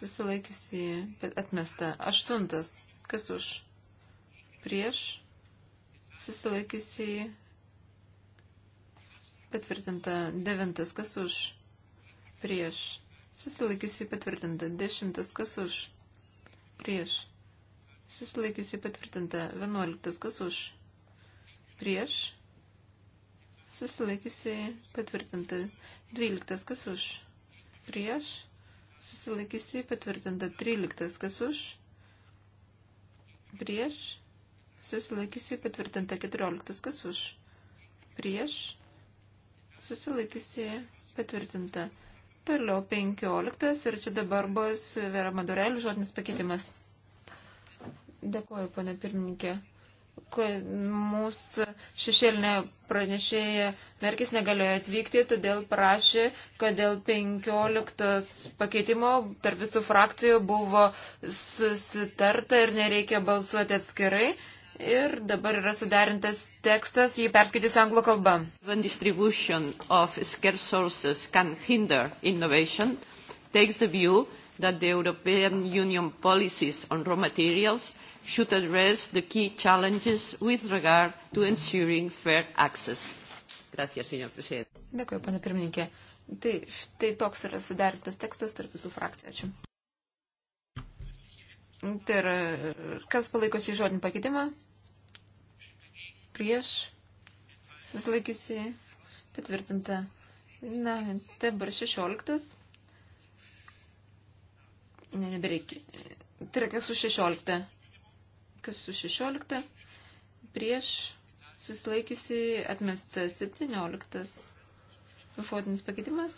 susilaikiusi atmesta. Aštuntas, kas už, prieš, susilaikiusi patvirtinta. Devintas, kas už, prieš, susilaikiusi patvirtinta. Dešimtas, kas už, prieš, susilaikiusi patvirtinta. Vienuoliktas, kas už, prieš, susilaikiusi patvirtinta. Dvyliktas, kas už, prieš, susilaikysi patvirtinta 13, kas už, prieš, susilaikysi patvirtinta 14, kas už, prieš, susilaikysi patvirtinta. Toliau 15 ir čia dabar bus Vera Madurelė žodinis pakeitimas. Dėkuoju, pana pirmininkė mūsų šešėlinė pranešėja Merkis negalėjo atvykti, todėl prašė, kad dėl 15 pakeitimo tarp visų frakcijų buvo susitarta ir nereikia balsuoti atskirai. Ir dabar yra suderintas tekstas, jį perskaitys anglų kalba. When distribution of scarce sources can hinder innovation, takes the view that the European Union policies on raw materials – should address the key challenges with regard to ensuring fair access. Gracias, señor presidente. Dėkuoju, pane pirmininkė. Tai štai toks yra suderintas tekstas tarp visų frakcijų. Ačiū. Tai yra, kas palaiko šį žodinį pakeitimą? Prieš susilaikysi patvirtinta. Na, dabar 16. Ne, nebereikia. Tai yra, kas už 16? kas už 16, prieš susilaikiusi atmesta 17. Žodinis pakeitimas,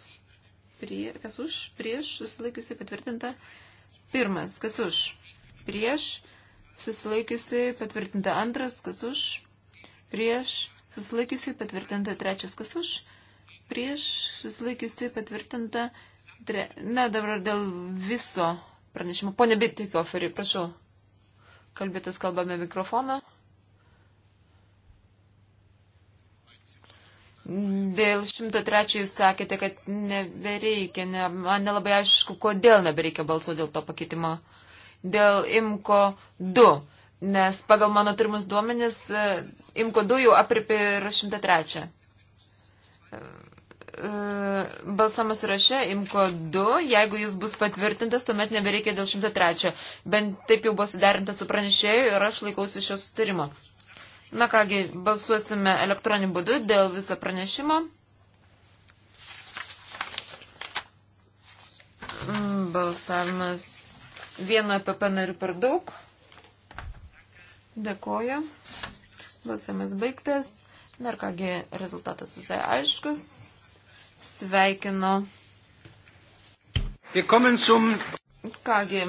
prie, kas už, prieš susilaikiusi patvirtinta pirmas, kas už, prieš susilaikiusi patvirtinta antras, kas už, prieš susilaikiusi patvirtinta trečias, kas už, prieš susilaikiusi patvirtinta. Tre... Na, dabar dėl viso pranešimo. Pone Bittikoferi, prašau. Kalbėtis kalbame mikrofoną. Dėl 103 jūs sakėte, kad nebereikia, ne, man nelabai aišku, kodėl nebereikia balsuoti dėl to pakeitimo. Dėl IMCO 2, nes pagal mano turimus duomenis e, IMCO 2 jau apripė ir 103. E, balsamas raše imko 2, jeigu jis bus patvirtintas, tuomet nebereikia dėl 103. Bent taip jau buvo suderinta su pranešėju ir aš laikausi šio sutarimo. Na kągi, balsuosime elektroniniu būdu dėl viso pranešimo. Mm, balsavimas vieno EPP narių per daug. Dėkoju. Balsavimas baigtas. Na ir kągi, rezultatas visai aiškus. Sveikinu. Kągi,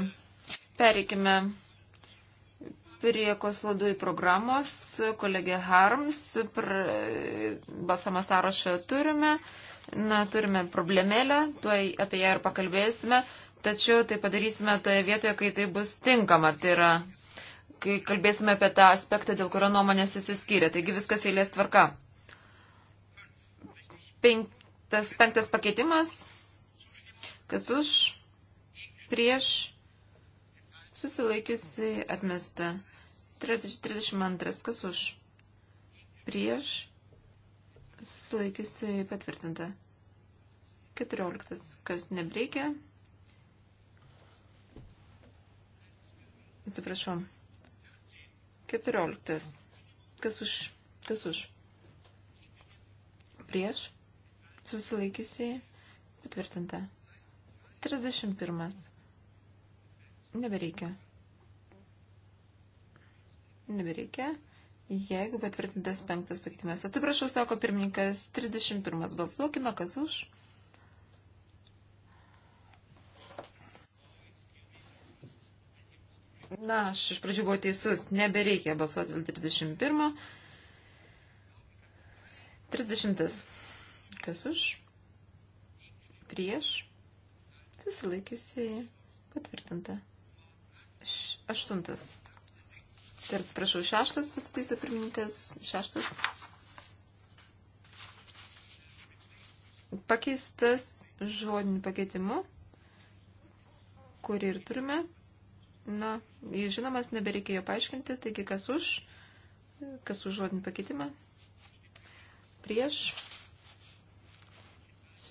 pereikime prie koslodui programos. Kolegė Harms, basamą sąrašą turime. Na, turime problemėlę, tuoj apie ją ir pakalbėsime, tačiau tai padarysime toje vietoje, kai tai bus tinkama. Tai yra, kai kalbėsime apie tą aspektą, dėl kurio nuomonės įsiskyrė. Taigi viskas eilės tvarka. 5 Penktas, penktas pakeitimas. Kas už, prieš, susilaikiusi, atmesta. 32. Kas už, prieš, susilaikiusi, patvirtinta. 14. Kas nebreikia. Atsiprašau. 14. Kas už, kas už, prieš, susilaikiusiai patvirtinta. 31. Nebereikia. Nebereikia. Jeigu patvirtintas penktas pakeitimas. Atsiprašau, sako pirmininkas, 31. Balsuokime, kas už. Na, aš iš pradžių buvau teisus, nebereikia balsuoti dėl 31. 30. Kas už? Prieš? Susilaikiusiai patvirtinta. Š aštuntas. Ir atsiprašau, šeštas pasitaiso pirmininkas. Šeštas. Pakeistas žodiniu pakeitimu, kurį ir turime. Na, jis žinomas, nebereikėjo paaiškinti, taigi kas už, kas už žodinį pakeitimą. Prieš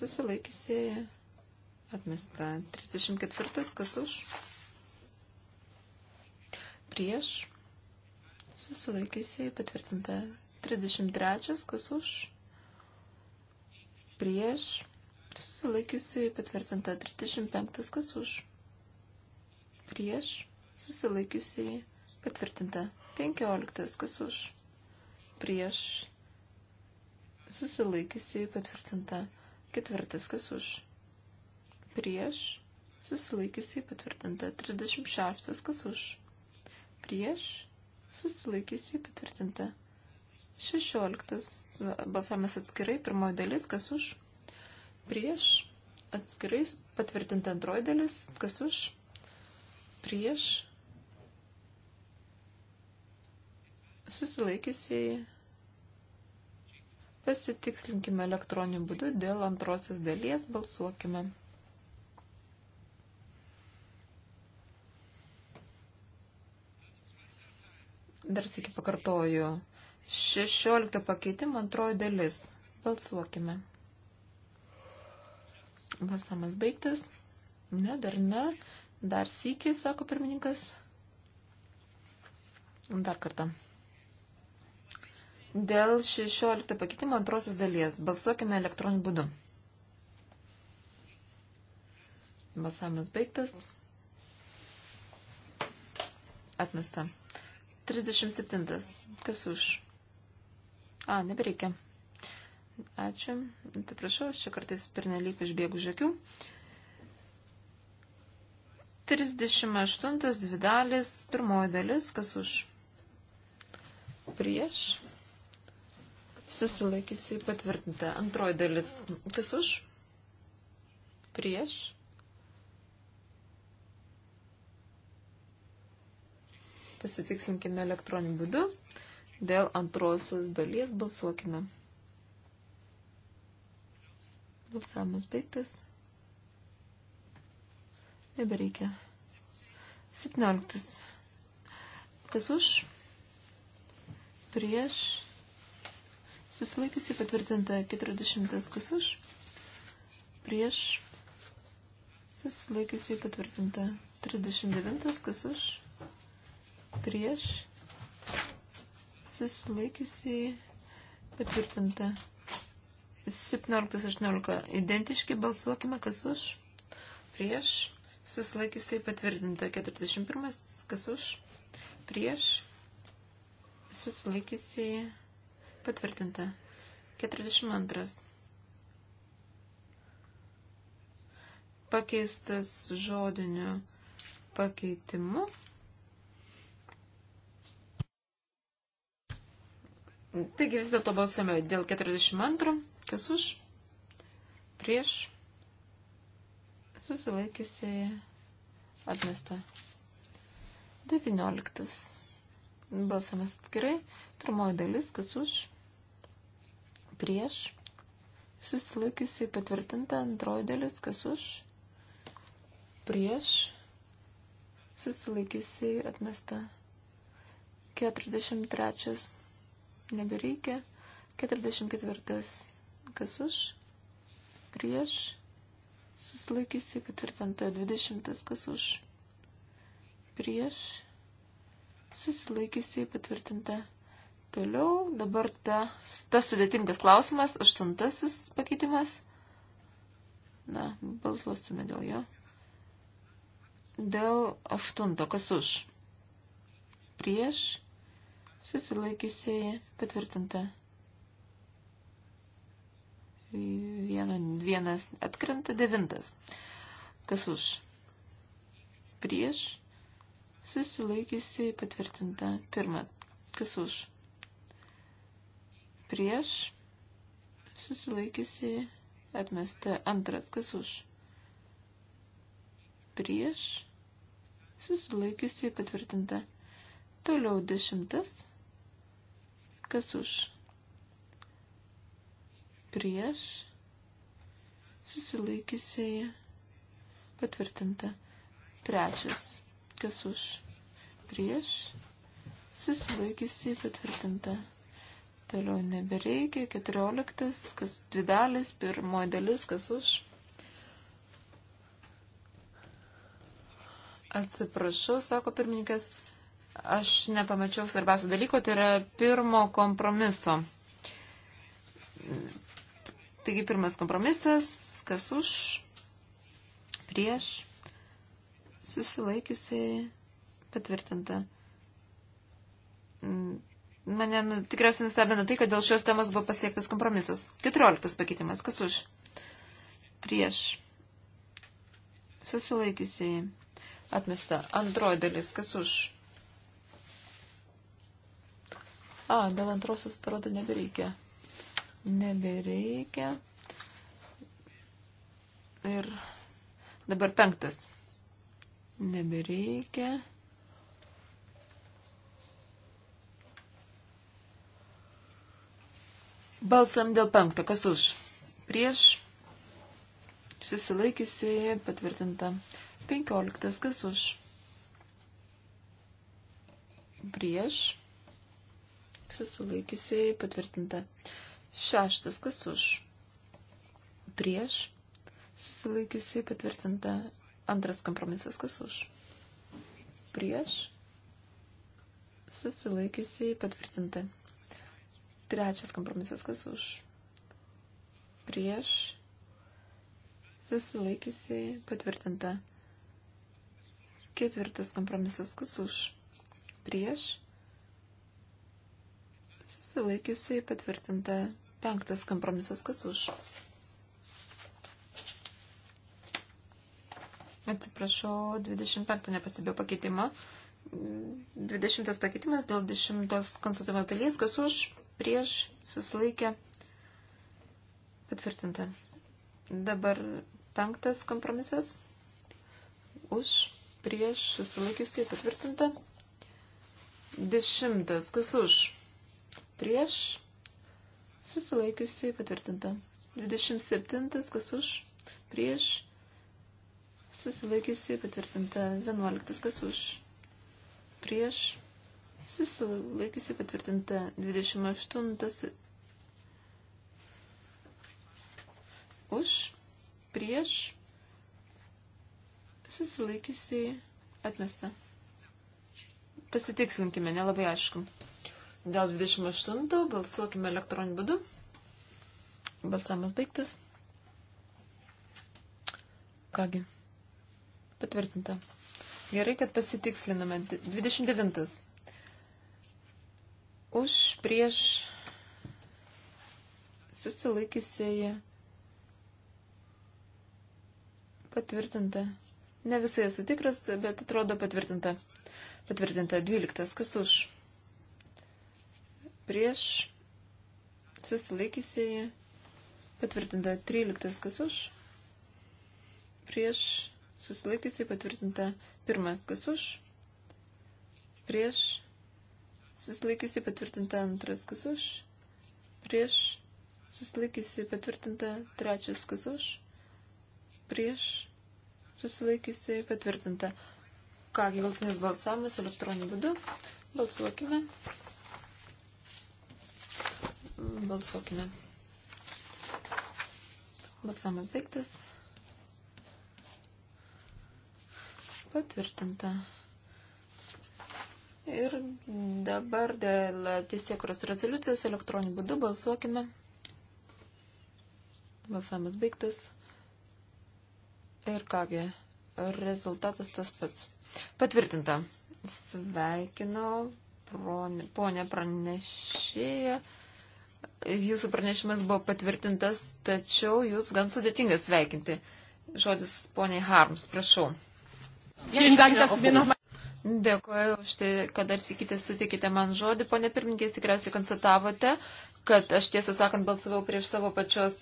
susilaikysiai atmesta. 34 kas už, prieš, susilaikysiai patvirtinta. 33 kas už, prieš, susilaikysiai patvirtinta. 35 kas už, prieš, susilaikysiai patvirtinta. 15 kas už, prieš, susilaikysiai patvirtinta. Ketvirtas, kas už? Prieš. Susilaikysiai patvirtinta. 36, kas už? Prieš. Susilaikysiai patvirtinta. 16. Balsavimas atskirai, pirmoji dalis, kas už? Prieš. Atskirai patvirtinta antroji dalis, kas už? Prieš. Susilaikysiai Pasitikslinkime elektroniniu būdu dėl antrosios dalies, balsuokime. Dar sėki pakartoju. 16 pakeitimo antroji dalis. Balsuokime. Balsamas baigtas. Ne, dar ne. Dar sėki, sako pirmininkas. Dar kartą. Dėl 16 pakeitimo antrosios dalies balsuokime elektroniniu būdu. Balsavimas baigtas. Atmesta. 37. Kas už? A, nebereikia. Ačiū. Atsiprašau, aš čia kartais pernelyg išbėgu žakių. 38. Dvi dalis. Pirmoji dalis. Kas už? Prieš susilaikysi patvirtinta. Antroji dalis. Kas už? Prieš. Pasitikslinkime elektroniniu būdu. Dėl antrosios dalies balsuokime. Balsavimas baigtas. Nebereikia. 17. Kas už? Prieš susilaikiusi patvirtinta 40 kas už, prieš susilaikiusi patvirtinta 39 kas už, prieš susilaikiusi patvirtinta 17-18 identiški balsuokime kas už, prieš susilaikiusi patvirtinta 41 kas už, prieš susilaikiusi patvirtinta Patvirtinta. 42. Pakeistas žodiniu pakeitimu. Taigi vis dėlto balsuojame dėl 42. Kas už? Prieš. Susilaikiusi. Atmesta. 19. Balsamas atskirai. Pirmoji dalis. Kas už? prieš, susilaikiusi patvirtinta antroji dalis, kas už, prieš, susilaikiusi atmesta 43, nebereikia, 44, kas už, prieš, susilaikiusi patvirtinta 20, kas už, prieš, susilaikiusi patvirtinta 20 Toliau dabar ta, tas sudėtingas klausimas, aštuntasis pakeitimas. Na, balsuosime dėl jo. Dėl aštunto, kas už? Prieš susilaikysiai patvirtinta. Vieno, vienas atkrenta, devintas. Kas už? Prieš susilaikysiai patvirtinta. Pirmas. Kas už? prieš, susilaikiusi, atmesta antras, kas už, prieš, susilaikiusi, patvirtinta. Toliau dešimtas, kas už, prieš, susilaikiusiai patvirtinta. Trečias, kas už prieš, susilaikiusiai patvirtinta toliau nebereikia. 14, kas dvi dalis, pirmoji dalis, kas už. Atsiprašau, sako pirmininkas, aš nepamačiau svarbiausio dalyko, tai yra pirmo kompromiso. Taigi pirmas kompromisas, kas už, prieš, susilaikiusiai, patvirtinta. Mane nu, tikriausiai nustebino tai, kad dėl šios temos buvo pasiektas kompromisas. 14 pakeitimas. Kas už? Prieš. Susilaikysiai. Atmesta. Antroji dalis. Kas už? A, dėl antrosios atrodo nebereikia. Nebereikia. Ir dabar penktas. Nebereikia. Balsam dėl penktą. Kas už? Prieš. Susilaikiusi patvirtinta. Penkioliktas. Kas už? Prieš. Susilaikiusi patvirtinta. Šeštas. Kas už? Prieš. Susilaikiusi patvirtinta. Antras kompromisas. Kas už? Prieš. Susilaikiusi patvirtinta. Trečias kompromisas, kas už prieš susilaikiusiai patvirtinta. Ketvirtas kompromisas, kas už prieš susilaikiusiai patvirtinta. Penktas kompromisas, kas už. Atsiprašau, 25 nepastebėjau pakeitimą. 20 pakeitimas dėl 10 konsultuojamos dalies, kas už prieš, susilaikė, patvirtinta. Dabar penktas kompromisas, už, prieš, susilaikiusiai, patvirtinta. Dešimtas, kas už, prieš, susilaikiusiai, patvirtinta. Dvidešimt septintas, kas už, prieš, susilaikiusiai, patvirtinta. Vienuoliktas, kas už, prieš, susilaikiusi patvirtinta 28 už, prieš, susilaikiusi atmesta. Pasitikslinkime, nelabai aišku. Dėl 28 balsuokime elektroniniu būdu. Balsamas baigtas. Kągi, patvirtinta. Gerai, kad pasitiksliname. 29 už prieš susilaikiusieji patvirtinta. Ne visai esu tikras, bet atrodo patvirtinta. Patvirtinta 12. Kas už? Prieš susilaikiusieji patvirtinta 13. Kas už? Prieš susilaikiusiai patvirtinta 1. Kas už? Prieš susilaikiusi patvirtinta antras, kas už, prieš, susilaikiusi patvirtinta trečias, kas už, prieš, susilaikiusi patvirtinta. Kągi, galtinis balsavimas elektroniniu būdu. Balsuokime. Balsuokime. Balsavimas baigtas. Patvirtinta. Ir dabar dėl tiesiekros rezoliucijos elektroniniu būdu balsuokime. Balsavimas baigtas. Ir kągi, rezultatas tas pats. Patvirtinta. Sveikinu ponę pranešėją. Jūsų pranešimas buvo patvirtintas, tačiau jūs gan sudėtingas sveikinti. Žodis poniai Harms, prašau. Vielen Dank, dass wir nochmal Dėkuoju už tai, kad dar sikite sutikite man žodį. Pone pirmininkės, tikriausiai konstatavote, kad aš tiesą sakant balsavau prieš savo pačios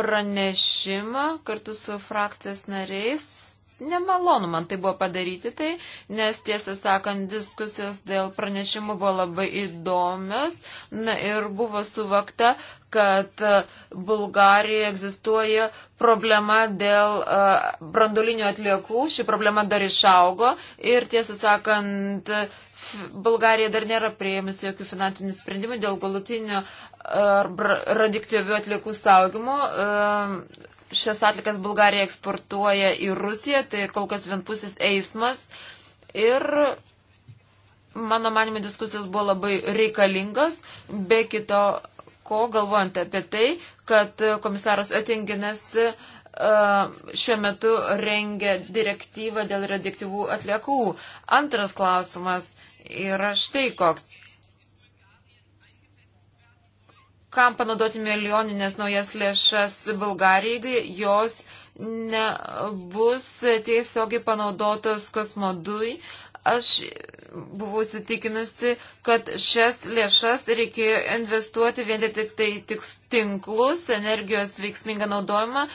pranešimą kartu su frakcijos nariais nemalonu man tai buvo padaryti tai, nes tiesą sakant, diskusijos dėl pranešimų buvo labai įdomios na, ir buvo suvokta, kad e, Bulgarijoje egzistuoja problema dėl e, brandolinių atliekų, ši problema dar išaugo ir tiesą sakant, Bulgarija dar nėra prieimusi jokių finansinių sprendimų dėl galutinio radiktyvių atliekų saugimo. E, šias atlikas Bulgarija eksportuoja į Rusiją, tai kol kas vienpusis eismas. Ir mano manimi diskusijos buvo labai reikalingos, be kito ko galvojant apie tai, kad komisaras Otinginas e, šiuo metu rengia direktyvą dėl radioaktyvų atliekų. Antras klausimas yra štai koks. kam panaudoti milijoninės naujas lėšas Bulgarijai, jos nebus tiesiogiai panaudotos kosmodui. Aš buvau įsitikinusi, kad šias lėšas reikėjo investuoti vien tik tai tiks tinklus, energijos veiksmingą naudojimą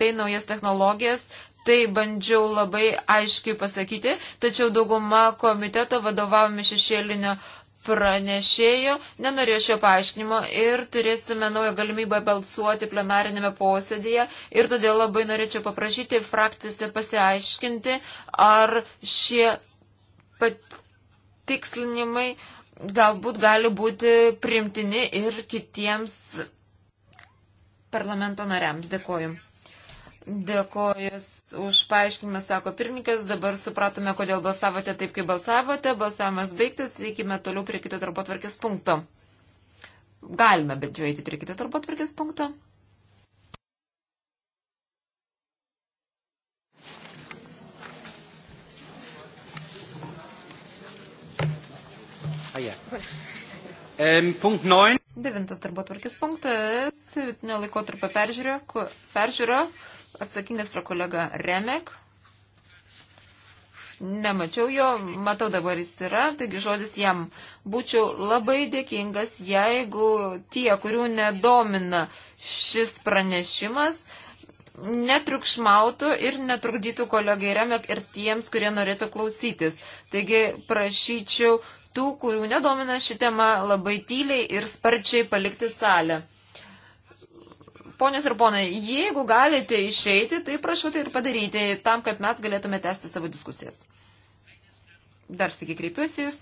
bei naujas technologijas. Tai bandžiau labai aiškiai pasakyti, tačiau dauguma komiteto vadovavome šešėlinio uh, pranešėjo, nenorėjo šio paaiškinimo ir turėsime naują galimybę balsuoti plenarinėme posėdėje ir todėl labai norėčiau paprašyti frakcijose pasiaiškinti, ar šie patikslinimai galbūt gali būti primtini ir kitiems parlamento nariams. Dėkuoju. Dėkoju už paaiškinimą, sako pirmininkas. Dabar supratome, kodėl balsavote taip, kaip balsavote. Balsavimas baigtas. Reikime toliau prie kito darbo tvarkės punkto. Galime, bet žiūrėti prie kito darbo tvarkės punkto. Ah, ja. ähm, Punkt 9. Devintas darbo tvarkės punktas. Vidutinio laikotarpio peržiūro. peržiūro atsakingas yra kolega Remek. Nemačiau jo, matau dabar jis yra, taigi žodis jam. Būčiau labai dėkingas, jeigu tie, kurių nedomina šis pranešimas, netrukšmautų ir netrukdytų kolegai Remek ir tiems, kurie norėtų klausytis. Taigi prašyčiau tų, kurių nedomina ši tema, labai tyliai ir sparčiai palikti salę. Ponios ir ponai, jeigu galite išeiti, tai prašau tai ir padaryti, tam, kad mes galėtume tęsti savo diskusijas. Dar sėki kreipiuosi jūs.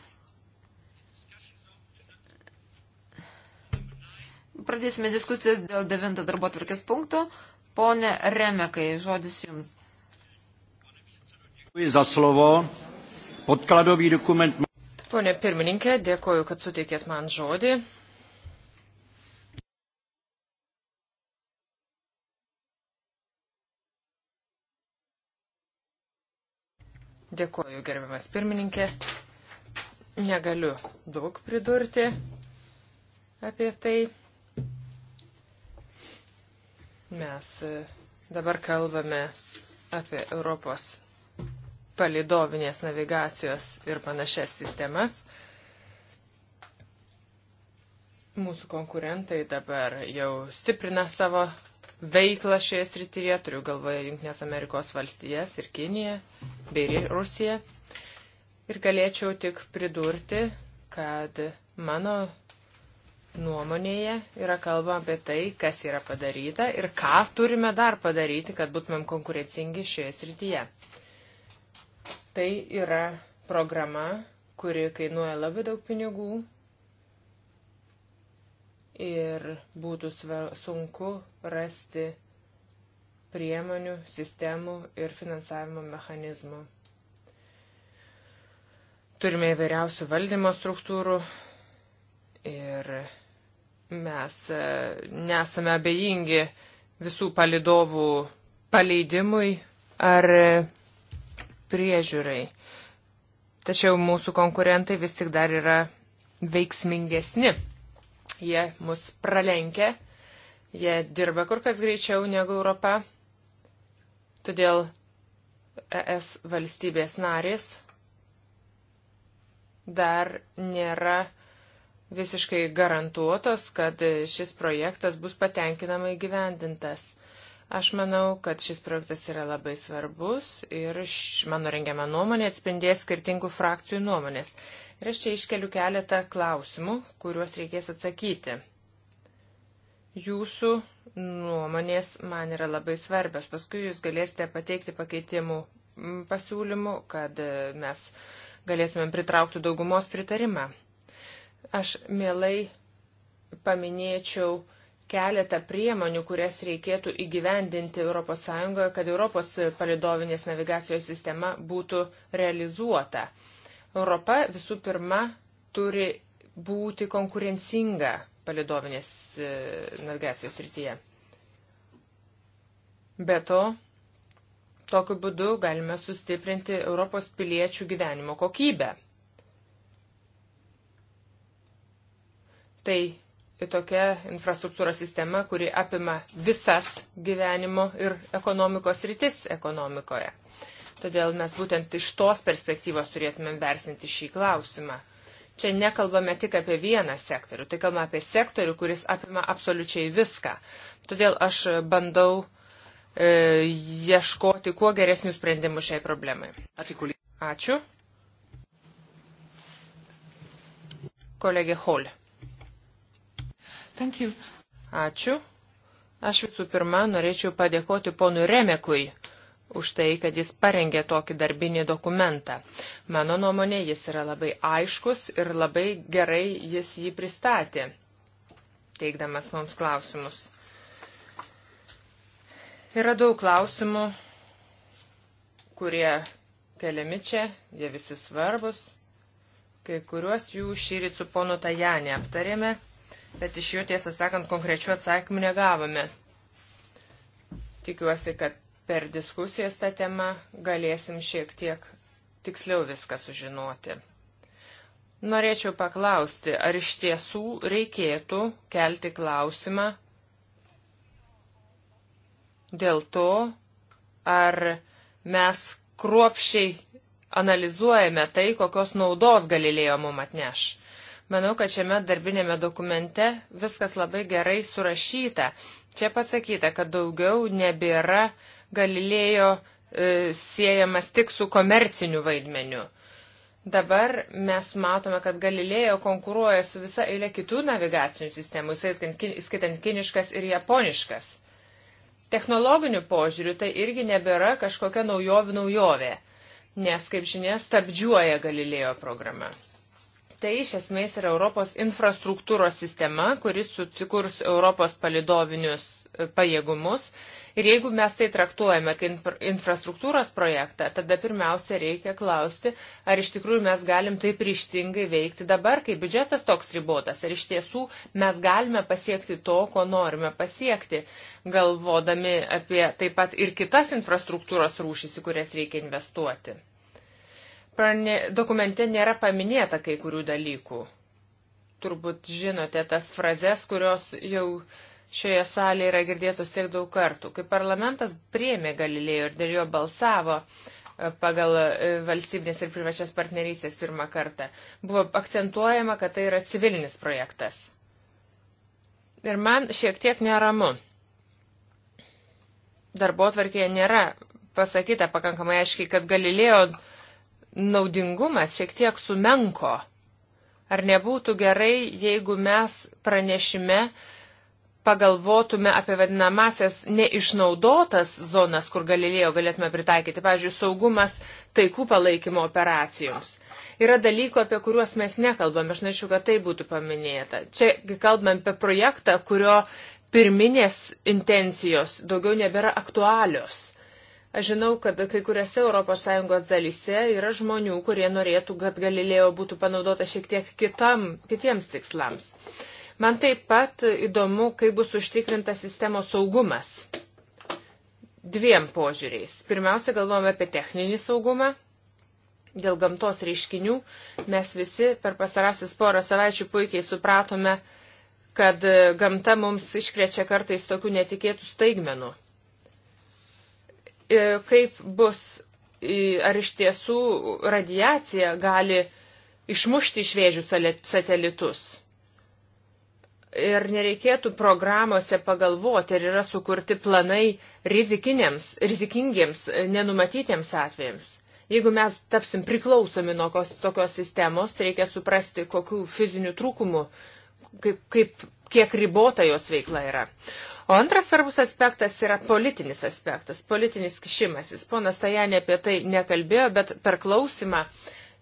Pradėsime diskusijas dėl devinto darbo tvarkės punkto. Pone Remekai, žodis jums. Pone pirmininkė, dėkoju, kad suteikėt man žodį. Dėkuoju, gerbiamas pirmininkė. Negaliu daug pridurti apie tai. Mes e, dabar kalbame apie Europos palidovinės navigacijos ir panašias sistemas. Mūsų konkurentai dabar jau stiprina savo veiklą šioje srityje, turiu galvoje Junktinės Amerikos valstijas ir Kiniją bei Rusiją. Ir galėčiau tik pridurti, kad mano nuomonėje yra kalbama apie tai, kas yra padaryta ir ką turime dar padaryti, kad būtumėm konkurencingi šioje srityje. Tai yra programa, kuri kainuoja labai daug pinigų, ir būtų sunku rasti priemonių, sistemų ir finansavimo mechanizmų. Turime įvairiausių valdymo struktūrų ir mes e, nesame abejingi visų palidovų paleidimui ar e, priežiūrai. Tačiau mūsų konkurentai vis tik dar yra veiksmingesni Jie mus pralenkia, jie dirba kur kas greičiau negu Europa. Todėl ES valstybės narės dar nėra visiškai garantuotos, kad šis projektas bus patenkinamai gyvendintas. Aš manau, kad šis projektas yra labai svarbus ir mano rengiama nuomonė atspindės skirtingų frakcijų nuomonės. Ir aš čia iškeliu keletą klausimų, kuriuos reikės atsakyti. Jūsų nuomonės man yra labai svarbios. Paskui jūs galėsite pateikti pakeitimų pasiūlymų, kad e, mes galėtumėm pritraukti daugumos pritarimą. Aš mielai paminėčiau keletą priemonių, kurias reikėtų įgyvendinti ES, kad Europos palidovinės navigacijos sistema būtų realizuota. Europa visų pirma turi būti konkurencinga palidovinės e, navigacijos rytyje. Be to, tokiu būdu galime sustiprinti Europos piliečių gyvenimo kokybę. Tai tokia infrastruktūros sistema, kuri apima visas gyvenimo ir ekonomikos rytis ekonomikoje. Todėl mes būtent iš tos perspektyvos turėtumėm versinti šį klausimą. Čia nekalbame tik apie vieną sektorių, tai kalbame apie sektorių, kuris apima absoliučiai viską. Todėl aš bandau e, ieškoti kuo geresnių sprendimų šiai problemai. Ačiū. Kolegė Hol. Ačiū. Aš visų pirma norėčiau padėkoti ponui Remekui už tai, kad jis parengė tokį darbinį dokumentą. Mano nuomonė, jis yra labai aiškus ir labai gerai jis jį pristatė, teikdamas mums klausimus. Yra daug klausimų, kurie keliami čia, jie visi svarbus. Kai kuriuos jų šyrit su ponu Tajanė aptarėme bet iš jo, tiesą sakant, konkrečių atsakymų negavome. Tikiuosi, kad per diskusijas tą temą galėsim šiek tiek tiksliau viską sužinoti. Norėčiau paklausti, ar iš tiesų reikėtų kelti klausimą dėl to, ar mes kruopšiai analizuojame tai, kokios naudos galilėjo mum atneš. Manau, kad šiame darbinėme dokumente viskas labai gerai surašyta. Čia pasakyta, kad daugiau nebėra Galilėjo e, siejamas tik su komerciniu vaidmeniu. Dabar mes matome, kad Galilėjo konkuruoja su visa eilė kitų navigacinių sistemų, skaitant kiniškas ir japoniškas. Technologiniu požiūriu tai irgi nebėra kažkokia naujovių naujovė, nes, kaip žinia, stabdžiuoja Galilėjo programa. Tai iš esmės yra Europos infrastruktūros sistema, kuris susikurs Europos palidovinius e, pajėgumus. Ir jeigu mes tai traktuojame kaip infrastruktūros projektą, tada pirmiausia reikia klausti, ar iš tikrųjų mes galim taip ryštingai veikti dabar, kai biudžetas toks ribotas, ar iš tiesų mes galime pasiekti to, ko norime pasiekti, galvodami apie taip pat ir kitas infrastruktūros rūšys, į kurias reikia investuoti dokumente nėra paminėta kai kurių dalykų. Turbūt žinote tas frazes, kurios jau šioje salėje yra girdėtos tiek daug kartų. Kai parlamentas priemė Galilėjo ir dėl jo balsavo e, pagal e, valstybinės ir privačias partnerystės pirmą kartą, buvo akcentuojama, kad tai yra civilinis projektas. Ir man šiek tiek neramu. Darbo tvarkėje nėra pasakyta pakankamai aiškiai, kad Galilėjo naudingumas šiek tiek sumenko. Ar nebūtų gerai, jeigu mes pranešime pagalvotume apie vadinamasias neišnaudotas zonas, kur galilėjo galėtume pritaikyti, pavyzdžiui, saugumas taikų palaikymo operacijoms. Yra dalykų, apie kuriuos mes nekalbame, aš nežinau, kad tai būtų paminėta. Čia kalbame apie projektą, kurio pirminės intencijos daugiau nebėra aktualios. Aš žinau, kad kai kuriuose ES dalyse yra žmonių, kurie norėtų, kad Galilėjo būtų panaudota šiek tiek kitam, kitiems tikslams. Man taip pat įdomu, kaip bus užtikrintas sistemos saugumas. Dviem požiūriais. Pirmiausia, galvojame apie techninį saugumą. Dėl gamtos reiškinių mes visi per pasarasis porą savaičių puikiai supratome, kad gamta mums iškrečia kartais tokių netikėtų staigmenų. E, kaip bus, ar iš tiesų radiacija gali išmušti iš vėžių satelitus. Ir nereikėtų programuose pagalvoti, ar yra sukurti planai rizikingiems, e, nenumatytiems atvejams. Jeigu mes tapsim priklausomi nuo kos, tokios sistemos, tai reikia suprasti, kokių fizinių trūkumų, kaip, kaip kiek ribota jos veikla yra. O antras svarbus aspektas yra politinis aspektas, politinis kišimasis. Ponas Tajanė apie tai nekalbėjo, bet per klausimą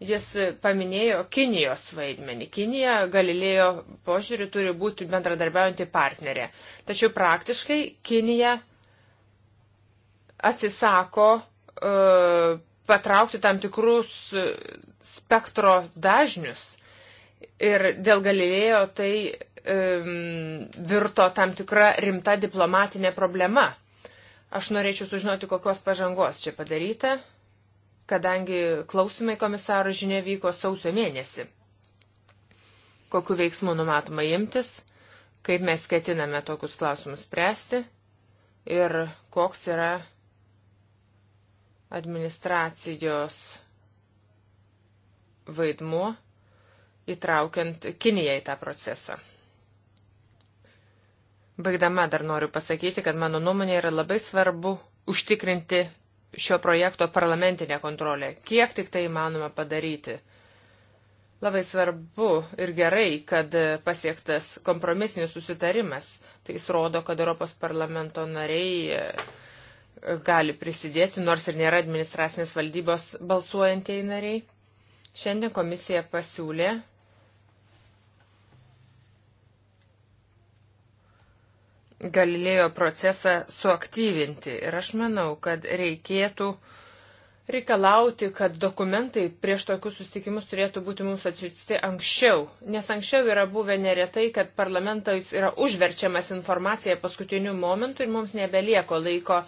jis paminėjo Kinijos vaidmenį. Kinija Galilėjo požiūriu turi būti bendradarbiaujanti partnerė. Tačiau praktiškai Kinija atsisako uh, patraukti tam tikrus spektro dažnius. Ir dėl Galilėjo tai um, virto tam tikra rimta diplomatinė problema. Aš norėčiau sužinoti, kokios pažangos čia padaryta, kadangi klausimai komisaro žinia vyko sausio mėnesį. Kokiu veiksmu numatoma imtis, kaip mes ketiname tokius klausimus spręsti ir koks yra administracijos vaidmuo įtraukiant Kiniją į tą procesą. Baigdama dar noriu pasakyti, kad mano nuomonė yra labai svarbu užtikrinti šio projekto parlamentinę kontrolę, kiek tik tai įmanoma padaryti. Labai svarbu ir gerai, kad pasiektas kompromisinis susitarimas. Tai jis rodo, kad Europos parlamento nariai e, gali prisidėti, nors ir nėra administracinės valdybos balsuojantieji nariai. Šiandien komisija pasiūlė Galilėjo procesą suaktyvinti. Ir aš manau, kad reikėtų reikalauti, kad dokumentai prieš tokius susitikimus turėtų būti mums atsiųsti anksčiau, nes anksčiau yra buvę neretai, kad parlamentais yra užverčiamas informacija paskutiniu momentu ir mums nebelieko laiko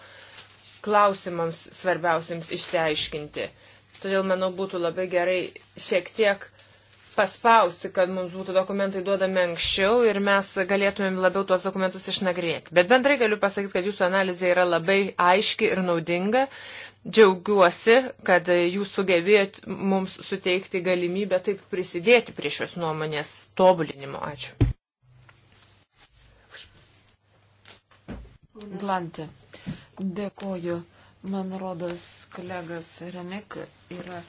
klausimams svarbiausiams išsiaiškinti. Todėl, manau, būtų labai gerai šiek tiek uh, paspausti, kad mums būtų dokumentai duodami anksčiau ir mes galėtumėm labiau tuos dokumentus išnagrėti. Bet bendrai galiu pasakyti, kad jūsų analizė yra labai aiški ir naudinga. Džiaugiuosi, kad jūs sugebėjot mums suteikti galimybę taip prisidėti prie šios nuomonės tobulinimo. Ačiū. Glantė, dėkoju. Man rodos, kolegas Remek yra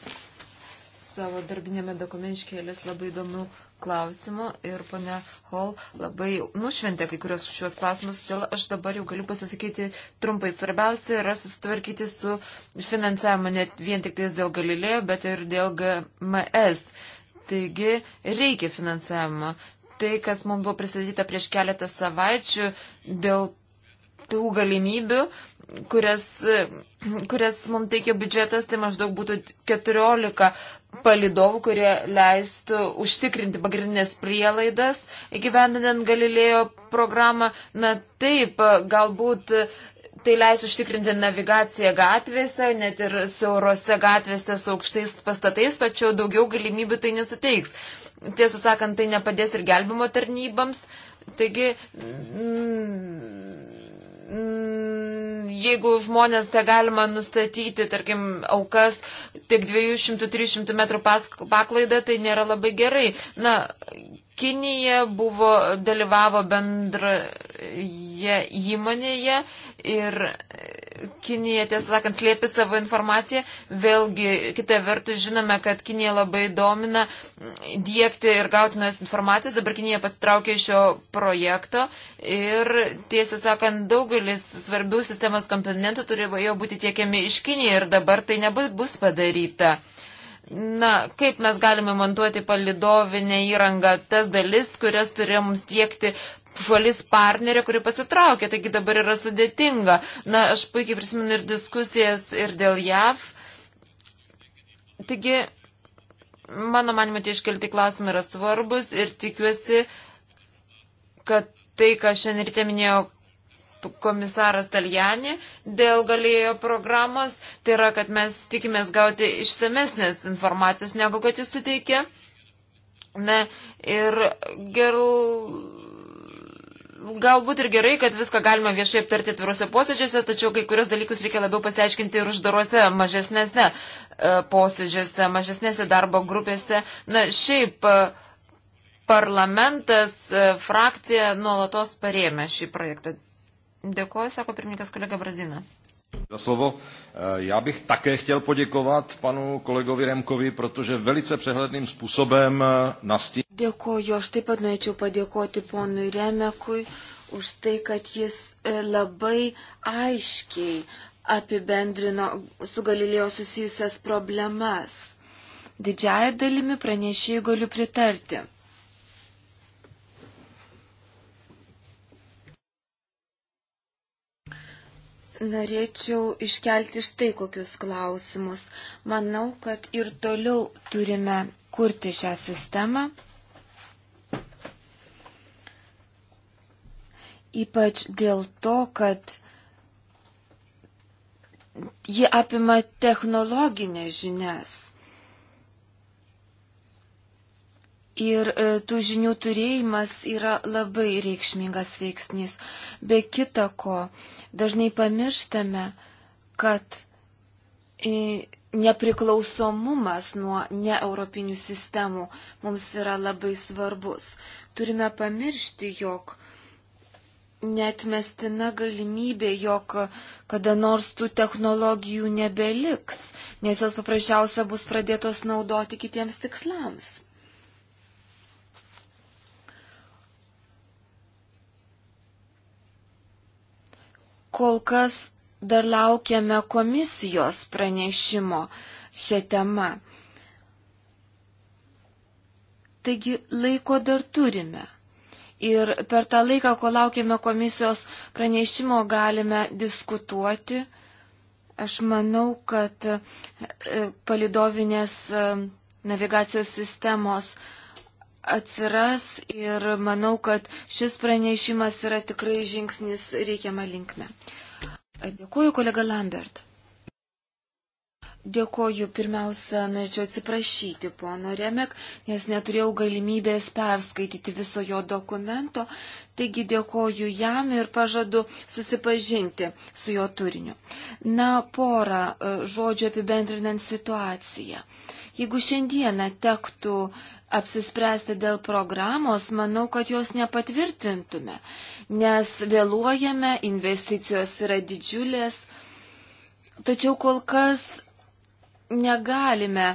savo darbinėme dokumente iškėlęs labai įdomių klausimų ir ponia Hall labai nušventė kai kurios šios klausimus, todėl aš dabar jau galiu pasisakyti trumpai. Svarbiausia yra susitvarkyti su finansavimu ne vien tik dėl Galilėjo, bet ir dėl GMS. Taigi reikia finansavimo. Tai, kas mums buvo pristatyta prieš keletą savaičių dėl tų galimybių, kurias, kurias mums teikia biudžetas, tai maždaug būtų 14 palidovų, kurie leistų užtikrinti pagrindinės prielaidas įgyvendinant Galilėjo programą. Na taip, galbūt tai leis užtikrinti navigaciją gatvėse, net ir siaurose gatvėse su aukštais pastatais, tačiau daugiau galimybių tai nesuteiks. Tiesą sakant, tai nepadės ir gelbimo tarnybams. Taigi, mm, Mm, jeigu žmonės te galima nustatyti, tarkim, aukas tik 200-300 metrų paklaidą, tai nėra labai gerai. Na, Kinija buvo, dalyvavo bendroje įmonėje ir Kinija, tiesą sakant, slėpi savo informaciją. Vėlgi, kitą vertus, žinome, kad Kinija labai domina dėkti ir gautinas informacijas. Dabar Kinija pasitraukė iš šio projekto ir, tiesą sakant, daugelis svarbių sistemos komponentų turėjo būti tiekiami iš Kinija ir dabar tai nebus padaryta. Na, kaip mes galime montuoti palidovinę įrangą, tas dalis, kurias turėjo mums tiekti šalis partnerė, kuri pasitraukė, taigi dabar yra sudėtinga. Na, aš puikiai prisimenu ir diskusijas ir dėl JAV. Taigi, mano manimo, tie iškelti klausimai yra svarbus ir tikiuosi, kad tai, ką šiandien ryte minėjo komisaras Taljani dėl galėjo programos, tai yra, kad mes tikimės gauti išsamesnės informacijos, negu kad jis suteikė. Na ir gerų. Galbūt ir gerai, kad viską galima viešai aptarti atvirose posėdžiuose, tačiau kai kurios dalykus reikia labiau pasiaiškinti ir uždarose, mažesnėse e, posėdžiuose, mažesnėse darbo grupėse. Na, šiaip e, parlamentas, e, frakcija nuolatos parėmė šį projektą. Dėkuoju, sako pirmininkas kolega Brazina. Za slovo. E, já bych také chtěl poděkovat panu kolegovi Remkovi, protože velice přehledným způsobem e, nastí. Dėkuoju, aš taip pat norėčiau padėkoti ponui Remekui už tai, kad jis e, labai aiškiai apibendrino su Galilėjo susijusias problemas. Didžiaja dalimi pranešėjai galiu pritarti. norėčiau iškelti štai kokius klausimus. Manau, kad ir toliau turime kurti šią sistemą. Ypač dėl to, kad ji apima technologinės žinias. Ir e, tų žinių turėjimas yra labai reikšmingas veiksnys. Be kita ko, dažnai pamirštame, kad e, nepriklausomumas nuo neeuropinių sistemų mums yra labai svarbus. Turime pamiršti, jog netmestina galimybė, jog kada nors tų technologijų nebeliks, nes jos paprasčiausia bus pradėtos naudoti kitiems tikslams. kol kas dar laukiame komisijos pranešimo šią temą. Taigi laiko dar turime. Ir per tą laiką, kol laukiame komisijos pranešimo, galime diskutuoti. Aš manau, kad e, palidovinės e, navigacijos sistemos uh, atsiras ir manau, kad šis pranešimas yra tikrai žingsnis reikiamą linkmę. Dėkuoju, kolega Lambert. Dėkoju, pirmiausia, norėčiau atsiprašyti pono Remek, nes neturėjau galimybės perskaityti viso jo dokumento, taigi dėkoju jam ir pažadu susipažinti su jo turiniu. Na, porą e, žodžių apibendrinant situaciją. Jeigu šiandieną tektų uh, apsispręsti dėl programos, manau, kad jos nepatvirtintume, nes vėluojame, investicijos yra didžiulės, tačiau kol kas negalime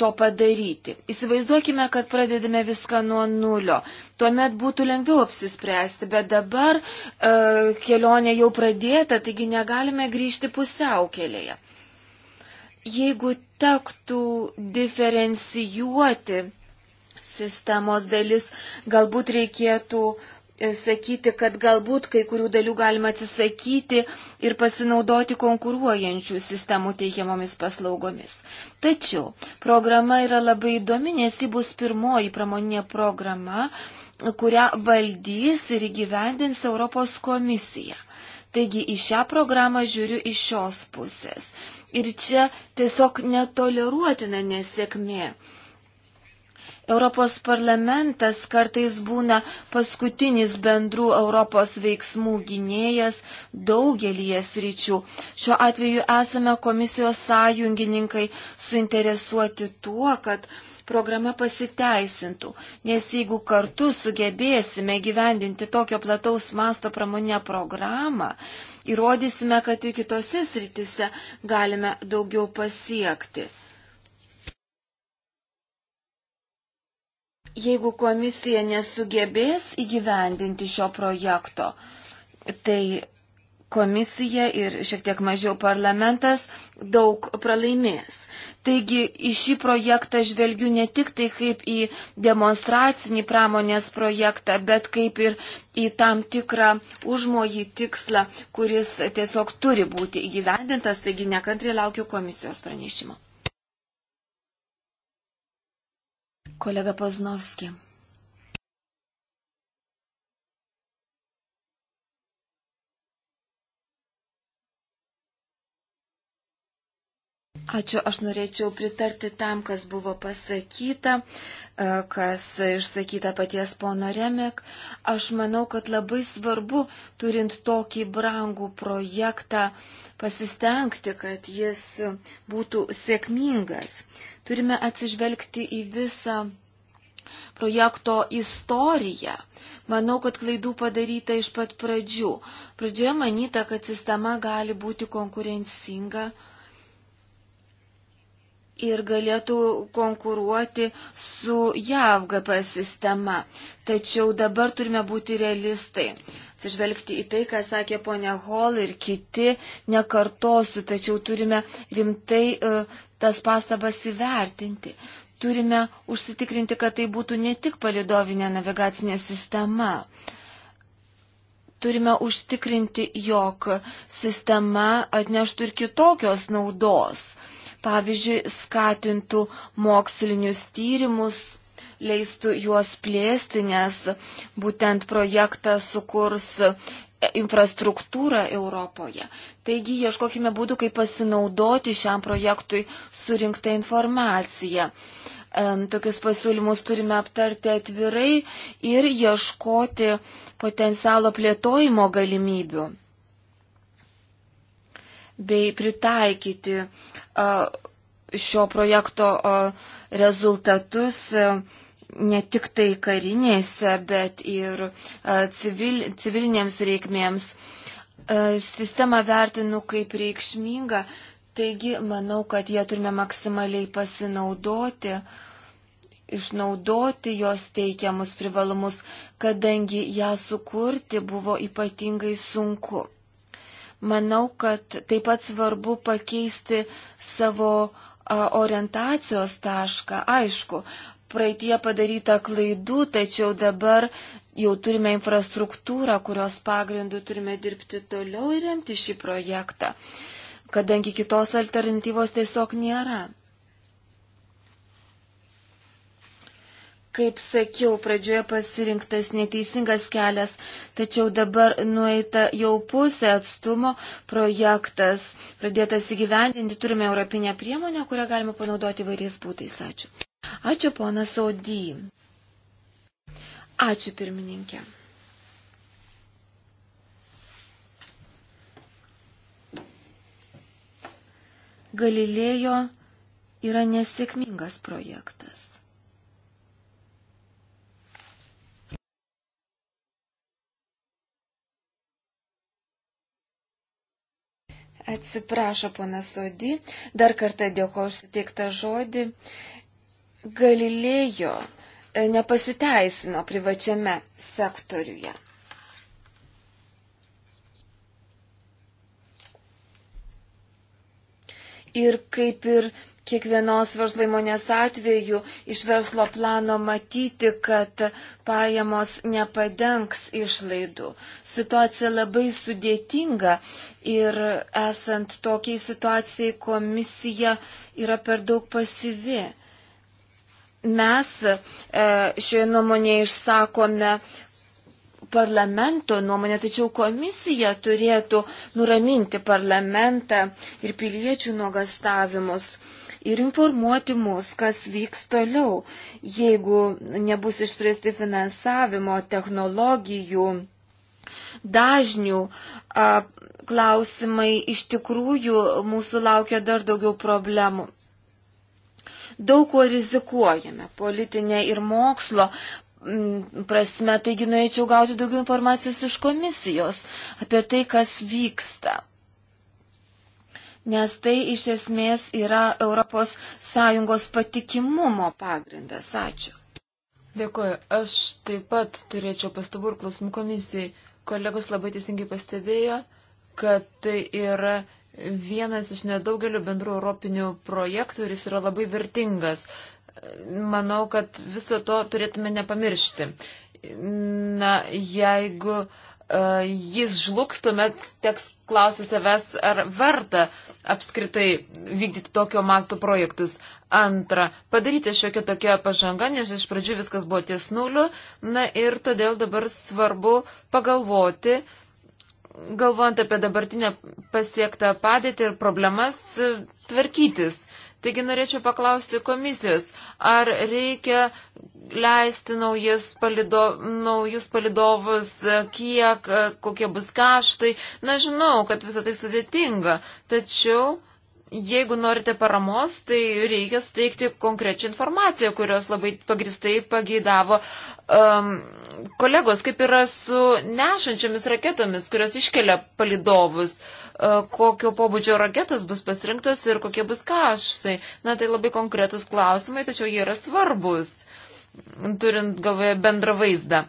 to padaryti. Įsivaizduokime, kad pradedame viską nuo nulio. Tuomet būtų lengviau apsispręsti, bet dabar e, kelionė jau pradėta, taigi negalime grįžti pusiaukelėje. kelėje. Jeigu tektų diferencijuoti sistemos dalis, galbūt reikėtų e, sakyti, kad galbūt kai kurių dalių galima atsisakyti ir pasinaudoti konkuruojančių sistemų teikiamomis paslaugomis. Tačiau programa yra labai įdomi, nes ji bus pirmoji pramoninė programa, kurią valdys ir įgyvendins Europos komisija. Taigi į šią programą žiūriu iš šios pusės ir čia tiesiog netoleruotina nesėkmė. Europos parlamentas kartais būna paskutinis bendrų Europos veiksmų gynėjas daugelį sričių. Šiuo atveju esame komisijos sąjungininkai suinteresuoti tuo, kad programa pasiteisintų, nes jeigu kartu sugebėsime gyvendinti tokio plataus masto pramonę programą, įrodysime, kad ir kitose sritise galime daugiau pasiekti. Jeigu komisija nesugebės įgyvendinti šio projekto, tai komisija ir šiek tiek mažiau parlamentas daug pralaimės. Taigi į šį projektą žvelgiu ne tik tai kaip į demonstracinį pramonės projektą, bet kaip ir į tam tikrą užmojį tikslą, kuris tiesiog turi būti įgyvendintas, taigi nekantri laukiu komisijos pranešimo. Kolega Poznovski. Ačiū, aš norėčiau pritarti tam, kas buvo pasakyta, e, kas išsakyta paties pono Remek. Aš manau, kad labai svarbu, turint tokį brangų projektą, pasistengti, kad jis būtų sėkmingas. Turime atsižvelgti į visą projekto istoriją. Manau, kad klaidų padaryta iš pat pradžių. Pradžioje manyta, kad sistema gali būti konkurencinga ir galėtų konkuruoti su JAV GPS sistema. Tačiau dabar turime būti realistai. Atsižvelgti į tai, ką sakė ponia Hall ir kiti, nekartosiu, tačiau turime rimtai uh, tas pastabas įvertinti. Turime užsitikrinti, kad tai būtų ne tik palidovinė navigacinė sistema. Turime užtikrinti, jog sistema atneštų ir kitokios naudos. Uh, pavyzdžiui, skatintų mokslinius tyrimus, leistų juos plėsti, nes būtent projektas sukurs infrastruktūrą Europoje. Taigi ieškokime būdų, kaip pasinaudoti šiam projektui surinktą informaciją. Tokius pasiūlymus turime aptarti atvirai ir ieškoti potencialo plėtojimo galimybių bei pritaikyti šio projekto rezultatus ne tik tai karinėse, bet ir civil, civilinėms reikmėms. Sistemą vertinu kaip reikšmingą, taigi manau, kad jie turime maksimaliai pasinaudoti, išnaudoti jos teikiamus privalumus, kadangi ją sukurti buvo ypatingai sunku. Manau, kad taip pat svarbu pakeisti savo orientacijos tašką. Aišku, praeitie padaryta klaidų, tačiau dabar jau turime infrastruktūrą, kurios pagrindų turime dirbti toliau ir remti šį projektą, kadangi kitos alternatyvos tiesiog nėra. kaip sakiau, pradžioje pasirinktas neteisingas kelias, tačiau dabar nueita jau pusė atstumo projektas, pradėtas įgyvendinti, turime europinę priemonę, kurią galima panaudoti vairiais būdais. Ačiū. Ačiū, ponas Audy. Ačiū, pirmininkė. Galilėjo yra nesėkmingas projektas. Atsiprašo, ponas Sodi, dar kartą dėkoju už suteiktą žodį. Galilėjo e, nepasiteisino privačiame sektoriuje. Ir kaip ir kiekvienos verslo įmonės atveju iš verslo plano matyti, kad pajamos nepadengs išlaidų. Situacija labai sudėtinga ir esant tokiai situacijai komisija yra per daug pasivi. Mes e, šioje nuomonėje išsakome parlamento nuomonė, tačiau komisija turėtų nuraminti parlamentą ir piliečių nuogastavimus ir informuoti mus, kas vyks toliau, jeigu nebus išspręsti finansavimo, technologijų, dažnių klausimai, iš tikrųjų mūsų laukia dar daugiau problemų daug kuo rizikuojame politinė ir mokslo prasme, taigi norėčiau gauti daugiau informacijos iš komisijos apie tai, kas vyksta nes tai iš esmės yra ES patikimumo pagrindas. Ačiū. Dėkuoju. Aš taip pat turėčiau pastabų ir klausimų komisijai. Kolegos labai teisingai pastebėjo, kad tai yra vienas iš nedaugelio bendrų europinių projektų ir jis yra labai vertingas. Manau, kad viso to turėtume nepamiršti. Na, jeigu uh, jis žlugs, tuomet teks klausyti savęs, ar verta apskritai vykdyti tokio masto projektus. Antra, padaryti šiokia tokia pažanga, nes iš pradžių viskas buvo ties nuliu. Na ir todėl dabar svarbu pagalvoti, galvojant apie dabartinę pasiektą padėtį ir problemas, tvarkytis. Taigi norėčiau paklausti komisijos, ar reikia leisti naujus, palido, naujus palidovus, kiek, kokie bus kaštai. Na, žinau, kad visą tai sudėtinga, tačiau jeigu norite paramos, tai reikia suteikti konkrečią informaciją, kurios labai pagristai pageidavo um, kolegos, kaip yra su nešančiamis raketomis, kurios iškelia palidovus. Uh, E, kokio pobūdžio raketos bus pasirinktos ir kokie bus kaštai. Na, tai labai konkretus klausimai, tačiau jie yra svarbus, turint galvoje bendrą vaizdą.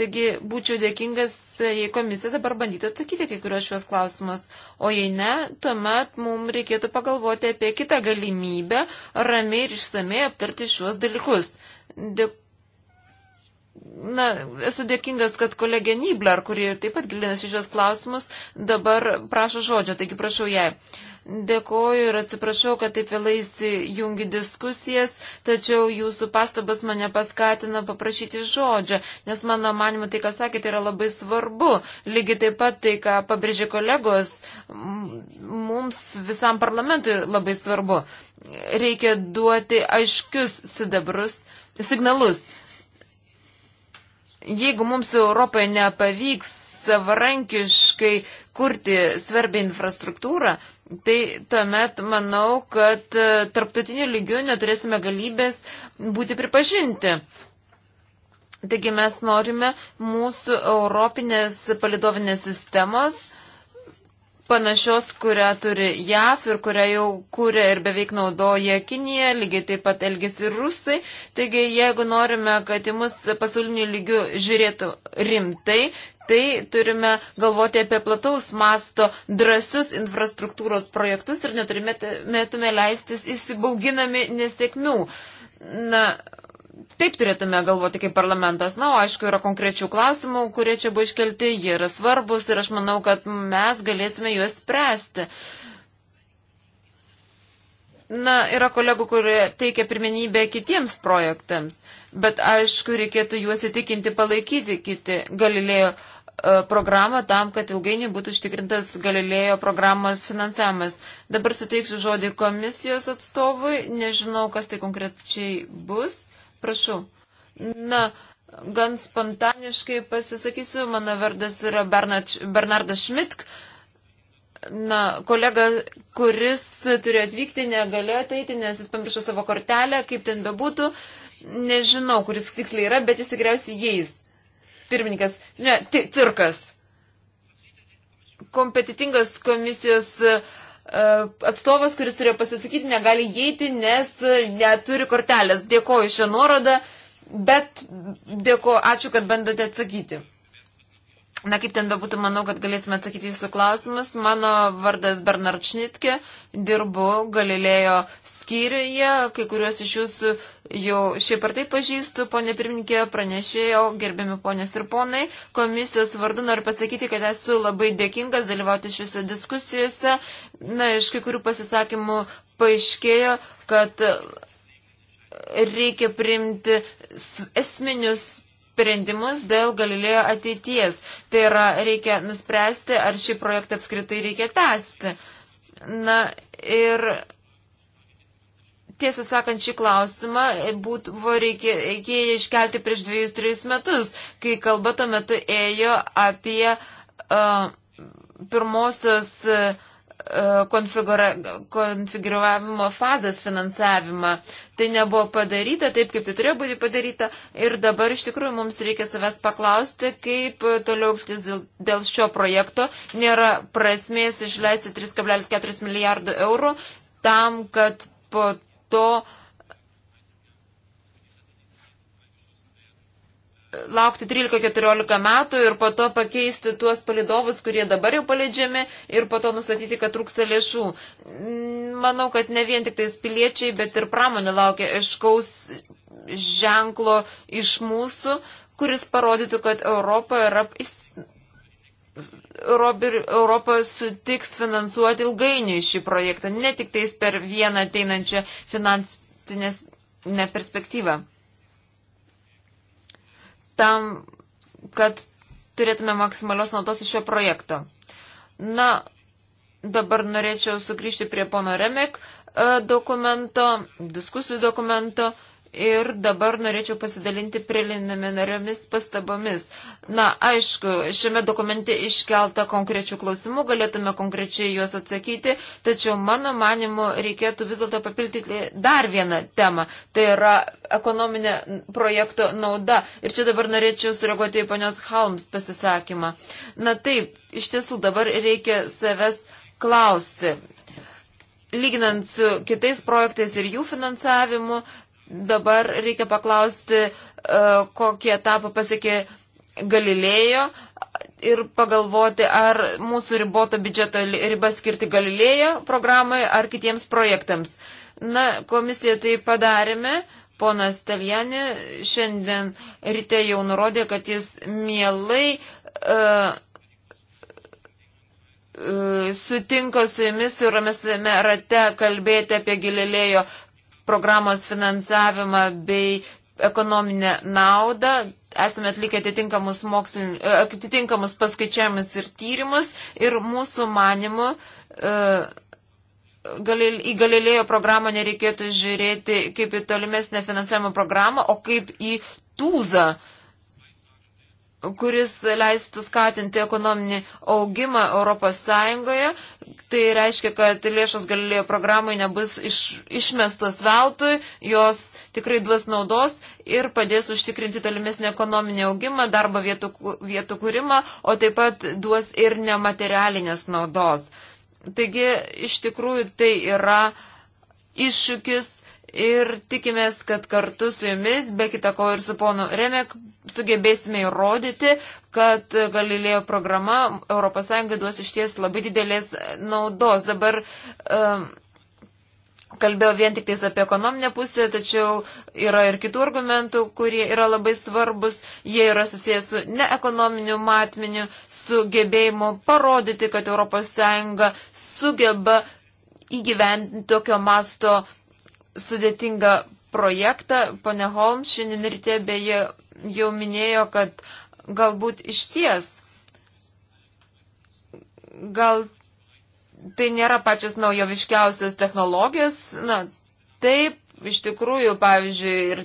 Taigi būčiau dėkingas, jei komisija dabar bandytų atsakyti kai kurios šios klausimus, o jei ne, tuomet mums reikėtų pagalvoti apie kitą galimybę ramiai ir išsamei aptarti šios dalykus. Dėkui Na, esu dėkingas, kad kolegė Nibler, kuri taip pat gilinasi šios klausimus, dabar prašo žodžio, taigi prašau jai. Dėkoju ir atsiprašau, kad taip vėlai įsijungi diskusijas, tačiau jūsų pastabas mane paskatino paprašyti žodžio, nes mano manimo tai, ką sakėte, yra labai svarbu. Lygiai taip pat tai, ką pabrėžė kolegos, mums visam parlamentui labai svarbu. Reikia duoti aiškius sidabrus, signalus jeigu mums Europoje nepavyks savarankiškai kurti svarbią infrastruktūrą, tai tuomet manau, kad e, tarptautiniu lygiu neturėsime galybės būti pripažinti. Taigi mes norime mūsų europinės palidovinės sistemos panašios, kurią turi JAF ir kurią jau kūrė ir beveik naudoja Kinija, lygiai taip pat elgesi ir rusai. Taigi, jeigu norime, kad į mus pasaulinių lygių žiūrėtų rimtai, tai turime galvoti apie plataus masto drąsius infrastruktūros projektus ir neturime leistis įsibauginami nesėkmių. Na, taip turėtume galvoti kaip parlamentas. Na, o aišku, yra konkrečių klausimų, kurie čia buvo iškelti, jie yra svarbus ir aš manau, kad mes galėsime juos spręsti. Na, yra kolegų, kurie teikia pirmenybę kitiems projektams, bet aišku, reikėtų juos įtikinti, palaikyti kiti Galilėjo e, programą tam, kad ilgainiui būtų užtikrintas Galilėjo programos finansavimas. Dabar suteiksiu žodį komisijos atstovui, nežinau, kas tai konkrečiai bus. Prašau. Na, gan spontaniškai pasisakysiu, mano vardas yra Bernardas Šmitk. Na, kolega, kuris turėjo atvykti, negalėjo ateiti, nes jis pamiršo savo kortelę, kaip ten bebūtų. Nežinau, kuris tiksliai yra, bet jis tikriausiai jais. Pirmininkas, ne, cirkas. Kompetitingas komisijos uh, E, atstovas, kuris turėjo pasisakyti, negali įeiti, nes neturi kortelės. Dėkoju šią nuorodą, bet dėkoju, ačiū, kad bandate atsakyti. Na kaip ten bebūtų, manau, kad galėsime atsakyti jūsų klausimus. Mano vardas Bernard Šnitkė, dirbu Galilėjo skyriuje, kai kuriuos iš jūsų jau šiaip ar taip pažįstu, ponė pirmininkė, pranešėjo, gerbiami ponės ir ponai. Komisijos vardu noriu pasakyti, kad esu labai dėkingas dalyvauti šiuose diskusijose. Na, iš kai kurių pasisakymų paaiškėjo, kad reikia priimti esminius sprendimus dėl Galilėjo ateities. Tai yra, reikia nuspręsti, ar šį projektą apskritai reikia tęsti. Na ir tiesą sakant, šį klausimą būtų reikėjo reikė iškelti prieš dviejus, trejus metus, kai kalba tuo metu ėjo apie uh, pirmosios uh, konfigūravimo fazės finansavimą. Tai nebuvo padaryta taip, kaip tai turėjo būti padaryta. Ir dabar iš tikrųjų mums reikia savęs paklausti, kaip toliau elgtis dėl šio projekto. Nėra prasmės išleisti 3,4 milijardų eurų tam, kad po to uh, laukti 13-14 metų ir po to pakeisti tuos palidovus, kurie dabar jau paleidžiami ir po to nustatyti, kad trūksta lėšų. Manau, kad ne vien tik tais piliečiai, bet ir pramonė laukia aiškaus ženklo iš mūsų, kuris parodytų, kad Europa yra. Europa sutiks finansuoti ilgainiui šį projektą, ne tik tais per vieną ateinančią finansinę perspektyvą tam, kad turėtume maksimalios naudos iš šio projekto. Na, dabar norėčiau sugrįžti prie pono Remek e, dokumento, diskusijų dokumento. Ir dabar norėčiau pasidalinti preliminariomis pastabomis. Na, aišku, šiame dokumente iškelta konkrečių klausimų, galėtume konkrečiai juos atsakyti, tačiau mano manimu reikėtų vis dėlto papildyti dar vieną temą. Tai yra ekonominė projekto nauda. Ir čia dabar norėčiau sureaguoti į ponios Halms pasisakymą. Na taip, iš tiesų dabar reikia savęs klausti lyginant su kitais projektais ir jų finansavimu, Dabar reikia paklausti, e, kokie etapą pasiekė Galilėjo ir pagalvoti, ar mūsų riboto biudžeto riba skirti Galilėjo programai ar kitiems projektams. Na, komisija tai padarėme. Ponas Teljani šiandien ryte jau nurodė, kad jis mielai uh, sutinka su jumis ir ramesame rate kalbėti apie Gililėjo programos finansavimą bei ekonominę naudą. Esame atlikę atitinkamus, mokslin... E, atitinkamus paskaičiavimus ir tyrimus ir mūsų manimu e, į Galilėjo programą nereikėtų žiūrėti kaip į tolimesnę finansavimo programą, o kaip į tūzą. Uh, kuris leistų skatinti ekonominį augimą Europos Sąjungoje. Tai reiškia, kad lėšos galėjo programai nebus iš, išmestas veltui, jos tikrai duos naudos ir padės užtikrinti tolimesnį ekonominį augimą, darbo vietų, vietų kūrimą, o taip pat duos ir nematerialinės naudos. Taigi, iš tikrųjų, tai yra iššūkis ir tikimės, kad kartu su jumis, be kita ko ir su ponu Remek, sugebėsime įrodyti, kad Galilėjo programa ES duos iš ties labai didelės naudos. Dabar um, kalbėjau vien tik apie ekonominę pusę, tačiau yra ir kitų argumentų, kurie yra labai svarbus. Jie yra susijęs su neekonominiu matmeniu, su gebėjimu parodyti, kad ES sugeba įgyventi tokio masto sudėtingą projektą. Pone Holm šiandien ryte beje jau minėjo, kad galbūt iš ties, gal tai nėra pačios naujoviškiausios technologijos, na, taip, iš tikrųjų, pavyzdžiui, ir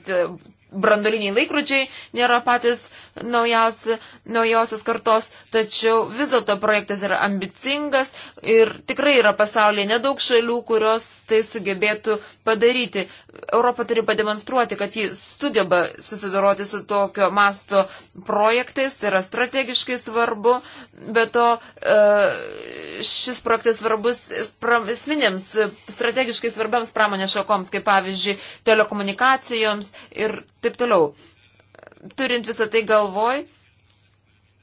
brandoliniai laikrodžiai nėra patys naujausi, naujosios kartos, tačiau vis dėlto projektas yra ambicingas ir tikrai yra pasaulyje nedaug šalių, kurios tai sugebėtų padaryti. Europa turi pademonstruoti, kad ji sugeba susidoroti su tokio masto projektais, tai yra strategiškai svarbu, bet to e, šis projektas svarbus esminėms strategiškai svarbiams pramonės šakoms, kaip pavyzdžiui telekomunikacijoms ir taip toliau turint visą tai galvoj,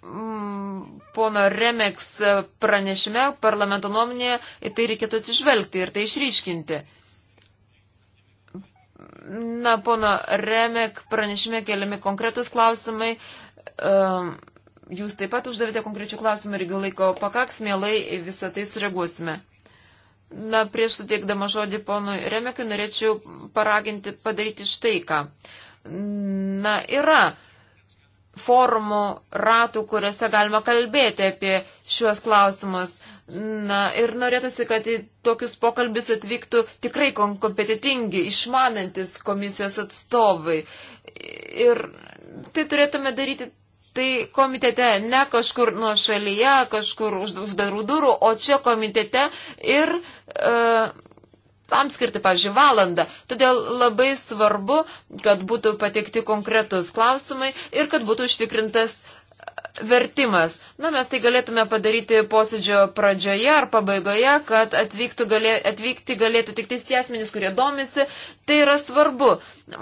mm, pono Remeks pranešime, parlamento nuomonėje, į tai reikėtų atsižvelgti ir tai išryškinti. Na, pono Remek pranešime keliami konkretus klausimai. Ehm, jūs taip pat uždavėte konkrečių klausimų ir jeigu laiko pakaks, mielai visą tai sureaguosime. Na, prieš suteikdama žodį ponui Remekui norėčiau paraginti padaryti štai ką. Uh, na, yra forumų, ratų, kuriuose galima kalbėti apie šiuos klausimus. Na ir norėtųsi, kad į tokius pokalbis atvyktų tikrai kompetitingi, išmanantis komisijos atstovai. Ir tai turėtume daryti tai komitete, ne kažkur nuo šalyje, kažkur už uždarų durų, o čia komitete ir. Uh, e, tam skirti, pavyzdžiui, valandą. Todėl labai svarbu, kad būtų pateikti konkretus klausimai ir kad būtų užtikrintas vertimas. Na, mes tai galėtume padaryti posėdžio pradžioje ar pabaigoje, kad galė, atvykti galėtų tik tais tie asmenys, kurie domisi. Tai yra svarbu.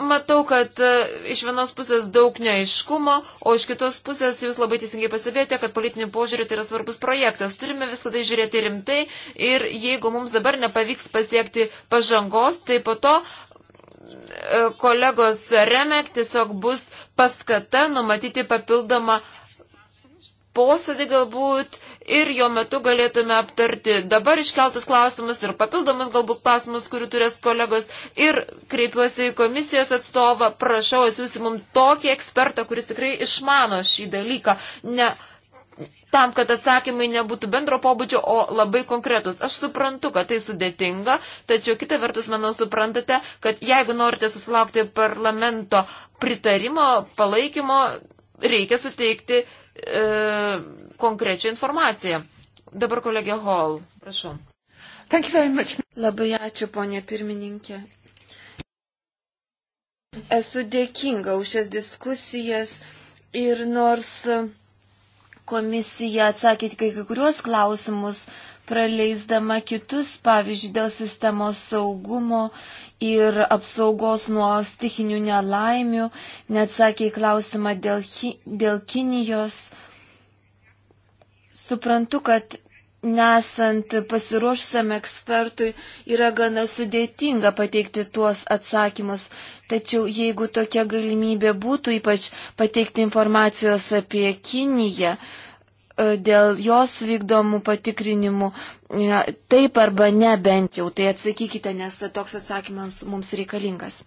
Matau, kad e, iš vienos pusės daug neaiškumo, o iš kitos pusės jūs labai teisingai pastebėjote, kad politinių požiūrių tai yra svarbus projektas. Turime visą tai žiūrėti rimtai ir jeigu mums dabar nepavyks pasiekti pažangos, tai po to e, kolegos Remek tiesiog bus paskata numatyti papildomą posėdį galbūt ir jo metu galėtume aptarti dabar iškeltus klausimus ir papildomus galbūt klausimus, kurių turės kolegos. Ir kreipiuosi į komisijos atstovą, prašau atsiųsi mums tokį ekspertą, kuris tikrai išmano šį dalyką. Ne, tam, kad atsakymai nebūtų bendro pobūdžio, o labai konkretus. Aš suprantu, kad tai sudėtinga, tačiau kitą vertus, manau, suprantate, kad jeigu norite susilaukti parlamento pritarimo, palaikymo, reikia suteikti e, konkrečią informaciją. Dabar kolegė Hall, prašau. Labai ačiū, ponė pirmininkė. Esu dėkinga už šias diskusijas ir nors komisija atsakė tik kai kuriuos klausimus, uh, praleisdama kitus, pavyzdžiui, dėl sistemos saugumo ir apsaugos nuo stichinių nelaimių, neatsakė į klausimą dėl, hi, dėl Kinijos. Suprantu, kad nesant pasiruošusiam ekspertui yra gana sudėtinga pateikti tuos atsakymus, tačiau jeigu tokia galimybė būtų, ypač pateikti informacijos apie Kiniją, E, dėl jos vykdomų patikrinimų, e, taip arba ne bent jau, tai atsakykite, nes toks atsakymas mums reikalingas.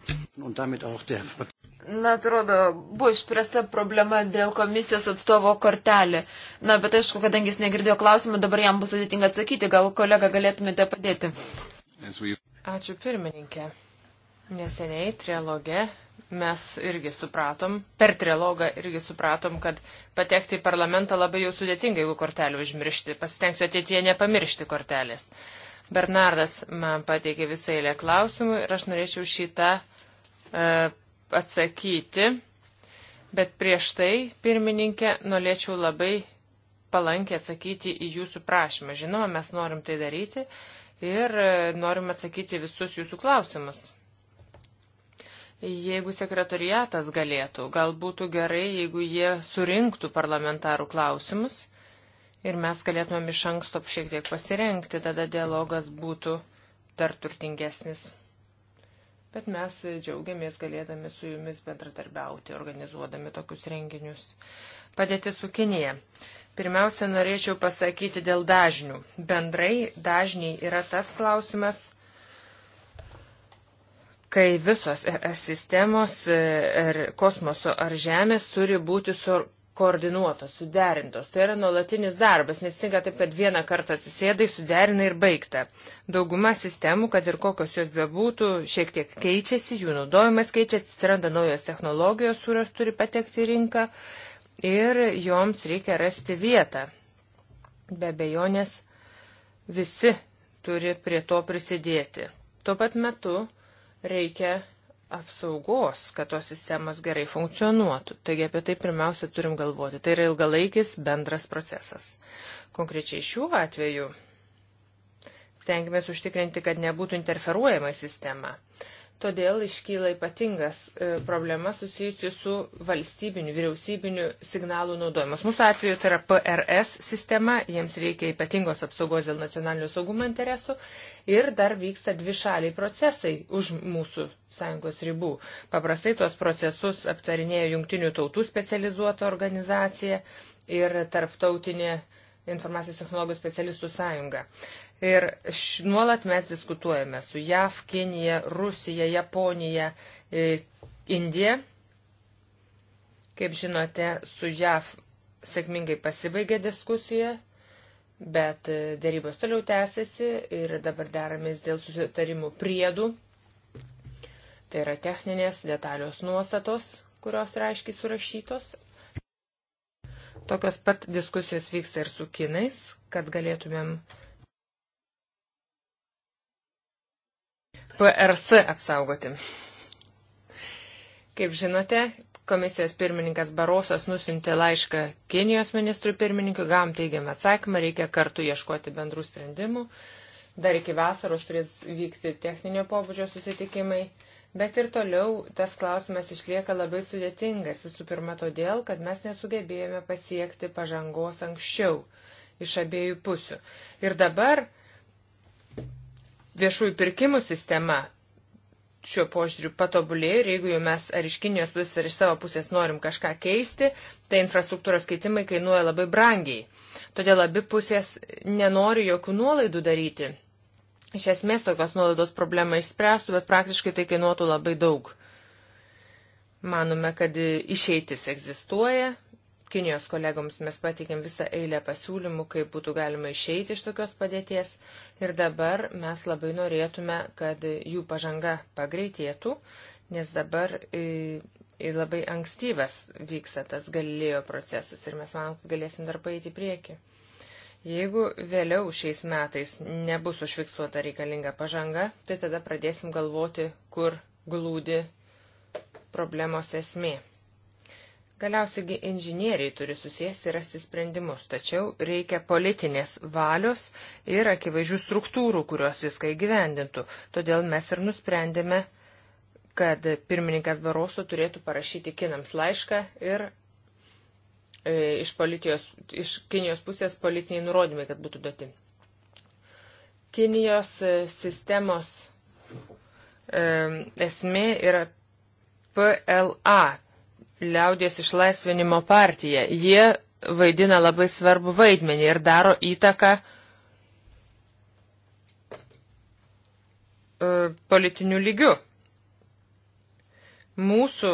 Na, atrodo, buvo išspręsta problema dėl komisijos atstovo kortelė. Na, bet aišku, kadangi jis negirdėjo klausimą, dabar jam bus sudėtinga atsakyti, gal kolega galėtumėte padėti. Ačiū pirmininkė. Neseniai trialoge mes irgi supratom, per trilogą irgi supratom, kad patekti į parlamentą labai jau sudėtinga, jeigu kortelį užmiršti. Pasitengsiu ateityje nepamiršti kortelės. Bernardas man pateikė visą eilę klausimų ir aš norėčiau šitą e, atsakyti. Bet prieš tai, pirmininkė, norėčiau labai palankiai atsakyti į jūsų prašymą. Žinoma, mes norim tai daryti ir e, norim atsakyti visus jūsų klausimus jeigu sekretariatas galėtų. Gal būtų gerai, jeigu jie surinktų parlamentarų klausimus ir mes galėtumėm iš anksto šiek tiek pasirenkti, tada dialogas būtų dar turtingesnis. Bet mes džiaugiamės galėdami su jumis bendradarbiauti, organizuodami tokius renginius. Padėti su Kinėje. Pirmiausia, norėčiau pasakyti dėl dažnių. Bendrai dažniai yra tas klausimas, kai visos e sistemos e, ar kosmoso ar žemės turi būti su koordinuotos, suderintos. Tai yra nuolatinis darbas, nes tinka taip, kad vieną kartą atsisėdai, suderinai ir baigta. Dauguma sistemų, kad ir kokios jos bebūtų, šiek tiek keičiasi, jų naudojimas keičiasi, atsiranda naujos technologijos, kurios turi patekti į rinką ir joms reikia rasti vietą. Be bejonės visi turi prie to prisidėti. Tuo pat metu reikia apsaugos, kad tos sistemos gerai funkcionuotų. Taigi apie tai pirmiausia turim galvoti. Tai yra ilgalaikis bendras procesas. Konkrečiai šiuo atveju stengiamės užtikrinti, kad nebūtų interferuojama sistema. sistemą Todėl iškyla ypatingas e, problema susijusi su valstybiniu, vyriausybiniu signalų naudojimas. Mūsų atveju tai yra PRS sistema, jiems reikia ypatingos apsaugos dėl nacionalinio saugumo interesų ir dar vyksta dvi šaliai procesai už mūsų sąjungos ribų. Paprastai tuos procesus aptarinėja jungtinių tautų specializuota organizacija ir tarptautinė informacijos technologijų specialistų sąjunga. Ir nuolat mes diskutuojame su JAV, Kinija, Rusija, Japonija, e, Indija. Kaip žinote, su JAV sėkmingai pasibaigė diskusija, bet e, dėrybos toliau tęsiasi ir dabar deramės dėl susitarimų priedų. Tai yra techninės detalios nuostatos, kurios reiškiai surašytos. Tokios pat diskusijos vyksta ir su kinais, kad galėtumėm uh, PRS apsaugoti. Kaip žinote, komisijos pirmininkas Barosas nusintė laišką Kinijos ministrui pirmininkui, gavom teigiamą atsakymą, reikia kartu ieškoti bendrų sprendimų. Dar iki vasaros turės vykti techninio pobūdžio susitikimai, bet ir toliau tas klausimas išlieka labai sudėtingas. Visų pirma, todėl, kad mes nesugebėjome pasiekti pažangos anksčiau iš abiejų pusių. Ir dabar viešųjų pirkimų sistema šiuo požiūriu patobulėjo ir jeigu jau mes ar iš Kinijos pusės ar iš savo pusės norim kažką keisti, tai infrastruktūros keitimai kainuoja labai brangiai. Todėl abi pusės nenori jokių nuolaidų daryti. Iš esmės tokios nuolaidos problemą išspręstų, bet praktiškai tai kainuotų labai daug. Manome, kad išeitis egzistuoja, Kinijos kolegoms mes pateikėm visą eilę pasiūlymų, kaip būtų galima išeiti iš tokios padėties ir dabar mes labai norėtume, kad jų pažanga pagreitėtų, nes dabar į, e, į e, labai ankstyvas vyksta tas galilėjo procesas ir mes manom, kad galėsim dar paėti į priekį. Jeigu vėliau šiais metais nebus užfiksuota reikalinga pažanga, tai tada pradėsim galvoti, kur glūdi problemos esmė. Galiausiai inžinieriai turi susijęs ir rasti sprendimus, tačiau reikia politinės valios ir akivaizdžių struktūrų, kurios viską įgyvendintų. Todėl mes ir nusprendėme, kad pirmininkas Baroso turėtų parašyti kinams laišką ir e, iš, politijos, iš Kinijos pusės politiniai nurodymai, kad būtų duoti. Kinijos e, sistemos e, esmė yra PLA, liaudės išlaisvinimo partija. Jie vaidina labai svarbu vaidmenį ir daro įtaką e, politiniu lygiu. Mūsų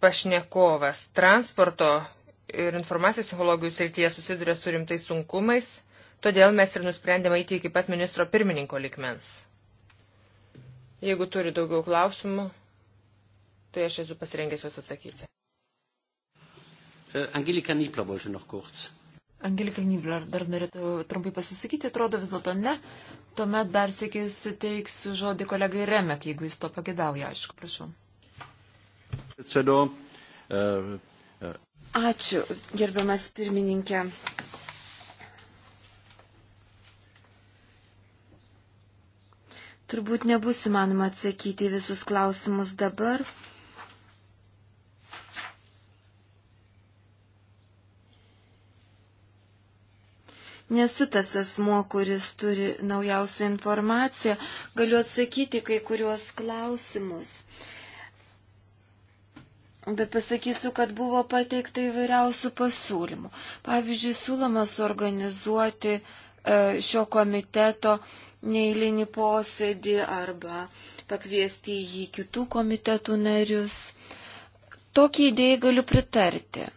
pašnekovas transporto ir informacijos technologijų srityje susiduria su rimtais sunkumais, todėl mes ir nusprendėme eiti iki pat ministro pirmininko likmens. Jeigu turi daugiau klausimų, tai aš esu pasirengęs juos atsakyti. E, Angelika Nybla volė noch kurz. Angelika Nybla, dar norėtų trumpai pasisakyti, atrodo vis dėlto ne. Tuomet dar sėkiai suteiksiu žodį kolegai Remek, jeigu jis to pagėdauja, aišku, prašau. E, e. Ačiū, gerbiamas pirmininkė. Turbūt nebus įmanoma atsakyti visus klausimus dabar. nesu tas asmo, kuris turi naujausią informaciją, galiu atsakyti kai kuriuos klausimus. Bet pasakysiu, kad buvo pateikta įvairiausių pasiūlymų. Pavyzdžiui, siūloma suorganizuoti e, šio komiteto neįlinį posėdį arba pakviesti į jį kitų komitetų narius. Tokį idėją galiu pritarti.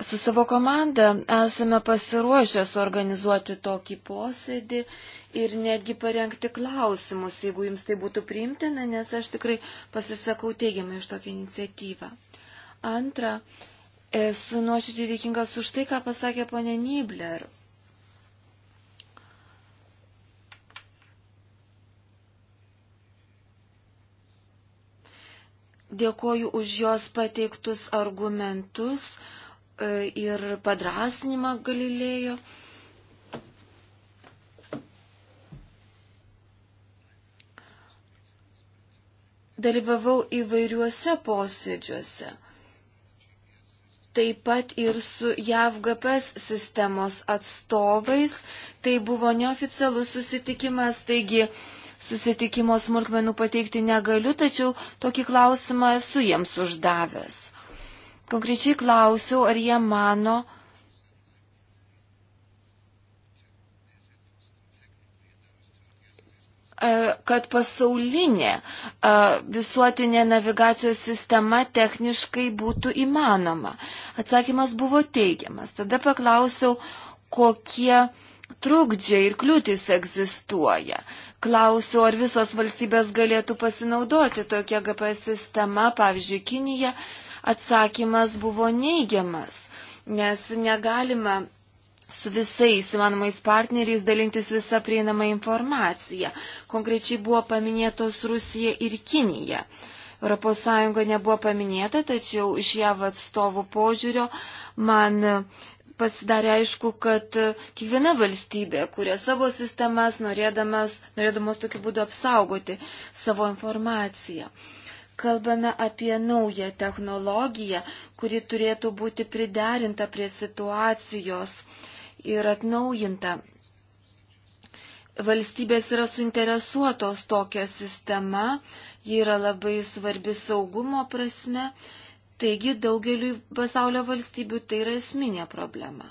Su savo komanda esame pasiruošę suorganizuoti tokį posėdį ir netgi parengti klausimus, jeigu jums tai būtų priimtina, nes aš tikrai pasisakau teigiamai už tokią iniciatyvą. Antra, esu nuoširdžiai dėkingas už tai, ką pasakė ponė Nibler. Dėkoju už jos pateiktus argumentus E, ir padrasinimą Galilėjo. Dalyvavau įvairiuose posėdžiuose, taip pat ir su JAVGPS sistemos atstovais. Tai buvo neoficialus susitikimas, taigi susitikimo smulkmenų pateikti negaliu, tačiau tokį klausimą esu jiems uždavęs. Konkrečiai klausiau, ar jie mano, e, kad pasaulinė e, visuotinė navigacijos sistema techniškai būtų įmanoma. Atsakymas buvo teigiamas. Tada paklausiau, kokie trukdžiai ir kliūtis egzistuoja. Klausiau, ar visos valstybės galėtų pasinaudoti tokia GPS sistema, pavyzdžiui, Kinija. Uh, atsakymas buvo neigiamas, nes negalima su visais įmanomais partneriais dalintis visą prieinamą informaciją. Konkrečiai buvo paminėtos Rusija ir Kinija. ES nebuvo paminėta, tačiau iš JAV atstovų požiūrio man pasidarė aišku, kad kiekviena valstybė kuria savo sistemas, norėdamas, norėdamas tokiu būdu apsaugoti savo informaciją. Uh, kalbame apie naują technologiją, kuri turėtų būti priderinta prie situacijos ir atnaujinta. Valstybės yra suinteresuotos tokia sistema, ji yra labai svarbi saugumo prasme, taigi daugeliu pasaulio valstybių tai yra esminė problema.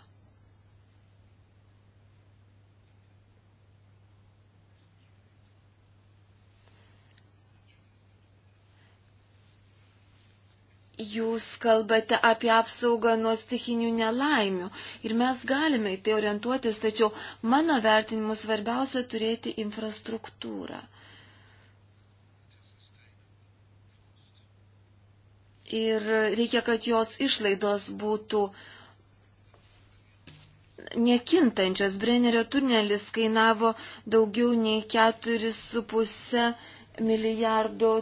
Jūs kalbate apie apsaugą nuo stichinių nelaimių ir mes galime į tai orientuotis, tačiau mano vertinimu svarbiausia turėti infrastruktūrą. Ir reikia, kad jos išlaidos būtų nekintančios. Brenerio turnelis kainavo daugiau nei 4,5 milijardo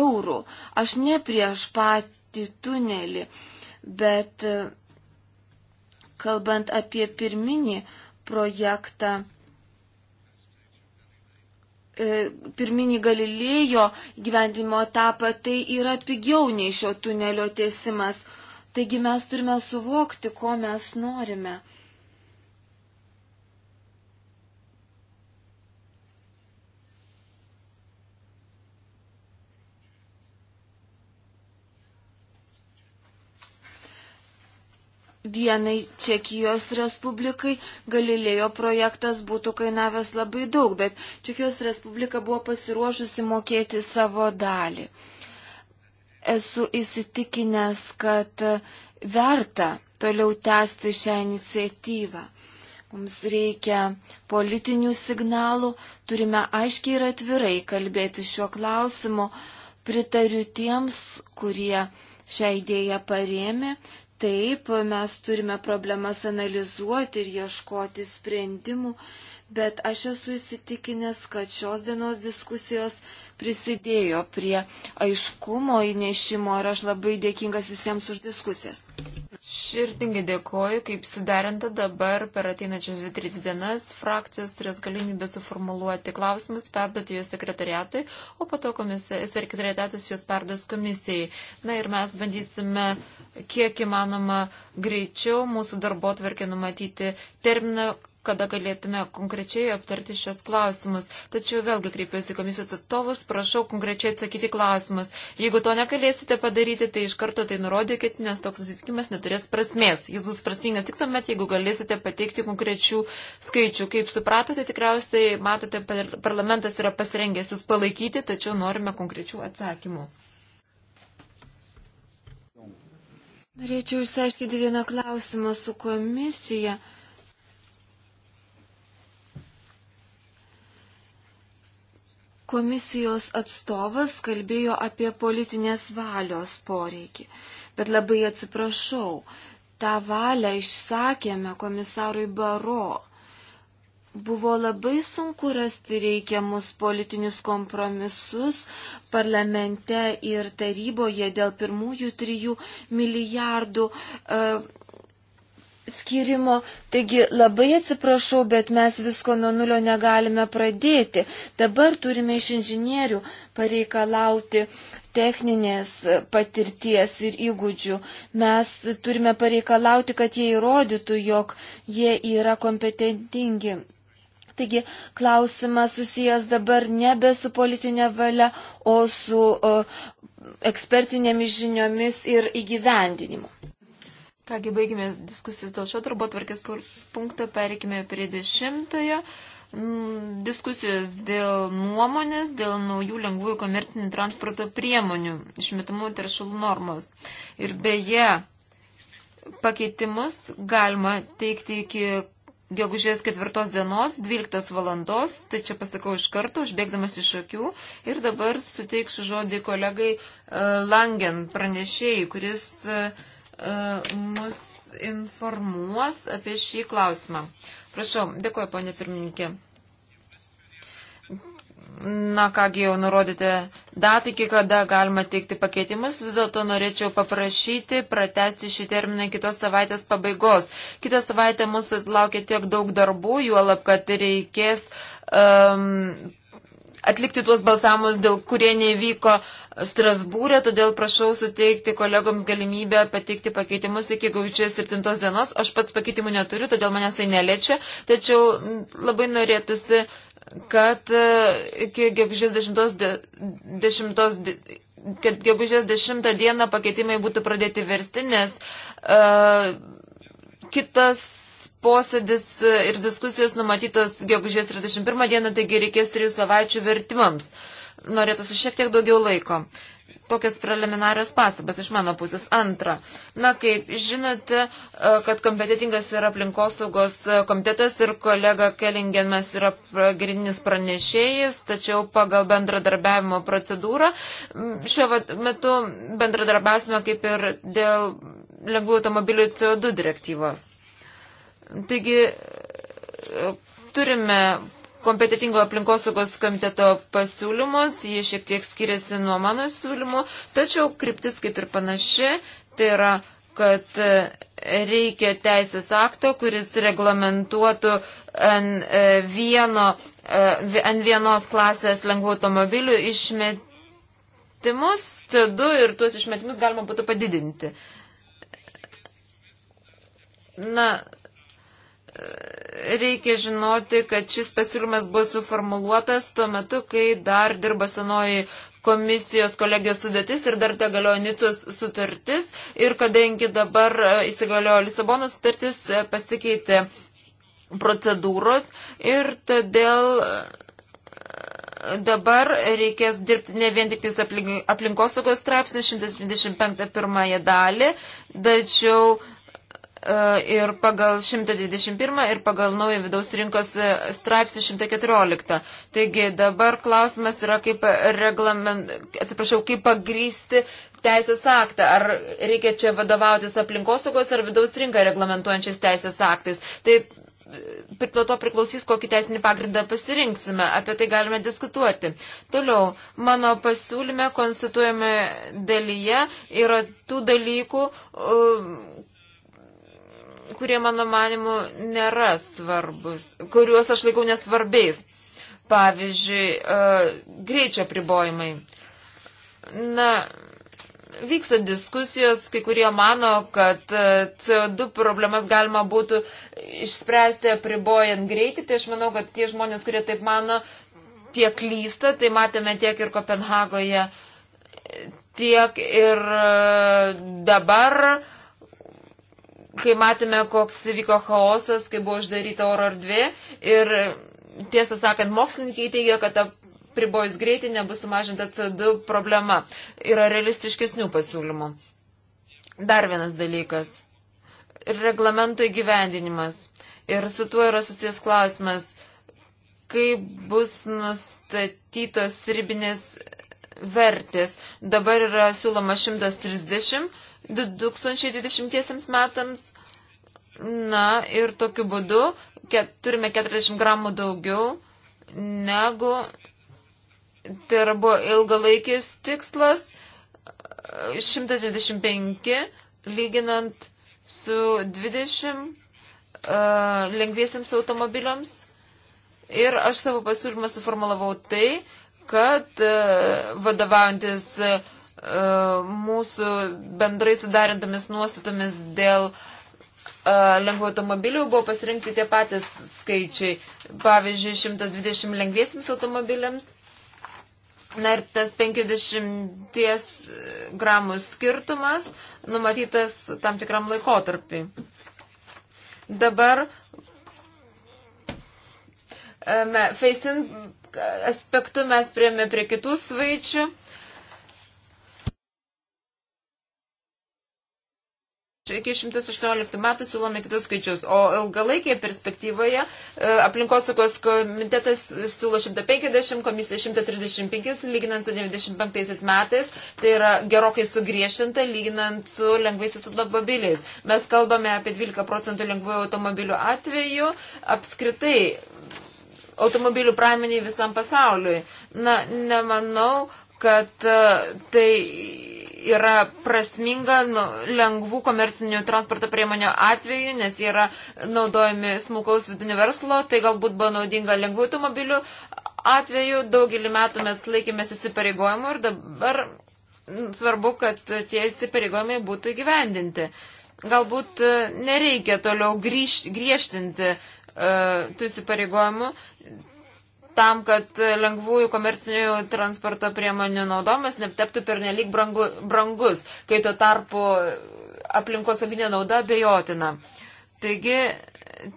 eurų. Aš ne prieš pat naktį tunelį. Bet e, kalbant apie pirminį projektą, e, pirminį Galilėjo gyvendimo etapą, tai yra pigiau nei šio tunelio tiesimas. Taigi mes turime suvokti, ko mes norime. vienai Čekijos Respublikai Galilėjo projektas būtų kainavęs labai daug, bet Čekijos Respublika buvo pasiruošusi mokėti savo dalį. Esu įsitikinęs, kad verta toliau tęsti šią iniciatyvą. Mums reikia politinių signalų, turime aiškiai ir atvirai kalbėti šiuo klausimu. Pritariu tiems, kurie šią idėją parėmė, Taip, mes turime problemas analizuoti ir ieškoti sprendimų, bet aš esu įsitikinęs, kad šios dienos diskusijos prisidėjo prie aiškumo įnešimo ir aš labai dėkingas visiems už diskusijas. Širtingai dėkoju, kaip suderinta dabar per ateinačias 2-3 dienas frakcijos turės galimybę suformuluoti klausimus, perduoti juos sekretariatui, o po to sekretariatas juos perduos komisijai. Na ir mes bandysime kiek įmanoma greičiau mūsų darbo tvarkė numatyti terminą kada galėtume konkrečiai aptarti šios klausimus. Tačiau vėlgi kreipiuosi komisijos atstovus, prašau konkrečiai atsakyti klausimus. Jeigu to negalėsite padaryti, tai iš karto tai nurodykit, nes toks susitikimas neturės prasmės. Jis bus prasmingas tik tuomet, jeigu galėsite pateikti konkrečių skaičių. Kaip supratote, tikriausiai matote, parlamentas yra pasirengęs jūs palaikyti, tačiau norime konkrečių atsakymų. Norėčiau išsiaiškinti vieną klausimą su komisija. Komisijos atstovas kalbėjo apie politinės valios poreikį, bet labai atsiprašau, tą valią išsakėme komisarui Baro. Buvo labai sunku rasti reikiamus politinius kompromisus parlamente ir taryboje dėl pirmųjų trijų milijardų e, skirimo. Taigi labai atsiprašau, bet mes visko nuo nulio negalime pradėti. Dabar turime iš inžinierių pareikalauti techninės patirties ir įgūdžių. Mes turime pareikalauti, kad jie įrodytų, jog jie yra kompetentingi. Taigi klausimas susijęs dabar nebe su politinė valia, o su o, ekspertinėmis žiniomis ir įgyvendinimu. Kągi baigime diskusijas dėl šio darbo tvarkės punkto, pereikime prie dešimtojo. Mm, diskusijos dėl nuomonės, dėl naujų lengvųjų komercinių transporto priemonių, išmetamų teršalų normos. Ir beje, pakeitimus galima teikti iki gegužės ketvirtos dienos, 12 valandos, tai čia pasakau iš karto, užbėgdamas iš akių. Ir dabar suteiksiu žodį kolegai uh, Langen pranešėjai, kuris uh, E, mus informuos apie šį klausimą. Prašau, dėkuoju, ponė pirmininkė. Na kągi jau nurodėte datą, iki kada galima teikti pakeitimus, vis dėlto norėčiau paprašyti pratesti šį terminą kitos savaitės pabaigos. Kitą savaitę mūsų laukia tiek daug darbų, juolab, kad reikės um, atlikti tuos balsamus, dėl kurie nevyko Strasbūrė, todėl prašau suteikti kolegoms galimybę pateikti pakeitimus iki gaučio 7 dienos. Aš pats pakeitimų neturiu, todėl manęs tai neliečia, tačiau labai norėtųsi, kad e, iki gegužės 10, 10 kad gegužės 10 dieną pakeitimai būtų pradėti versti, nes uh, kitas posėdis ir diskusijos numatytos gegužės 31 dieną, taigi reikės trijų savaičių vertimams. Norėtųsi šiek tiek daugiau laiko. Tokias preliminarios pastabas iš mano pusės. Antra. Na, kaip žinote, e, kad kompetitingas yra aplinkosaugos e, komitetas ir kolega Kelingenmas yra pagrindinis pranešėjas, tačiau pagal bendradarbiavimo procedūrą šiuo metu bendradarbiausime kaip ir dėl lengvų automobilių CO2 direktyvos. Taigi e, turime kompetitingo aplinkosaugos komiteto pasiūlymus, jie šiek tiek skiriasi nuo mano siūlymų, tačiau kryptis kaip ir panaši, tai yra, kad e, reikia teisės akto, kuris reglamentuotų ant, e, vieno, ant vienos klasės lengvų automobilių išmetimus CO2 ir tuos išmetimus galima būtų padidinti. Na, reikia žinoti, kad šis pasiūlymas buvo suformuluotas tuo metu, kai dar dirba senoji komisijos kolegijos sudėtis ir dar te galioja Nicos sutartis ir kadangi dabar e, įsigaliojo Lisabono sutartis, e, pasikeitė procedūros ir todėl e, dabar reikės dirbti ne vien tik aplinkosaugos straipsnis 125 dalį, tačiau E, ir pagal 121 ir pagal naują vidaus rinkos e, straipsnį 114. Taigi dabar klausimas yra, kaip, reglament, atsiprašau, kaip pagrysti teisės aktą. Ar reikia čia vadovautis aplinkosaugos ar vidaus rinką reglamentuojančiais teisės aktais. Tai e, nuo to priklausys, kokį teisinį pagrindą pasirinksime. Apie tai galime diskutuoti. Toliau, mano pasiūlyme konstituojame dalyje yra tų dalykų, kurie mano manimu nėra svarbus, kuriuos aš laikau nesvarbiais. Pavyzdžiui, uh, greičio pribojimai. Na, vyksta diskusijos, kai kurie mano, kad e, CO2 problemas galima būtų išspręsti apribojant greitį, tai aš manau, kad tie žmonės, kurie taip mano, tie klysta, tai matėme tiek ir Kopenhagoje, tiek ir e, dabar kai matėme, koks vyko chaosas, kai buvo uždaryta oro erdvė ir tiesą sakant, mokslininkai teigia, kad pribojus greitį nebus sumažinta CO2 problema. Yra realistiškesnių pasiūlymų. Dar vienas dalykas. Reglamento įgyvendinimas. Ir su tuo yra susijęs klausimas, kaip bus nustatytos ribinės vertės. Dabar yra siūloma 130 2020 metams. Na ir tokiu būdu ket, turime 40 gramų daugiau negu tai yra buvo ilgalaikis tikslas 125 lyginant su 20 uh, lengviesiams automobiliams. Ir aš savo pasiūlymą suformulavau tai, kad uh, vadovaujantis uh, E, mūsų bendrai sudarintomis nuostatomis dėl e, lengvo automobilių buvo pasirinkti tie patys skaičiai. Pavyzdžiui, 120 lengviesiams automobiliams. Na ir tas 50 gramų skirtumas numatytas tam tikram laikotarpį. Dabar e, Facing aspektu mes prieėmė prie kitų svaičių. iki 118 metų siūlome kitus skaičius, o ilgalaikėje perspektyvoje e, aplinkosaugos komitetas siūlo 150, komisija 135, lyginant su 95 metais, tai yra gerokai sugriešinta, lyginant su lengvaisiais automobiliais. Mes kalbame apie 12 procentų lengvųjų automobilių atveju, apskritai automobilių prameniai visam pasauliui. Na, nemanau, kad e, tai yra prasminga nu, lengvų komercinių transporto priemonių atveju, nes jie yra naudojami smulkaus vidinio verslo, tai galbūt buvo naudinga lengvų automobilių atveju, daugelį metų mes laikėmės įsipareigojimų ir dabar svarbu, kad tie įsipareigojimai būtų įgyvendinti. Galbūt e, nereikia toliau grįž, griežtinti uh, tų įsipareigojimų, tam, kad lengvųjų komercinių transporto priemonių naudomas netaptų pernelyg brangu, brangus, kai tuo tarpu aplinkosauginė nauda abejotina. Taigi,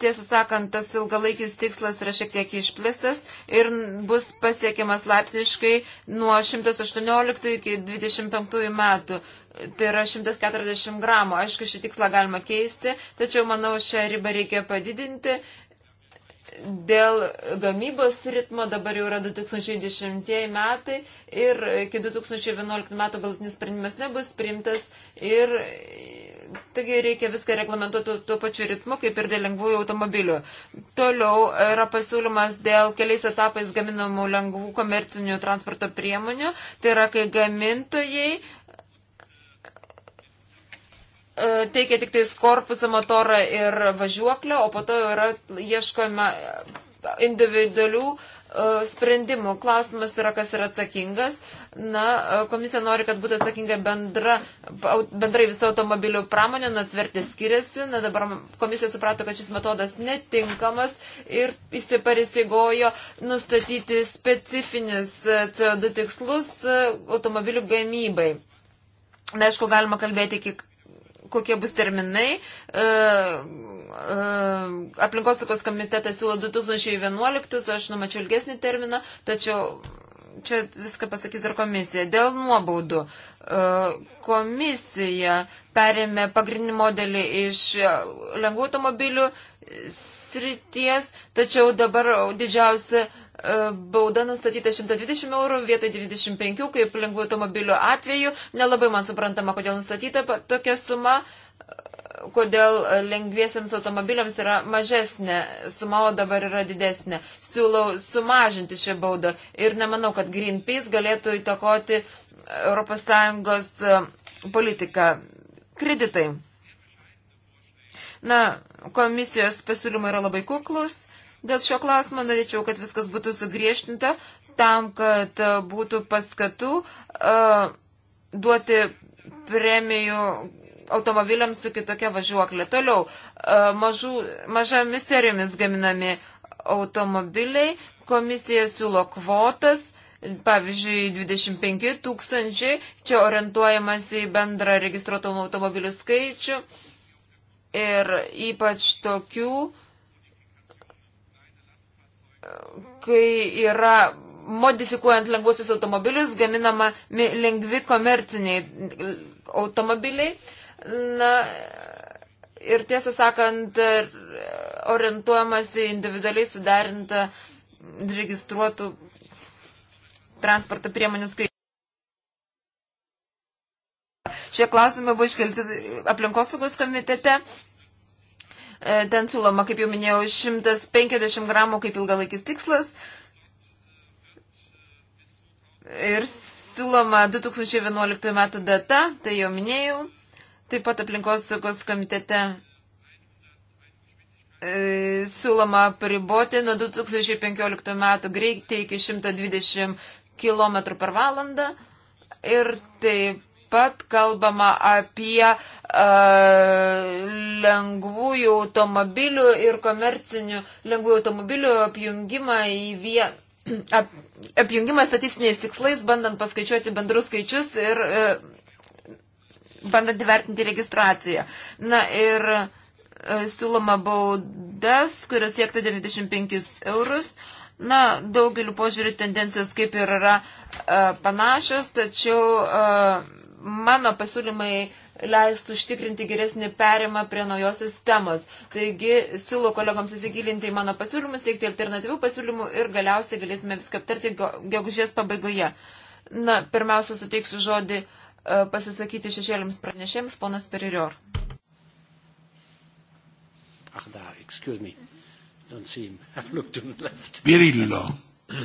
tiesą sakant, tas ilgalaikis tikslas yra šiek tiek išplėstas ir bus pasiekiamas laipsniškai nuo 118 iki 25 metų. Tai yra 140 gramų. Aišku, šį tikslą galima keisti, tačiau manau, šią ribą reikia padidinti Dėl gamybos ritmo dabar jau yra 2010 metai ir iki 2011 metų galutinis sprendimas nebus priimtas ir taigi reikia viską reglamentuoti tuo pačiu ritmu, kaip ir dėl lengvųjų automobilių. Toliau yra pasiūlymas dėl keliais etapais gaminamų lengvų komercinių transporto priemonių, tai yra, kai gamintojai E, teikia tik tais korpusą, motorą ir važiuoklę, o po to yra ieškojama individualių e, sprendimų. Klausimas yra, kas yra atsakingas. Na, e, komisija nori, kad būtų atsakinga bendra, bendrai visa automobilių pramonė, nors vertė skiriasi. Na, dabar komisija suprato, kad šis metodas netinkamas ir įsipareigojo nustatyti specifinis CO2 tikslus automobilių gamybai. Na, aišku, galima kalbėti iki kokie bus terminai. E, e, aplinkosaugos komitetas siūlo 2011, aš numačiau ilgesnį terminą, tačiau čia viską pasakys ir komisija. Dėl nuobaudų e, komisija perėmė pagrindinį modelį iš lengvų automobilių srities, tačiau dabar didžiausia E, bauda nustatyta 120 eurų vietoj 95, kaip lengvų automobilių atveju. Nelabai man suprantama, kodėl nustatyta tokia suma, e, kodėl lengviesiams automobiliams yra mažesnė suma, o dabar yra didesnė. Siūlau sumažinti šią baudą ir nemanau, kad Greenpeace galėtų įtakoti ES e, politiką. Kreditai. Na, komisijos pasiūlymai yra labai kuklus Dėl šio klausimo norėčiau, kad viskas būtų sugriežtinta tam, kad e, būtų paskatų uh, duoti premijų automobiliams su kitokia važiuoklė. Toliau, uh, mažų, mažomis serijomis gaminami automobiliai, komisija siūlo kvotas, pavyzdžiui, 25 tūkstančiai, čia orientuojamas į bendrą registruotų automobilių skaičių ir ypač tokių, kai yra modifikuojant lengvuosius automobilius gaminama lengvi komerciniai automobiliai. Na, ir tiesą sakant, orientuojamas į individualiai suderintą registruotų transporto priemonių skaičių. Šie klausimai buvo iškelti aplinkosaugos komitete E, ten siūloma, kaip jau minėjau, 150 gramų kaip ilgalaikis tikslas. Ir siūloma 2011 metų data, tai jau minėjau. Taip pat aplinkos saugos komitete e, siūloma priboti nuo 2015 metų greitį iki 120 km per valandą ir taip pat kalbama apie a, e, lengvųjų automobilių ir komercinių lengvųjų automobilių apjungimą į vieną. Ap, apjungimą statistiniais tikslais, bandant paskaičiuoti bendrus skaičius ir e, bandant įvertinti registraciją. Na ir e, siūloma baudas, kurios siektų 95 eurus. Na, daugeliu požiūrių tendencijos kaip ir yra e, panašios, tačiau e, mano pasiūlymai leistų užtikrinti geresnį perimą prie naujos sistemos. Taigi siūlau kolegoms įsigilinti į mano pasiūlymus, teikti alternatyvių pasiūlymų ir galiausiai galėsime viską aptarti gegužės pabaigoje. Na, pirmiausia, suteiksiu žodį e, pasisakyti šešėliams pranešėms, ponas Peririor. Ach, da, excuse me. Don't see him. I've looked to the left. Virillo.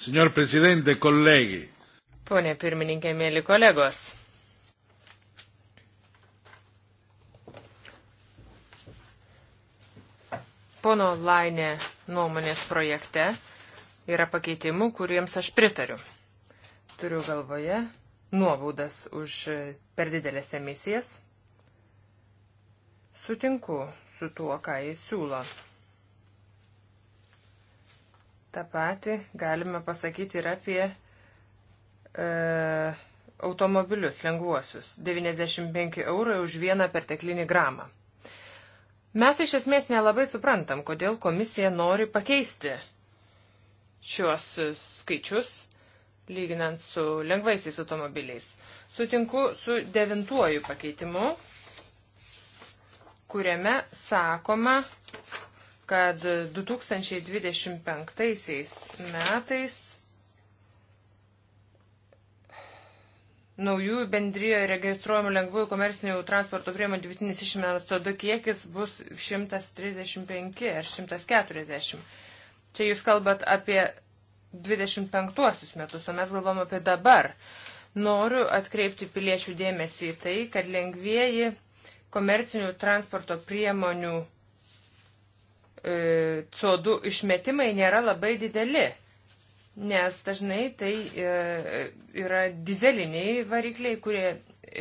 Signor Presidente, colleghi, Pone pirmininkė, mėly kolegos. Pono Lainė nuomonės projekte yra pakeitimų, kuriems aš pritariu. Turiu galvoje nuobaudas už per didelės emisijas. Sutinku su tuo, ką jis siūlo. Ta pati galime pasakyti ir apie e, automobilius lengvuosius - 95 eurai už vieną perteklinį gramą. Mes iš esmės nelabai suprantam, kodėl komisija nori pakeisti šiuos skaičius, lyginant su lengvaisiais automobiliais. Sutinku su devintuoju pakeitimu, kuriame sakoma, kad 2025 metais naujų bendrijoje registruojamų lengvųjų komersinių transporto priemonių dvitinis išmenas CO2 kiekis bus 135 ar 140. Čia jūs kalbat apie 25 metus, o mes galvom apie dabar. Noriu atkreipti piliečių dėmesį į tai, kad lengvieji komercinių transporto priemonių e, CO2 išmetimai nėra labai dideli nes dažnai tai e, yra dizeliniai varikliai, kurie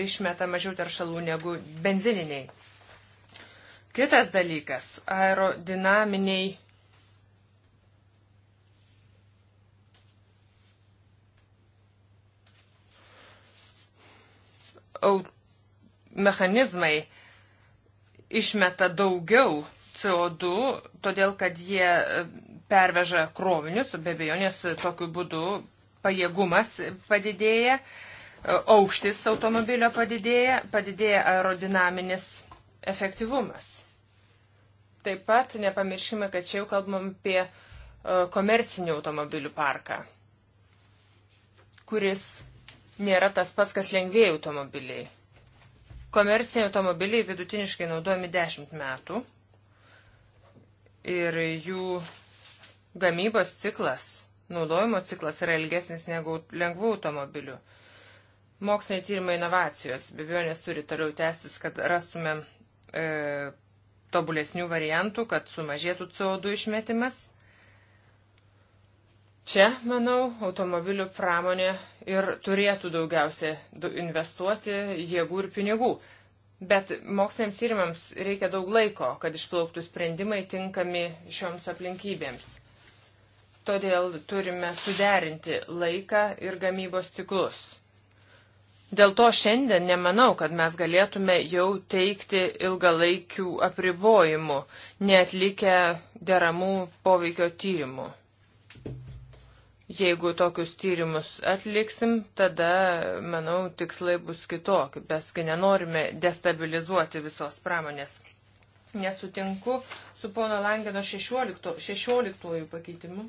išmeta mažiau teršalų negu benzininiai. Kitas dalykas - aerodinaminiai. mechanizmai išmeta daugiau CO2, todėl kad jie perveža krovinius, be abejonės tokiu būdu pajėgumas padidėja, e, aukštis automobilio padidėja, padidėja aerodinaminis efektyvumas. Taip pat nepamirškime, kad čia jau kalbam apie e, komercinių automobilių parką, kuris nėra tas pats, kas lengvėjai automobiliai. Komerciniai automobiliai vidutiniškai naudojami 10 metų ir jų gamybos ciklas, naudojimo ciklas yra ilgesnis negu lengvų automobilių. Moksliniai tyrimai inovacijos, be abejo, nes turi toliau tęstis, kad rastume e, tobulesnių variantų, kad sumažėtų CO2 išmetimas. Čia, manau, automobilių pramonė ir turėtų daugiausia investuoti jėgų ir pinigų. Bet moksliniams tyrimams reikia daug laiko, kad išplauktų sprendimai tinkami šioms aplinkybėms todėl turime suderinti laiką ir gamybos ciklus. Dėl to šiandien nemanau, kad mes galėtume jau teikti ilgalaikių apribojimų, neatlikę deramų poveikio tyrimų. Jeigu tokius tyrimus atliksim, tada, manau, tikslai bus kitokie, bet kai nenorime destabilizuoti visos pramonės. Nesutinku su pono Langeno 16, 16 pakeitimu.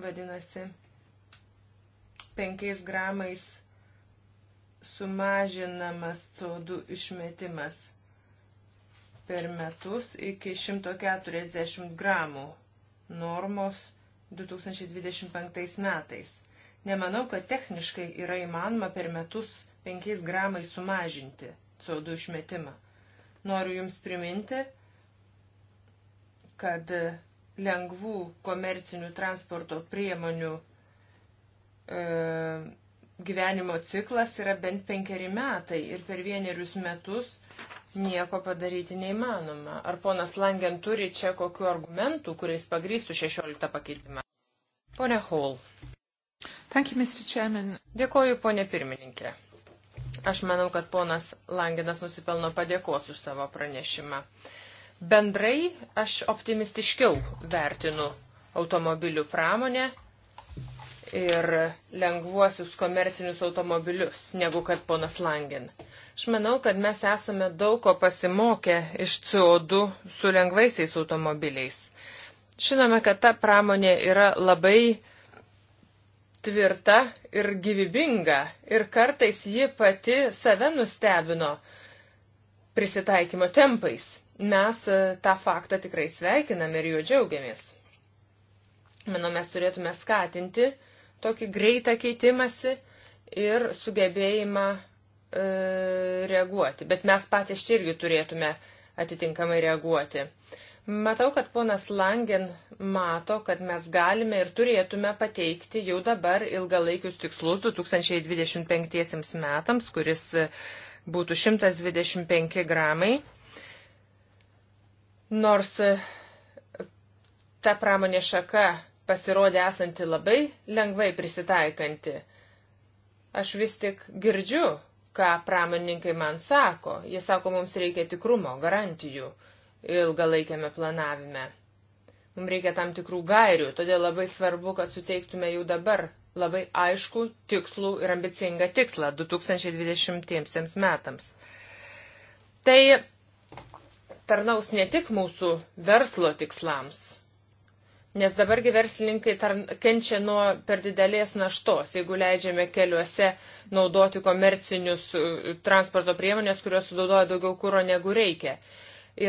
Vadinasi, 5 gramais sumažinamas CO2 išmetimas per metus iki 140 gramų normos 2025 metais. Nemanau, kad techniškai yra įmanoma per metus 5 gramai sumažinti CO2 išmetimą. Noriu Jums priminti, kad lengvų komercinių transporto priemonių e, gyvenimo ciklas yra bent penkeri metai ir per vienerius metus nieko padaryti neįmanoma. Ar ponas Langen turi čia kokiu argumentu, kuriais pagrįstų 16 pakeitimą? Pone Hall. Thank you, Mr. Chairman. Dėkoju, ponė pirmininkė. Aš manau, kad ponas Langenas nusipelno padėkos už savo pranešimą. Uh, Bendrai aš optimistiškiau vertinu automobilių pramonę ir lengvuosius komercinius automobilius, negu kad ponas Langin. Aš manau, kad mes esame daug ko pasimokę iš CO2 su lengvaisiais automobiliais. Žinome, kad ta pramonė yra labai tvirta ir gyvybinga ir kartais ji pati save nustebino prisitaikymo tempais. Mes e, tą faktą tikrai sveikinam ir juo džiaugiamės. Manau, mes turėtume skatinti tokį greitą keitimąsi ir sugebėjimą e, reaguoti. Bet mes patys čia irgi turėtume atitinkamai reaguoti. Matau, kad ponas Langen mato, kad mes galime ir turėtume pateikti jau dabar ilgalaikius tikslus 2025 metams, kuris e, būtų 125 gramai Nors e, ta pramonė šaka pasirodė esanti labai lengvai prisitaikanti, aš vis tik girdžiu, ką pramonininkai man sako. Jie sako, mums reikia tikrumo, garantijų ilgalaikiame planavime. Mums reikia tam tikrų gairių, todėl labai svarbu, kad suteiktume jau dabar labai aišku, tikslų ir ambicingą tikslą 2020 metams. Tai tarnaus ne tik mūsų verslo tikslams, nes dabargi verslininkai tarn, kenčia nuo per didelės naštos, jeigu leidžiame keliuose naudoti komercinius e, transporto priemonės, kurios sudaudoja daugiau kūro negu reikia.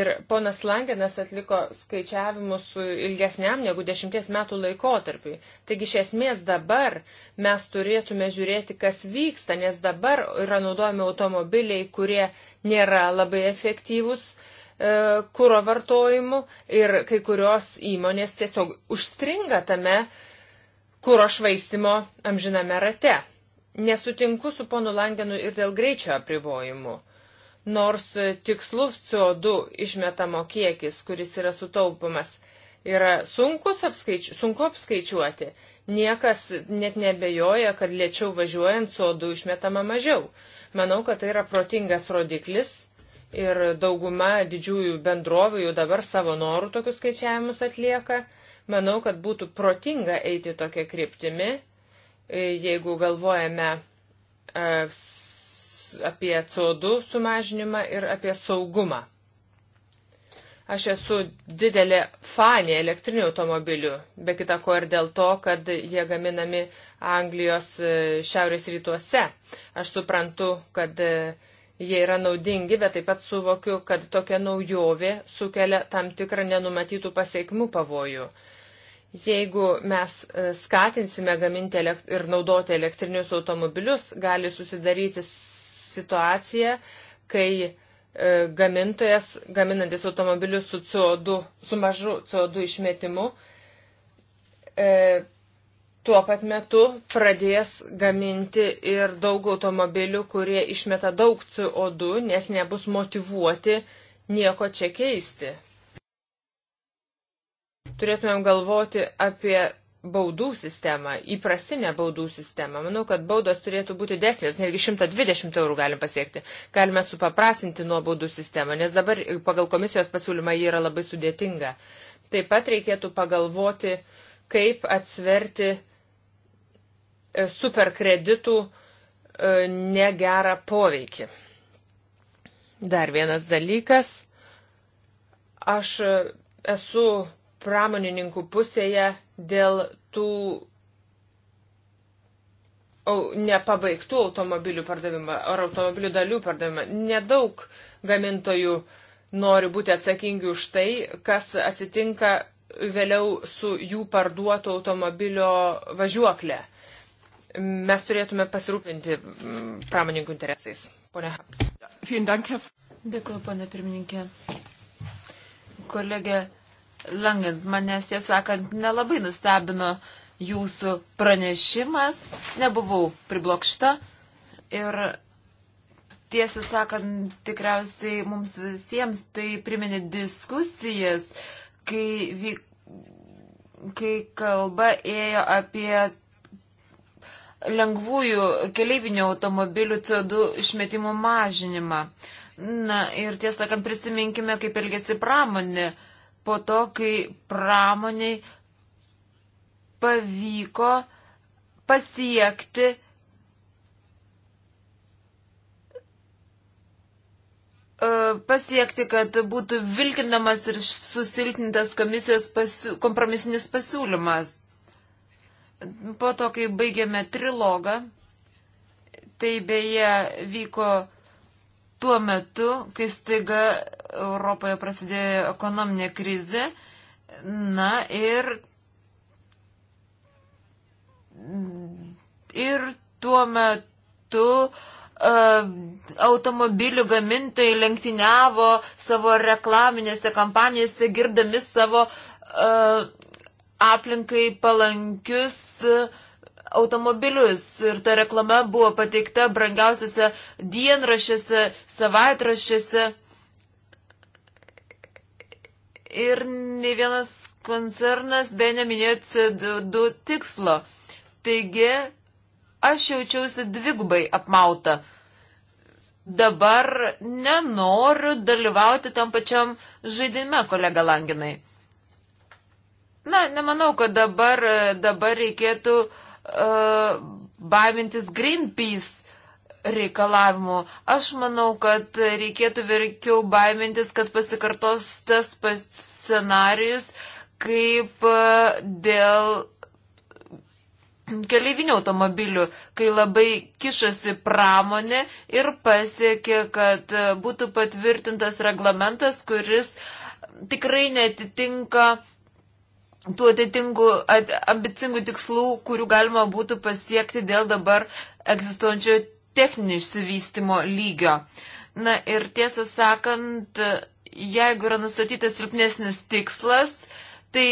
Ir ponas Langenas atliko skaičiavimus ilgesniam negu dešimties metų laikotarpiui. Taigi iš esmės dabar mes turėtume žiūrėti, kas vyksta, nes dabar yra naudojami automobiliai, kurie nėra labai efektyvūs, E, kūro vartojimu ir kai kurios įmonės tiesiog užstringa tame kūro švaistimo amžiname rate. Nesutinku su ponu Langenu ir dėl greičio apribojimų. Nors tikslus CO2 išmetamo kiekis, kuris yra sutaupomas, yra sunkus apskaičiu, sunku apskaičiuoti. Niekas net nebejoja, kad lėčiau važiuojant CO2 išmetama mažiau. Manau, kad tai yra protingas rodiklis ir dauguma didžiųjų bendrovių jau dabar savo norų tokius skaičiavimus atlieka. Manau, kad būtų protinga eiti tokia kryptimi, e, jeigu galvojame e, apie CO2 sumažinimą ir apie saugumą. Aš esu didelė fanė elektrinių automobilių, be kita ko ir dėl to, kad jie gaminami Anglijos e, šiaurės rytuose. Aš suprantu, kad uh, jie yra naudingi, bet taip pat suvokiu, kad tokia naujovė sukelia tam tikrą nenumatytų pasiekmių pavojų. Jeigu mes e, skatinsime gaminti ir naudoti elektrinius automobilius, gali susidaryti situacija, kai e, gamintojas, gaminantis automobilius su, CO2, su mažu CO2 išmetimu, e, tuo pat metu pradės gaminti ir daug automobilių, kurie išmeta daug CO2, nes nebus motivuoti nieko čia keisti. Turėtumėm galvoti apie baudų sistemą, įprastinę baudų sistemą. Manau, kad baudos turėtų būti desnės, netgi 120 eurų galim pasiekti. Galime supaprasinti nuo baudų sistemą, nes dabar pagal komisijos pasiūlymą ji yra labai sudėtinga. Taip pat reikėtų pagalvoti, kaip atsverti E, superkreditų e, negerą poveikį. Dar vienas dalykas. Aš e, esu pramonininkų pusėje dėl tų nepabaigtų automobilių pardavimą ar automobilių dalių pardavimą. Nedaug gamintojų nori būti atsakingi už tai, kas atsitinka vėliau su jų parduoto automobilio važiuoklė. Uh, mes turėtume pasirūpinti mm, pramoninkų interesais. Pone Haps. Dėkuoju, pane pirmininkė. Kolegė Langent, manęs tiesą sakant, nelabai nustebino jūsų pranešimas. Nebuvau priblokšta. Ir tiesą sakant, tikriausiai mums visiems tai priminė diskusijas, kai, vyk, kai kalba ėjo apie lengvųjų keleivinių automobilių CO2 išmetimų mažinimą. Na ir tiesą sakant, prisiminkime, kaip elgėsi pramonė po to, kai pramoniai pavyko pasiekti e, pasiekti, kad būtų vilkinamas ir susilpnintas komisijos pasi kompromisinis pasiūlymas. Po to, kai baigėme trilogą, tai beje vyko tuo metu, kai staiga Europoje prasidėjo ekonominė krizė. Na ir, ir tuo metu uh, automobilių gamintojai lenktyniavo savo reklaminėse kampanijose, girdami savo uh, aplinkai palankius e, automobilius. Ir ta reklama buvo pateikta brangiausiose dienraščiuose, savaitraščiuose. Ir ne vienas koncernas be neminėjo CO2 tikslo. Taigi, aš jaučiausi dvigubai apmauta. Dabar nenoriu dalyvauti tam pačiam žaidime, kolega Langinai. Na, nemanau, kad dabar, dabar reikėtų uh, baimintis Greenpeace reikalavimų. Aš manau, kad reikėtų verkiau baimintis, kad pasikartos tas pats scenarius, kaip uh, dėl keleivinių automobilių, kai labai kišasi pramonė ir pasiekė, kad būtų patvirtintas reglamentas, kuris tikrai netitinka tų atitinkų, at, ambicingų tikslų, kurių galima būtų pasiekti dėl dabar egzistuojančio techninio išsivystimo lygio. Na ir tiesą sakant, jeigu yra nustatytas silpnesnis tikslas, tai,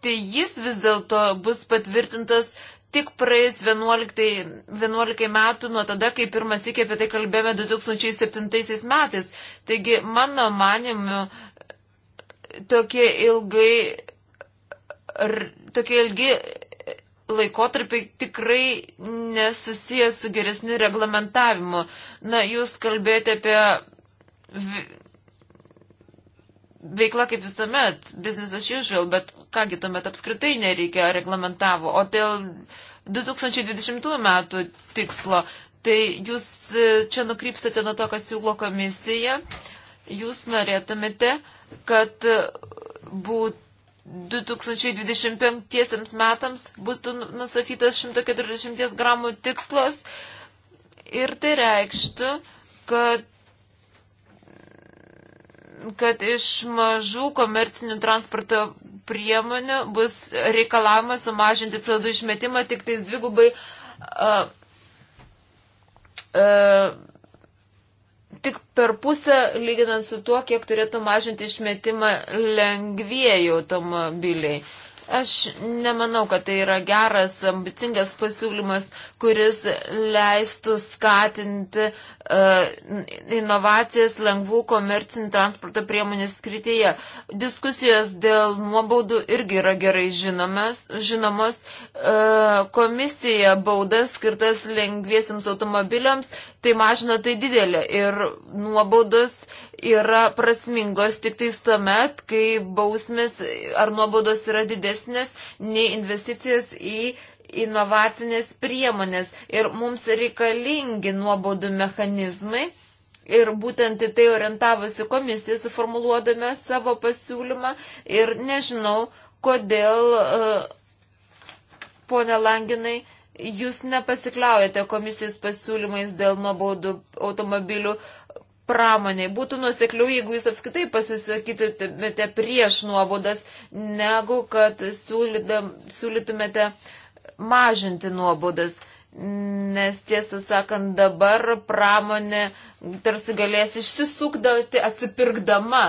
tai jis vis dėlto bus patvirtintas tik praėjus 11, 11 metų nuo tada, kai pirmas iki apie tai kalbėjome 2007 metais. Taigi, mano manimu, tokie ilgai, tokie ilgi laikotarpiai tikrai nesusijęs su geresniu reglamentavimu. Na, jūs kalbėjote apie veiklą kaip visuomet, business as usual, bet kągi tuomet apskritai nereikia reglamentavo. O dėl 2020 metų tikslo, tai jūs e, čia nukrypstate nuo to, kas siūlo komisija, jūs norėtumėte uh, kad e, būtų 2025 metams būtų nu, nusakytas 140 gramų tikslas ir tai reikštų, kad kad iš mažų komercinių transporto priemonių bus reikalavimas sumažinti CO2 išmetimą tik tais dvigubai uh, uh, tik per pusę lyginant su tuo, kiek turėtų mažinti išmetimą lengvieji automobiliai. Aš nemanau, kad tai yra geras, ambicingas pasiūlymas, kuris leistų skatinti uh, inovacijas lengvų komercinių transporto priemonės skrityje. Diskusijos dėl nuobaudų irgi yra gerai žinomas, žinomos. Uh, komisija baudas skirtas lengviesiams automobiliams, tai mažina tai didelė ir nuobaudos uh, yra prasmingos tik tais tuo met, kai bausmės ar nuobodos yra didesnės nei investicijos į inovacinės priemonės. Ir mums reikalingi nuobaudų mechanizmai. Ir būtent į tai orientavosi komisija, suformuluodami savo pasiūlymą. Ir nežinau, kodėl, uh, pone Langinai, Jūs nepasikliaujate komisijos pasiūlymais dėl nuobaudų automobilių pramoniai. Būtų nusekliau, jeigu jūs apskaitai pasisakytumėte prieš nuobodas, negu kad siūlytumėte mažinti nuobodas. Nes tiesą sakant, dabar pramonė tarsi galės išsisukdauti atsipirkdama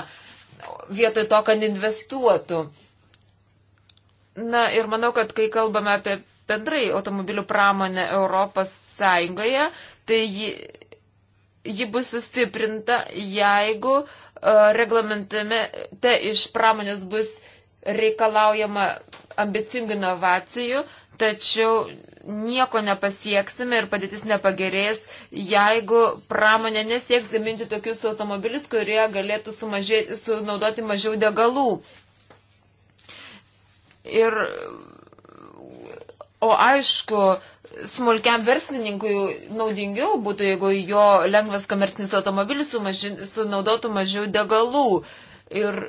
vietoj to, kad investuotų. Na ir manau, kad kai kalbame apie bendrai automobilių pramonę Europos Sąjungoje, tai ji bus sustiprinta, jeigu e, reglamentame iš pramonės bus reikalaujama ambicingų inovacijų, tačiau nieko nepasieksime ir padėtis nepagerės, jeigu pramonė nesieks gaminti tokius automobilius, kurie galėtų sumažėti, sunaudoti mažiau degalų. Ir, o aišku, smulkiam verslininkui naudingiau būtų, jeigu jo lengvas komercinis automobilis sumaži, sunaudotų mažiau degalų. Ir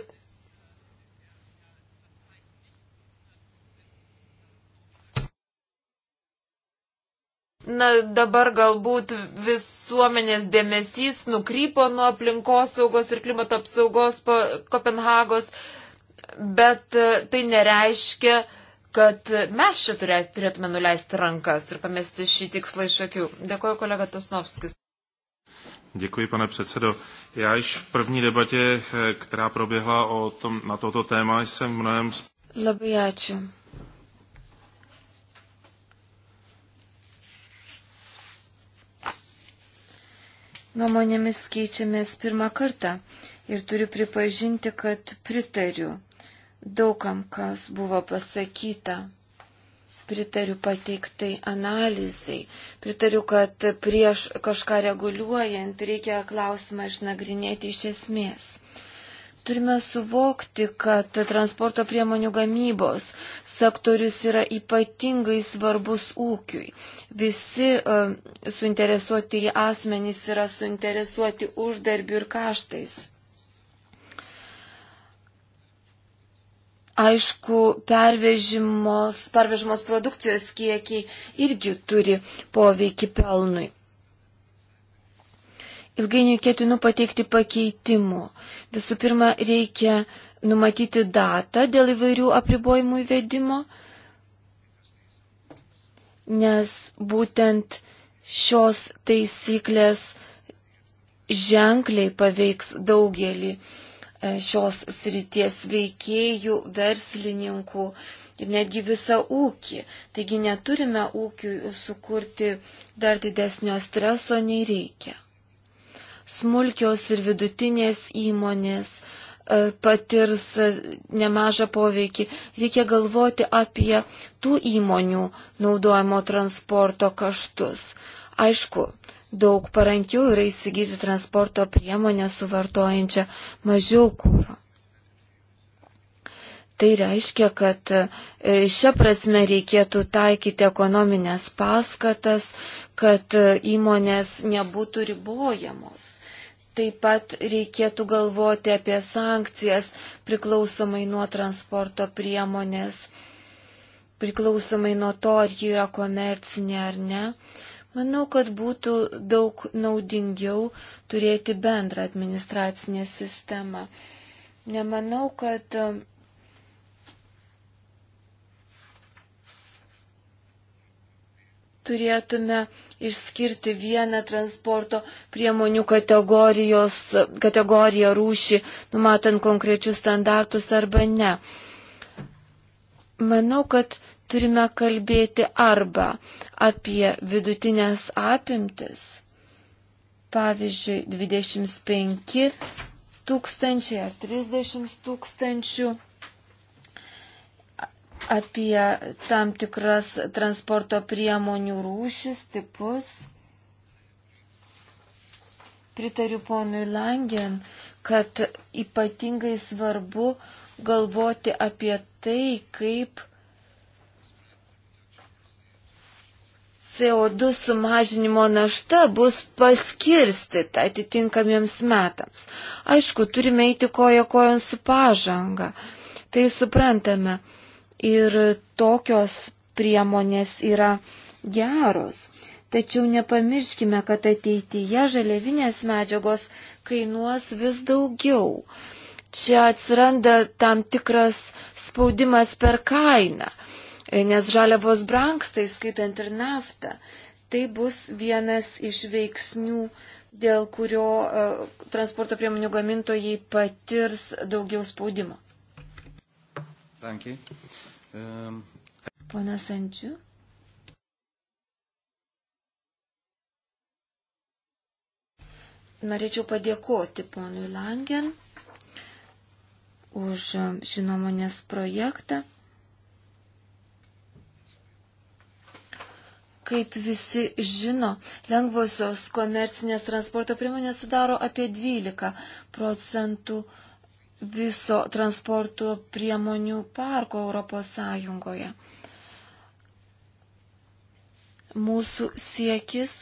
Na, dabar galbūt visuomenės dėmesys nukrypo nuo aplinkos saugos ir klimato apsaugos Kopenhagos, bet e, tai nereiškia, kad mes čia turėtume nuleisti rankas ir pamesti šį tikslą iš akių. Dėkuoju, kolega Tosnovskis. Děkuji, pane předsedo. Já již v první debatě, eh, která proběhla o tom, na toto téma, jsem mnohem... Labai ačiū. Nuomonėmis keičiamės pirmą kartą ir turiu pripažinti, kad pritariu daugam, kas buvo pasakyta. Pritariu pateiktai analizai. Pritariu, kad prieš kažką reguliuojant reikia klausimą išnagrinėti iš esmės. Turime suvokti, kad transporto priemonių gamybos sektorius yra ypatingai svarbus ūkiui. Visi uh, suinteresuoti asmenys yra suinteresuoti uždarbių ir kaštais. aišku, pervežimos, pervežimos produkcijos kiekiai irgi turi poveikį pelnui. Ilgainiui ketinu pateikti pakeitimų. Visų pirma, reikia numatyti datą dėl įvairių apribojimų įvedimo, nes būtent šios taisyklės ženkliai paveiks daugelį uh, E, šios srities veikėjų, verslininkų ir netgi visą ūkį. Taigi neturime ūkiui sukurti dar didesnio streso nei reikia. Smulkios ir vidutinės įmonės e, patirs e, nemažą poveikį. Reikia galvoti apie tų įmonių naudojimo transporto kaštus. Aišku, daug parankiau yra įsigyti transporto priemonę suvartojančią mažiau kūro. Tai reiškia, kad e, šią prasme reikėtų taikyti ekonominės paskatas, kad e, įmonės nebūtų ribojamos. Taip pat reikėtų galvoti apie sankcijas priklausomai nuo transporto priemonės, priklausomai nuo to, ar ji yra komercinė ar ne. Manau, kad būtų daug naudingiau turėti bendrą administracinę sistemą. Nemanau, kad um, turėtume išskirti vieną transporto priemonių kategoriją rūšį, numatant konkrečius standartus arba ne. Manau, kad turime kalbėti arba apie vidutinės apimtis, pavyzdžiui, 25 tūkstančiai ar 30 tūkstančių apie tam tikras transporto priemonių rūšis, tipus. Pritariu ponui Langen, kad ypatingai svarbu galvoti apie tai, kaip CO2 sumažinimo našta bus paskirstita atitinkamiems metams. Aišku, turime eiti koja kojon su pažanga. Tai suprantame. Ir tokios priemonės yra geros. Tačiau nepamirškime, kad ateityje žaliavinės medžiagos kainuos vis daugiau. Čia atsiranda tam tikras spaudimas per kainą. E, nes žaliavos branksta, įskaitant ir naftą. Tai bus vienas iš veiksnių, dėl kurio e, transporto priemonių gamintojai patirs daugiau spaudimo. Um... Ponas Ančiu. Norėčiau padėkoti ponui Langen už e, šį nuomonės projektą. Kaip visi žino, lengvosios komercinės transporto priemonės sudaro apie 12 procentų viso transporto priemonių parko Europos Sąjungoje. Mūsų siekis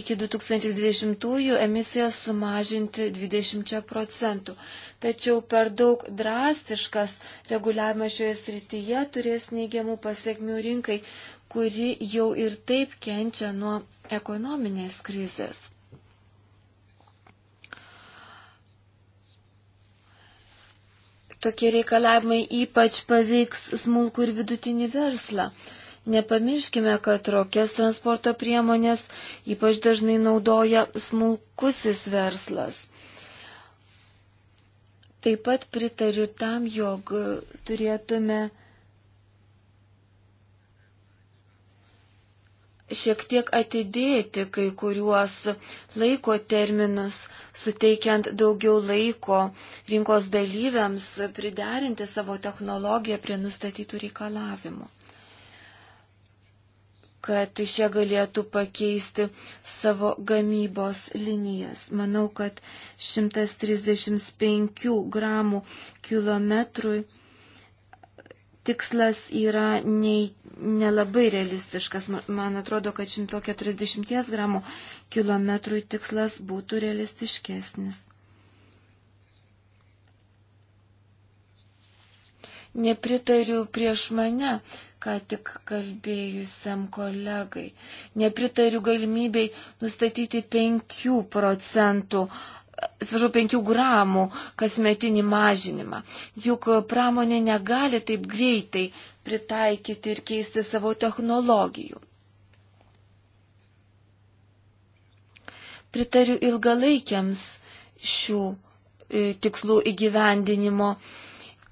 iki 2020-ųjų emisijas sumažinti 20 procentų. Tačiau per daug drastiškas reguliavimas šioje srityje turės neigiamų pasiekmių rinkai, kuri jau ir taip kenčia nuo ekonominės krizės. Tokie reikalavimai ypač paveiks smulkų ir vidutinį verslą. Nepamirškime, kad rokės transporto priemonės ypač dažnai naudoja smulkusis verslas. Taip pat pritariu tam, jog turėtume šiek tiek atidėti kai kuriuos laiko terminus, suteikiant daugiau laiko rinkos dalyviams priderinti savo technologiją prie nustatytų reikalavimų kad šie galėtų pakeisti savo gamybos linijas. Manau, kad 135 gramų kilometrui tikslas yra nei, nelabai realistiškas. Man atrodo, kad 140 gramų kilometrui tikslas būtų realistiškesnis. Nepritariu prieš mane, ką tik kalbėjusiam kolegai. Nepritariu galimybei nustatyti 5 procentų atsiprašau, 5 gramų kasmetinį mažinimą. Juk pramonė negali taip greitai pritaikyti ir keisti savo technologijų. Pritariu ilgalaikiams šių e, tikslų įgyvendinimo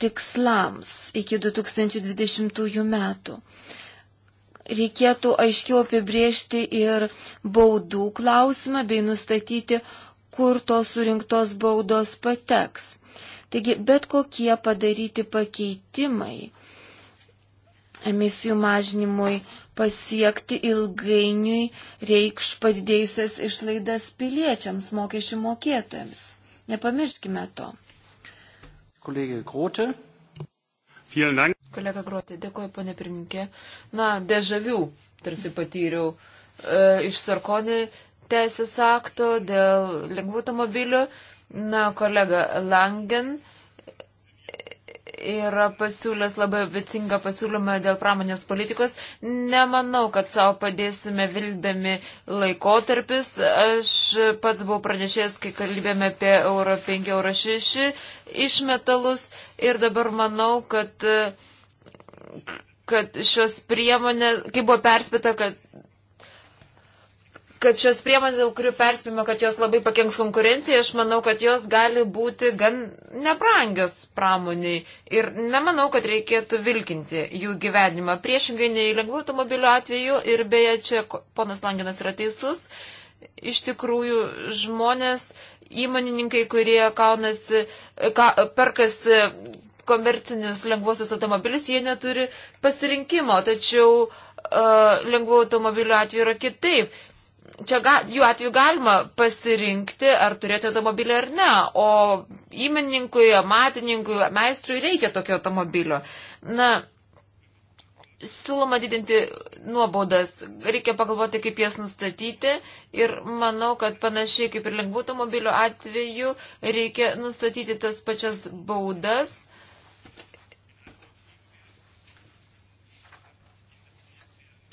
tikslams iki 2020 metų. Reikėtų aiškiau apibriežti ir baudų klausimą bei nustatyti kur tos surinktos baudos pateks. Taigi bet kokie padaryti pakeitimai emisijų mažinimui pasiekti ilgainiui reikš padidėjusias išlaidas piliečiams, mokesčių mokėtojams. Nepamirškime to. Kolegė Gruotė. Kolega Gruotė, dėkuoju, ponė pirmininkė. Na, dežavių tarsi patyriau e, iš Sarkonį teisės akto dėl lengvų automobilių. Na, kolega Langen yra pasiūlęs labai ambicingą pasiūlymą dėl pramonės politikos. Nemanau, kad savo padėsime vildami laikotarpis. Aš pats buvau pranešęs, kai kalbėjome apie euro 5, euro 6 išmetalus ir dabar manau, kad kad šios priemonės, kai buvo perspėta, kad kad šios priemonės, dėl kurių perspėjome, kad jos labai pakenks konkurencijai, aš manau, kad jos gali būti gan nebrangios pramoniai ir nemanau, kad reikėtų vilkinti jų gyvenimą. Priešingai nei lengvų automobilių atveju ir beje, čia ponas Langinas yra teisus, iš tikrųjų žmonės, įmonininkai, kurie kaunasi, ka, perkasi komercinius lengvosius automobilius, jie neturi pasirinkimo, tačiau uh, lengvų automobilių atveju yra kitaip čia ga, jų atveju galima pasirinkti, ar turėti automobilį ar ne, o įmeninkui, amatininkui, meistrui reikia tokio automobilio. Na, siūloma didinti nuobaudas, reikia pagalvoti, kaip jas nustatyti ir manau, kad panašiai kaip ir lengvų automobilių atveju reikia nustatyti tas pačias baudas.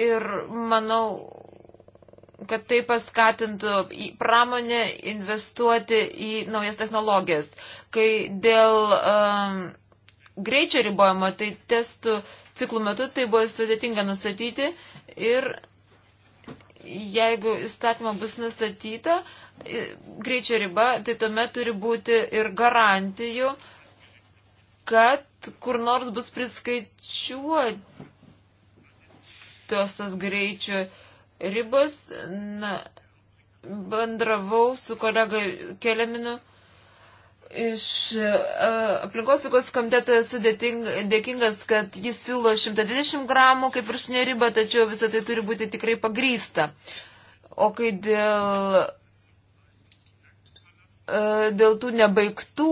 Ir manau, kad tai paskatintų į pramonę investuoti į naujas technologijas. Kai dėl um, greičio ribojimo, tai testų ciklų metu tai buvo sudėtinga nustatyti ir jeigu įstatymą bus nustatyta greičio riba, tai tuomet turi būti ir garantijų, kad kur nors bus priskaičiuotos tos greičio ribos ribos. Na, bendravau su kolega Keleminu iš e, aplinkosaugos komiteto esu dėkingas, kad jis siūlo 120 gramų kaip viršinė riba, tačiau visą tai turi būti tikrai pagrysta. O kai dėl, e, dėl tų nebaigtų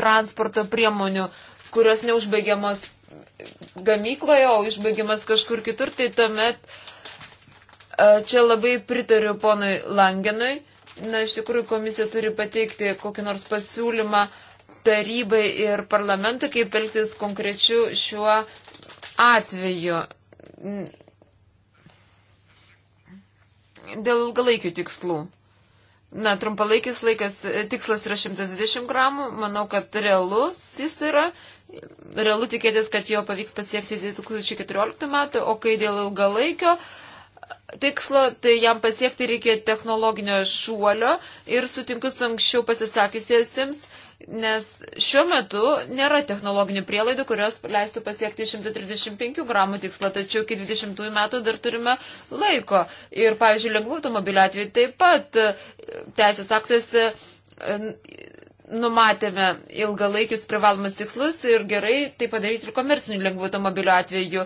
transporto priemonių, kurios neužbaigiamos gamykloje, o išbaigiamas kažkur kitur, tai tuomet uh, Čia labai pritariu ponui Langenui. Na, iš tikrųjų, komisija turi pateikti kokį nors pasiūlymą tarybai ir parlamentui, kaip elgtis konkrečiu šiuo atveju. Dėl galaikių tikslų. Na, trumpalaikis laikas, tikslas yra 120 gramų, manau, kad realus jis yra, realu tikėtis, kad jo pavyks pasiekti 2014 metų, o kai dėl ilgalaikio, uh, tikslo, tai jam pasiekti reikia technologinio šuolio ir sutinku su anksčiau pasisakysiesiems, nes šiuo metu nėra technologinių prielaidų, kurios leistų pasiekti 135 gramų tikslą, tačiau iki 20 metų dar turime laiko. Ir, pavyzdžiui, lengvų automobilių atveju taip pat teisės aktuose numatėme ilgalaikius privalomus tikslus ir gerai tai padaryti ir komercinių lengvų automobilių atveju.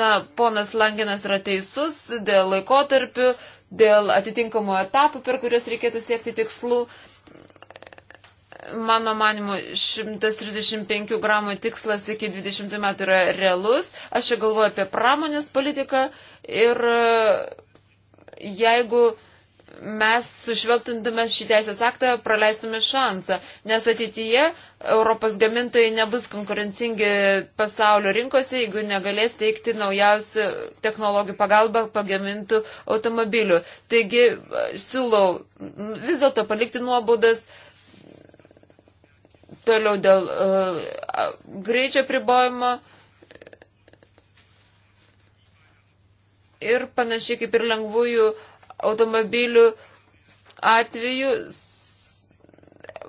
Na, ponas Langinas yra teisus dėl laikotarpių, dėl atitinkamų etapų, per kurias reikėtų siekti tikslų. Mano manimu, 135 gramų tikslas iki 20 metų yra realus. Aš čia galvoju apie pramonės politiką ir e, jeigu uh, mes sušveltintume šį teisės aktą, praleistume šansą, nes ateityje Europos gamintojai nebus konkurencingi pasaulio rinkose, jeigu negalės teikti naujausių technologijų pagalbą pagamintų automobilių. Taigi siūlau vis dėlto palikti nuobaudas. Toliau dėl uh, greičio pribojimo ir panašiai kaip ir lengvųjų uh, automobilių atveju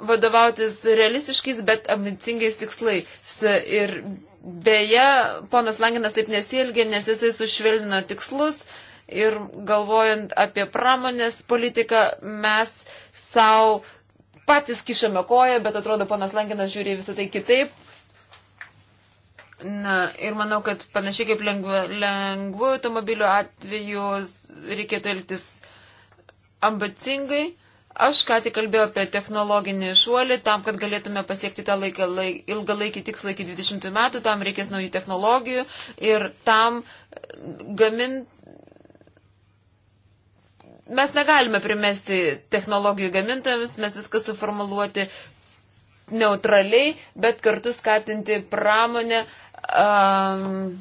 vadovautis realistiškais, bet ambicingais tikslais. Ir beje, ponas Langinas taip nesielgė, nes jisai sušvelnino tikslus ir galvojant apie pramonės politiką, mes savo patys kišame koją, bet atrodo, ponas Langinas žiūri visą tai kitaip. Na, ir manau, kad panašiai kaip lengvų automobilių atveju reikėtų elgtis ambicingai. Aš ką tik kalbėjau apie technologinį šuolį, tam, kad galėtume pasiekti tą laiką, laik, ilgalaikį tikslą iki 20 metų, tam reikės naujų technologijų ir tam e, gamint. Mes negalime primesti technologijų gamintojams, mes viską suformuluoti neutraliai, bet kartu skatinti pramonę, um,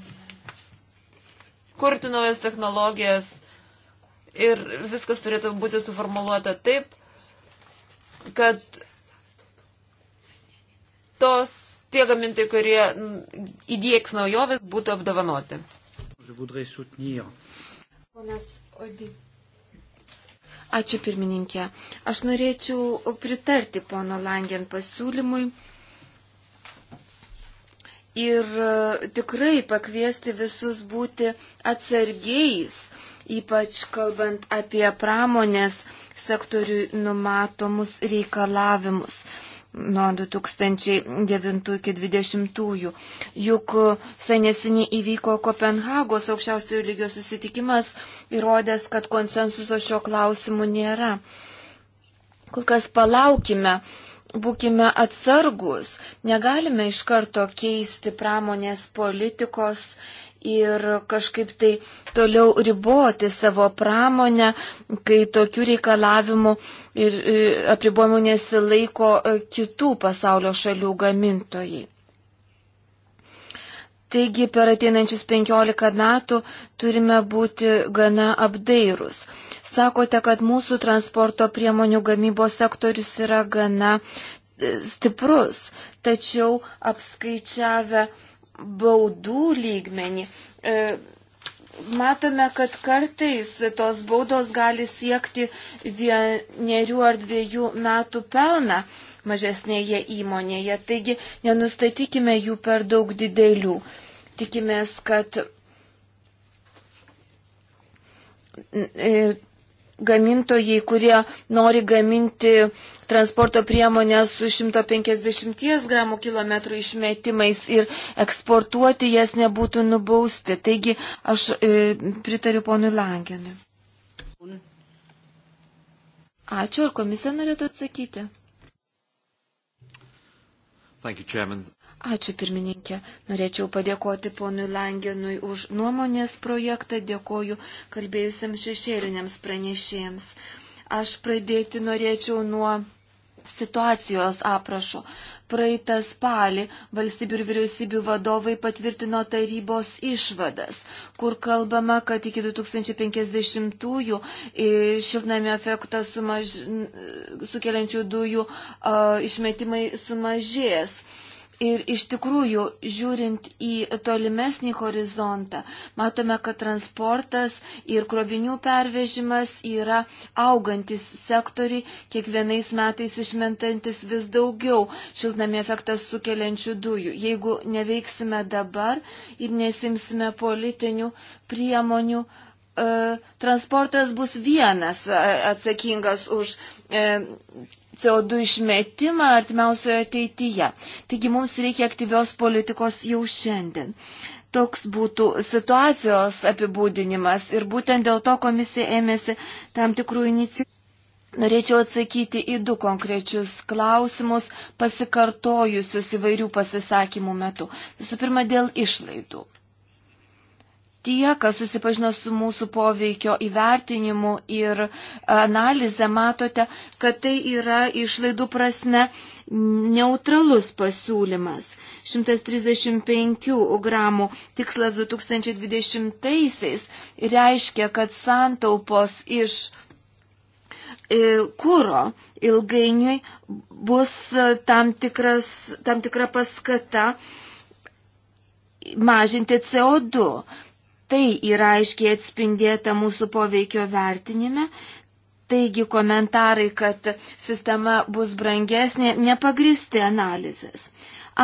kurti naujas technologijas ir viskas turėtų būti suformuoluota taip, kad tos tie gamintojai, kurie įdėks naujoves, būtų apdovanoti. Ačiū pirmininkė. Aš norėčiau pritarti pono Langen pasiūlymui ir e, tikrai pakviesti visus būti atsargiais ypač kalbant apie pramonės sektoriui numatomus reikalavimus nuo 2009 iki 2020. Juk senesnį įvyko Kopenhagos aukščiausiojo lygio susitikimas, įrodęs, kad konsensuso šio klausimu nėra. Kol kas palaukime, būkime atsargus, negalime iš karto keisti pramonės politikos ir kažkaip tai toliau riboti savo pramonę, kai tokių reikalavimų ir e, apribojimų nesilaiko e, kitų pasaulio šalių gamintojai. Taigi per ateinančius 15 metų turime būti gana apdairūs. Sakote, kad mūsų transporto priemonių gamybos sektorius yra gana e, stiprus, tačiau apskaičiavę baudų lygmenį. E, matome, kad kartais tos baudos gali siekti vienerių ar dviejų metų pelną mažesnėje įmonėje, taigi nenustatykime jų per daug didelių. Tikimės, kad e, gamintojai, kurie nori gaminti transporto priemonės su 150 gramų kilometrų išmetimais ir eksportuoti jas nebūtų nubausti. Taigi aš e, pritariu ponui Langenui. Ačiū, ar komisija norėtų atsakyti? Thank you, Chairman. Ačiū pirmininkė. Norėčiau padėkoti ponui Langenui už nuomonės projektą, dėkoju kalbėjusiam šešėliniams pranešėjams. Aš pradėti norėčiau nuo situacijos aprašo. Praeitą spalį valstybių ir vyriausybių vadovai patvirtino tarybos išvadas, kur kalbama, kad iki 2050-ųjų e, šiltnamio efektą sumaž... sukeliančių dujų a, e, išmetimai sumažės. A, Ir iš tikrųjų, žiūrint į tolimesnį horizontą, matome, kad transportas ir krovinių pervežimas yra augantis sektoriai, kiekvienais metais išmentantis vis daugiau šiltnamį efektą sukeliančių dujų. Jeigu neveiksime dabar ir nesimsime politinių priemonių, e, transportas bus vienas e, atsakingas už e, CO2 išmetimą artimiausioje ateityje. Taigi mums reikia aktyvios politikos jau šiandien. Toks būtų situacijos apibūdinimas ir būtent dėl to komisija ėmėsi tam tikrų iniciatyvų. Norėčiau atsakyti į du konkrečius klausimus pasikartojusius įvairių pasisakymų metu. Visų pirma, dėl išlaidų tie, kas susipažino su mūsų poveikio įvertinimu ir analizę, matote, kad tai yra išlaidų prasme neutralus pasiūlymas. 135 gramų tikslas 2020-aisiais reiškia, kad santaupos iš e, kūro ilgainiui bus tam, tikras, tam tikra paskata mažinti CO2 tai yra aiškiai atspindėta mūsų poveikio vertinime. Taigi komentarai, kad sistema bus brangesnė, nepagristi analizės.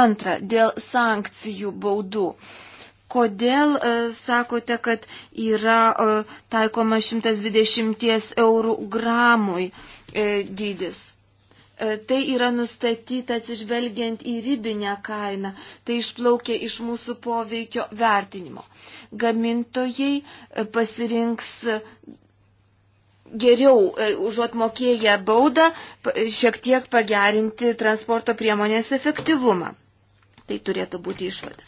Antra, dėl sankcijų baudų. Kodėl e, sakote, kad yra e, taikoma 120 eurų gramui e, dydis? E, tai yra nustatyta atsižvelgiant į ribinę kainą, tai išplaukia iš mūsų poveikio vertinimo. Gamintojai e, pasirinks geriau, e, užuot mokėję baudą, šiek tiek pagerinti transporto priemonės efektyvumą. Tai turėtų būti išvada.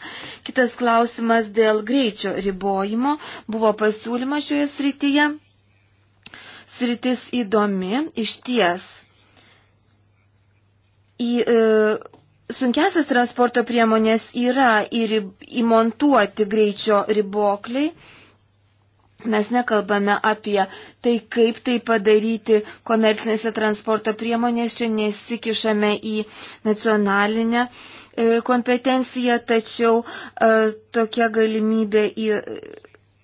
Kitas klausimas dėl greičio ribojimo. Buvo pasiūlymas šioje srityje. Sritis įdomi, iš ties į e, sunkesias transporto priemonės yra ir įmontuoti greičio ribokliai. Mes nekalbame apie tai, kaip tai padaryti komercinėse transporto priemonės, čia nesikišame į nacionalinę e, kompetenciją, tačiau e, tokia galimybė į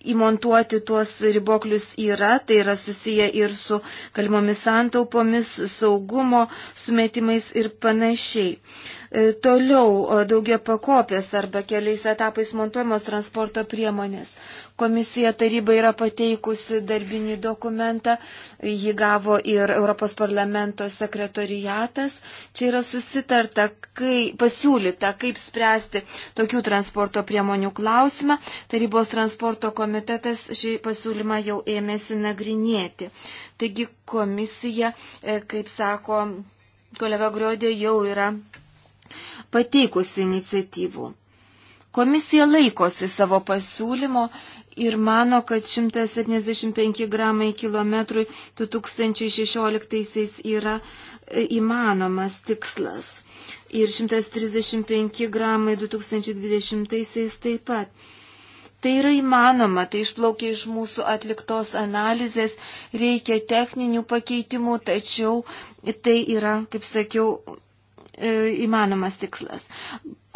įmontuoti tuos riboklius yra, tai yra susiję ir su kalimomis santaupomis, saugumo sumetimais ir panašiai. E, toliau e, daugia pakopės arba keliais etapais montuojamos transporto priemonės. Komisija taryba yra pateikusi darbinį dokumentą, jį gavo ir Europos parlamento sekretoriatas. Čia yra susitarta, kai, pasiūlyta, kaip spręsti tokių transporto priemonių klausimą. Tarybos transporto komitetas šį pasiūlymą jau ėmėsi nagrinėti. Taigi komisija, e, kaip sako kolega Griodė, jau yra pateikusi iniciatyvų. Komisija laikosi savo pasiūlymo ir mano, kad 175 gramai kilometrui 2016 yra e, įmanomas tikslas. Ir 135 gramai 2020 taip pat. Tai yra įmanoma, tai išplaukia iš mūsų atliktos analizės, reikia techninių pakeitimų, tačiau tai yra, kaip sakiau, E, įmanomas tikslas.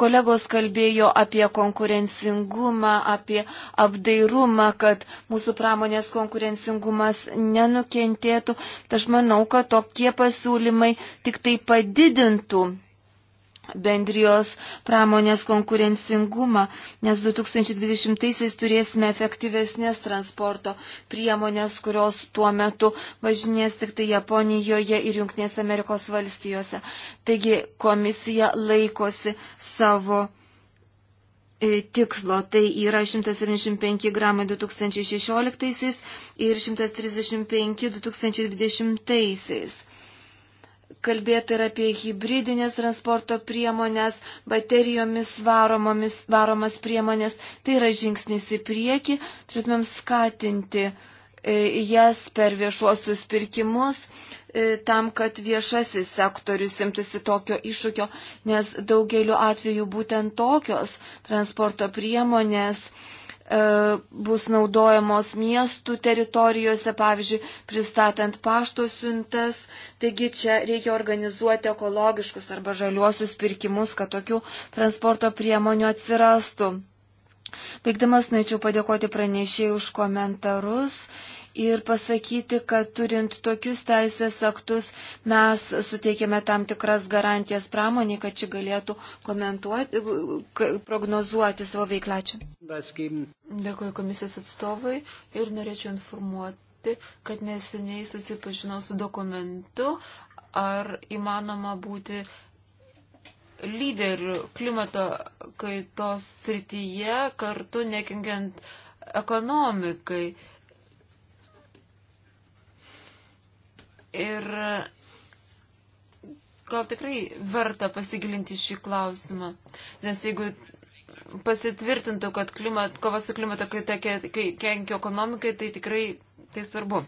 Kolegos kalbėjo apie konkurencingumą, apie apdairumą, kad mūsų pramonės konkurencingumas nenukentėtų. Aš manau, kad tokie pasiūlymai tik tai padidintų bendrijos pramonės konkurencingumą, nes 2020-aisiais turėsime efektyvesnės transporto priemonės, kurios tuo metu važinės tik tai Japonijoje ir Junktinės Amerikos valstijose. Taigi komisija laikosi savo e, tikslo. Tai yra 175 gramai 2016 ir 135 2020. -aisiais kalbėta ir apie hybridinės transporto priemonės, baterijomis varomomis, varomas priemonės. Tai yra žingsnis į priekį, turėtumėm skatinti e, jas per viešuosius pirkimus e, tam, kad viešasis sektorius imtųsi tokio iššūkio, nes daugeliu atveju būtent tokios transporto priemonės uh, E, bus naudojamos miestų teritorijose, pavyzdžiui, pristatant pašto siuntas. Taigi čia reikia organizuoti ekologiškus arba žaliuosius pirkimus, kad tokių transporto priemonių atsirastų. Baigdamas norėčiau padėkoti pranešėjai už komentarus ir pasakyti, kad turint tokius teisės aktus mes suteikėme tam tikras garantijas pramoniai, kad ši galėtų komentuoti, prognozuoti savo veiklą. Ačiū. Dėkuoju komisijos atstovai ir norėčiau informuoti, kad neseniai susipažinau su dokumentu, ar įmanoma būti lyderių klimato kaitos srityje, kartu nekengiant ekonomikai. Uh, Ir gal tikrai verta pasigilinti šį klausimą, nes jeigu pasitvirtintų, kad klimat, kova su klimato kaita kenkia ekonomikai, tai tikrai tai svarbu.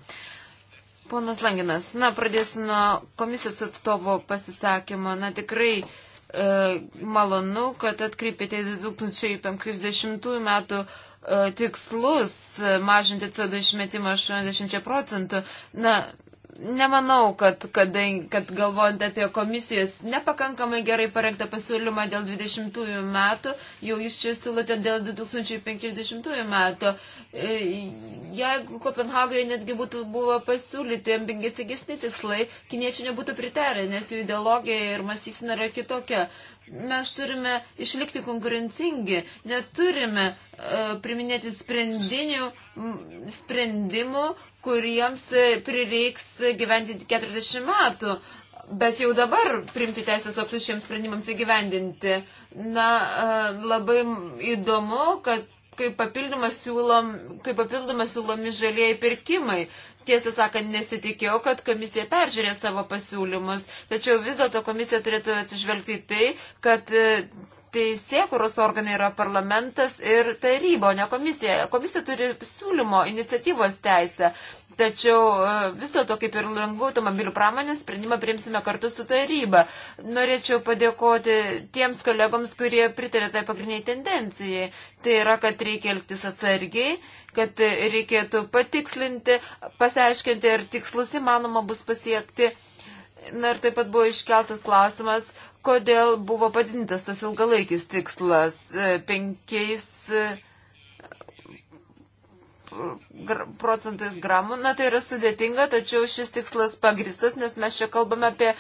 Ponas Langinas, na, pradėsiu nuo komisijos atstovo pasisakymo. Na, tikrai e, malonu, kad atkreipėte 2050 metų e, tikslus e, mažinti CO2 išmetimą 80 procentų. Na, Nemanau, kad, kad, kad galvojant apie komisijos nepakankamai gerai parengtą pasiūlymą dėl 20 metų, jau jūs čia siūlote dėl 2050 metų. E, jeigu Kopenhagoje netgi būtų buvo pasiūlyti ambingicingesni tikslai, kiniečiai nebūtų pritarę, nes jų ideologija ir mąstysena yra kitokia mes turime išlikti konkurencingi, neturime uh, priminėti sprendinių, sprendimų, kuriems prireiks gyventi 40 metų. Bet jau dabar primti teisės aktus šiems sprendimams įgyvendinti. Na, uh, labai įdomu, kad kaip papildomas siūlom, kaip papildomas siūlomi žalieji pirkimai. Tiesą sakant, nesitikėjau, kad komisija peržiūrė savo pasiūlymus, tačiau vis dėlto komisija turėtų atsižvelgti tai, kad e, teisėkuros organai yra parlamentas ir taryba, o ne komisija. Komisija turi siūlymo iniciatyvos teisę. Tačiau e, vis dėlto, kaip ir lengvų automobilių pramonės, sprendimą priimsime kartu su taryba. Norėčiau padėkoti tiems kolegoms, kurie pritarė tai pagrindiniai tendencijai. Tai yra, kad reikia elgtis atsargiai, kad reikėtų patikslinti, pasiaiškinti, ar tikslus įmanoma bus pasiekti. Na ir taip pat buvo iškeltas klausimas, kodėl buvo padintas tas ilgalaikis tikslas e, penkiais. 5 procentais gramų. Na, tai yra sudėtinga, tačiau šis tikslas pagristas, nes mes čia kalbame apie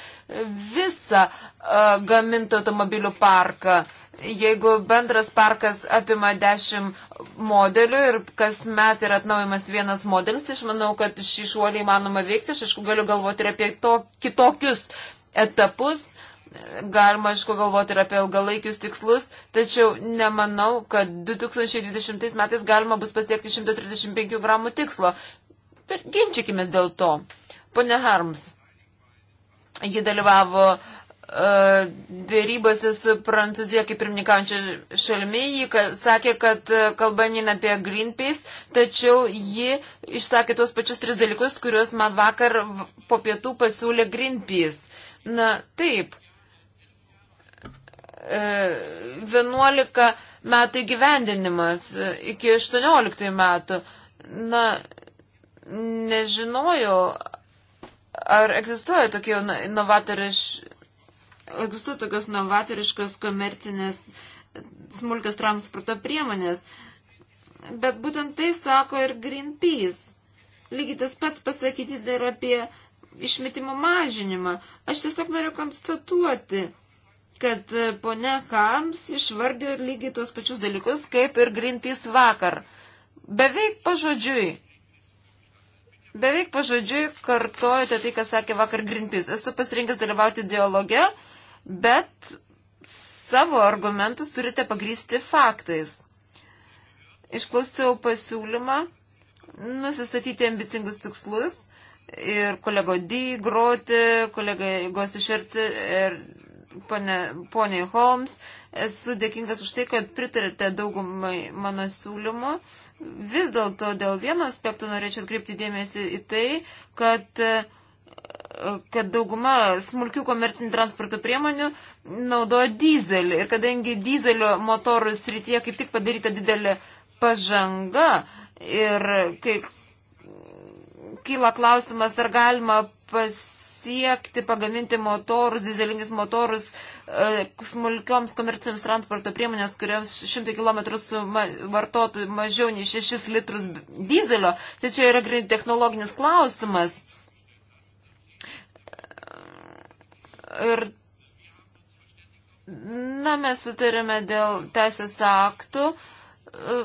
visą uh, gamintą automobilių parką. Jeigu bendras parkas apima 10 modelių ir kasmet yra atnaujamas vienas modelis, tai aš manau, kad šį šuolį įmanoma veikti. Aš aišku galiu galvoti ir apie to, kitokius etapus, Galima, aišku, galvoti ir apie ilgalaikius tikslus, tačiau nemanau, kad 2020 metais galima bus pasiekti 135 gramų tikslo. Ginčykime dėl to. Pone Harms, ji dalyvavo uh, dėrybose su Prancūzija kaip pirmininkaujančia šalimi, ji sakė, kad e, kalba neina apie Greenpeace, tačiau ji išsakė tuos pačius tris dalykus, kuriuos man vakar po pietų pasiūlė Greenpeace. Na, taip, 11 e, metų įgyvendinimas e, iki 18 metų. Na, nežinojau, ar egzistuoja tokie novatoriš, egzistuoja tokios novatoriškos komercinės smulkios transporto priemonės. Bet būtent tai sako ir Greenpeace. Lygiai tas pats pasakyti dar apie išmetimo mažinimą. Aš tiesiog noriu konstatuoti, kad e, ponia Kams išvardė lygiai tos pačius dalykus, kaip ir Greenpeace vakar. Beveik pažodžiui. Beveik pažodžiui kartojate tai, ką sakė vakar Greenpeace. Esu pasirinkęs dalyvauti dialoge, bet savo argumentus turite pagrysti faktais. Išklausiau pasiūlymą nusistatyti ambicingus tikslus ir kolego D, Groti, kolega Igos iš ir poniai Holmes, esu dėkingas už tai, kad pritarėte daugumai mano siūlymų. Vis dėlto dėl vieno aspekto norėčiau atkreipti dėmesį į tai, kad kad dauguma smulkių komercinių transporto priemonių naudoja dizelį. Ir kadangi dizelio motorų srityje kaip tik padaryta didelė pažanga ir kai kyla klausimas, ar galima pas siekti pagaminti motorus, dizelinis motorus e, smulkioms komercinėms transporto priemonės, kurios 100 km vartotų mažiau nei 6 litrus dizelio. Tai čia yra technologinis klausimas. Ir Na, mes sutarėme dėl teisės aktų e,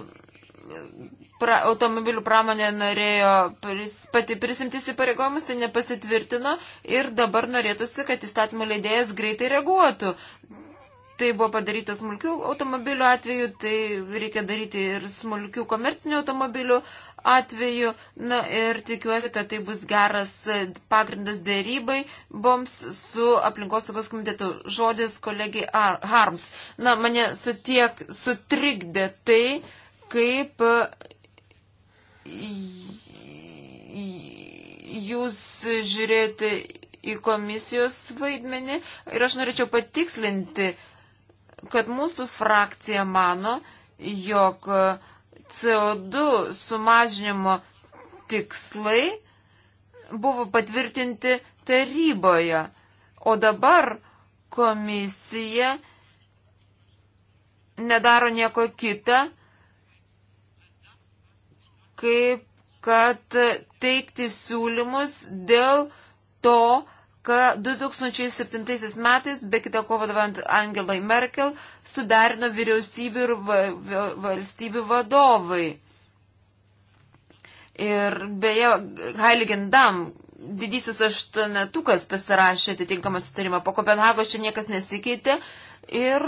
pra, automobilių pramonė norėjo pris, pati prisimti įsipareigojimus, tai nepasitvirtino ir dabar norėtųsi, kad įstatymų leidėjas greitai reaguotų. Tai buvo padaryta smulkių automobilių atveju, tai reikia daryti ir smulkių komercinių automobilių atveju. Na ir tikiuosi, kad tai bus geras pagrindas dėrybai boms su aplinkosaugos komitetu. Žodis kolegiai Harms. Na, mane sutiek sutrikdė tai, kaip jūs žiūrėjote į komisijos vaidmenį ir aš norėčiau patikslinti, kad mūsų frakcija mano, jog CO2 sumažinimo tikslai buvo patvirtinti taryboje, o dabar komisija nedaro nieko kita, kaip kad teikti siūlymus dėl to, kad 2007 metais, be kita ko vadovant Angelai Merkel, sudarino vyriausybių ir va, va, valstybių vadovai. Ir beje, Heiligendam didysis aštuonetukas pasirašė atitinkamą sutarimą. Po Kopenhagos čia niekas nesikeitė. Ir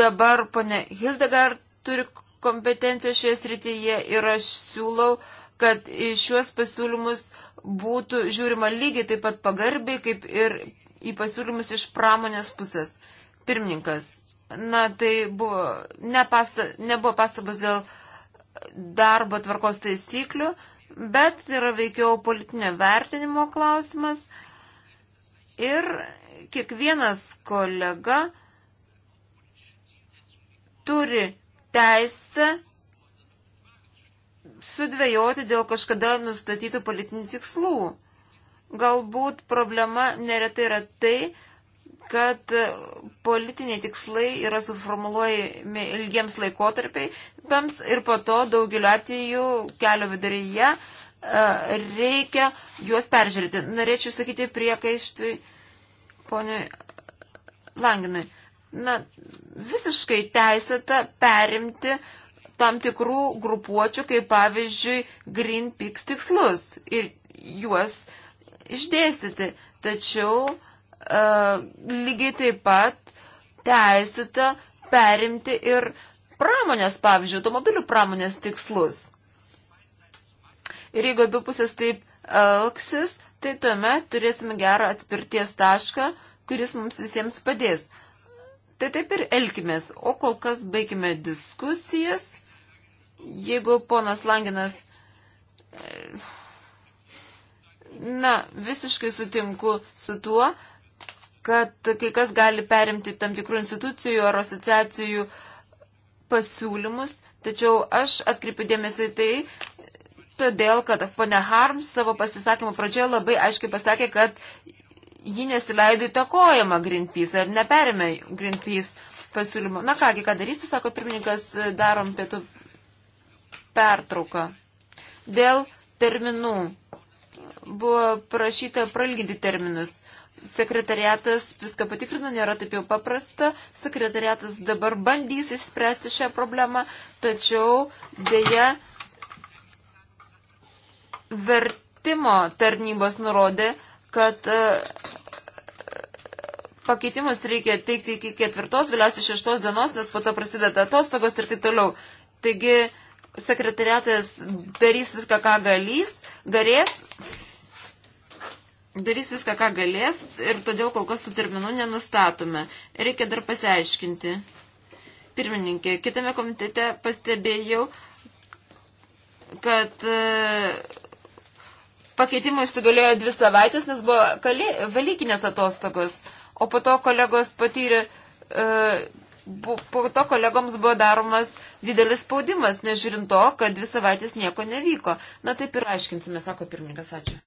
dabar, ponė Hildegard, turi kompetencijos šioje srityje ir aš siūlau, kad į šiuos pasiūlymus būtų žiūrima lygiai taip pat pagarbiai, kaip ir į pasiūlymus iš pramonės pusės. Pirmininkas. Na, tai buvo, ne pasta, nebuvo pastabas dėl darbo tvarkos taisyklių, bet yra veikiau politinio vertinimo klausimas. Ir kiekvienas kolega turi teisę sudvėjoti dėl kažkada nustatytų politinių tikslų. Galbūt problema neretai yra tai, kad politiniai tikslai yra suformuluojami ilgiems laikotarpiams ir po to daugeliu atveju kelio viduryje e, reikia juos peržiūrėti. Norėčiau sakyti priekaištį poniai Langinui na, visiškai teisėta perimti tam tikrų grupuočių, kaip pavyzdžiui Greenpeace tikslus ir juos išdėstyti. Tačiau e, lygiai taip pat teisėta perimti ir pramonės, pavyzdžiui, automobilių pramonės tikslus. Ir jeigu abi pusės taip elgsis, tai tuomet turėsime gerą atspirties tašką, kuris mums visiems padės. Tai taip ir elkimės, o kol kas baigime diskusijas. Jeigu ponas Langinas. E, na, visiškai sutinku su tuo, kad kai kas gali perimti tam tikrų institucijų ar asociacijų pasiūlymus, tačiau aš atkreipiu dėmesį tai, todėl, kad ponia Harms savo pasisakymo pradžioje labai aiškiai pasakė, kad ji nesileido įtakojama Greenpeace ar neperėmė Greenpeace pasiūlymo. Na kągi, ką darysi, sako pirmininkas, darom pietų pertrauką. Dėl terminų buvo prašyta pralginti terminus. Sekretariatas viską patikrino, nėra taip jau paprasta. Sekretariatas dabar bandys išspręsti šią problemą, tačiau dėja vertimo tarnybos nurodė, kad e, pakeitimus reikia teikti iki ketvirtos, vėliausiai šeštos dienos, nes po to prasideda atostogos ir taip toliau. Taigi sekretariatas darys viską, ką galys, galės, darys viską, ką galės ir todėl kol kas tų terminų nenustatome. Reikia dar pasiaiškinti. Pirmininkė, kitame komitete pastebėjau, kad e, pakeitimų įsigaliojo dvi savaitės, nes buvo kalė, velykinės atostogos, o po to kolegos patyrė, e, bu, po to kolegoms buvo daromas didelis spaudimas, nežiūrint to, kad dvi savaitės nieko nevyko. Na taip ir aiškinsime, sako pirmininkas, ačiū.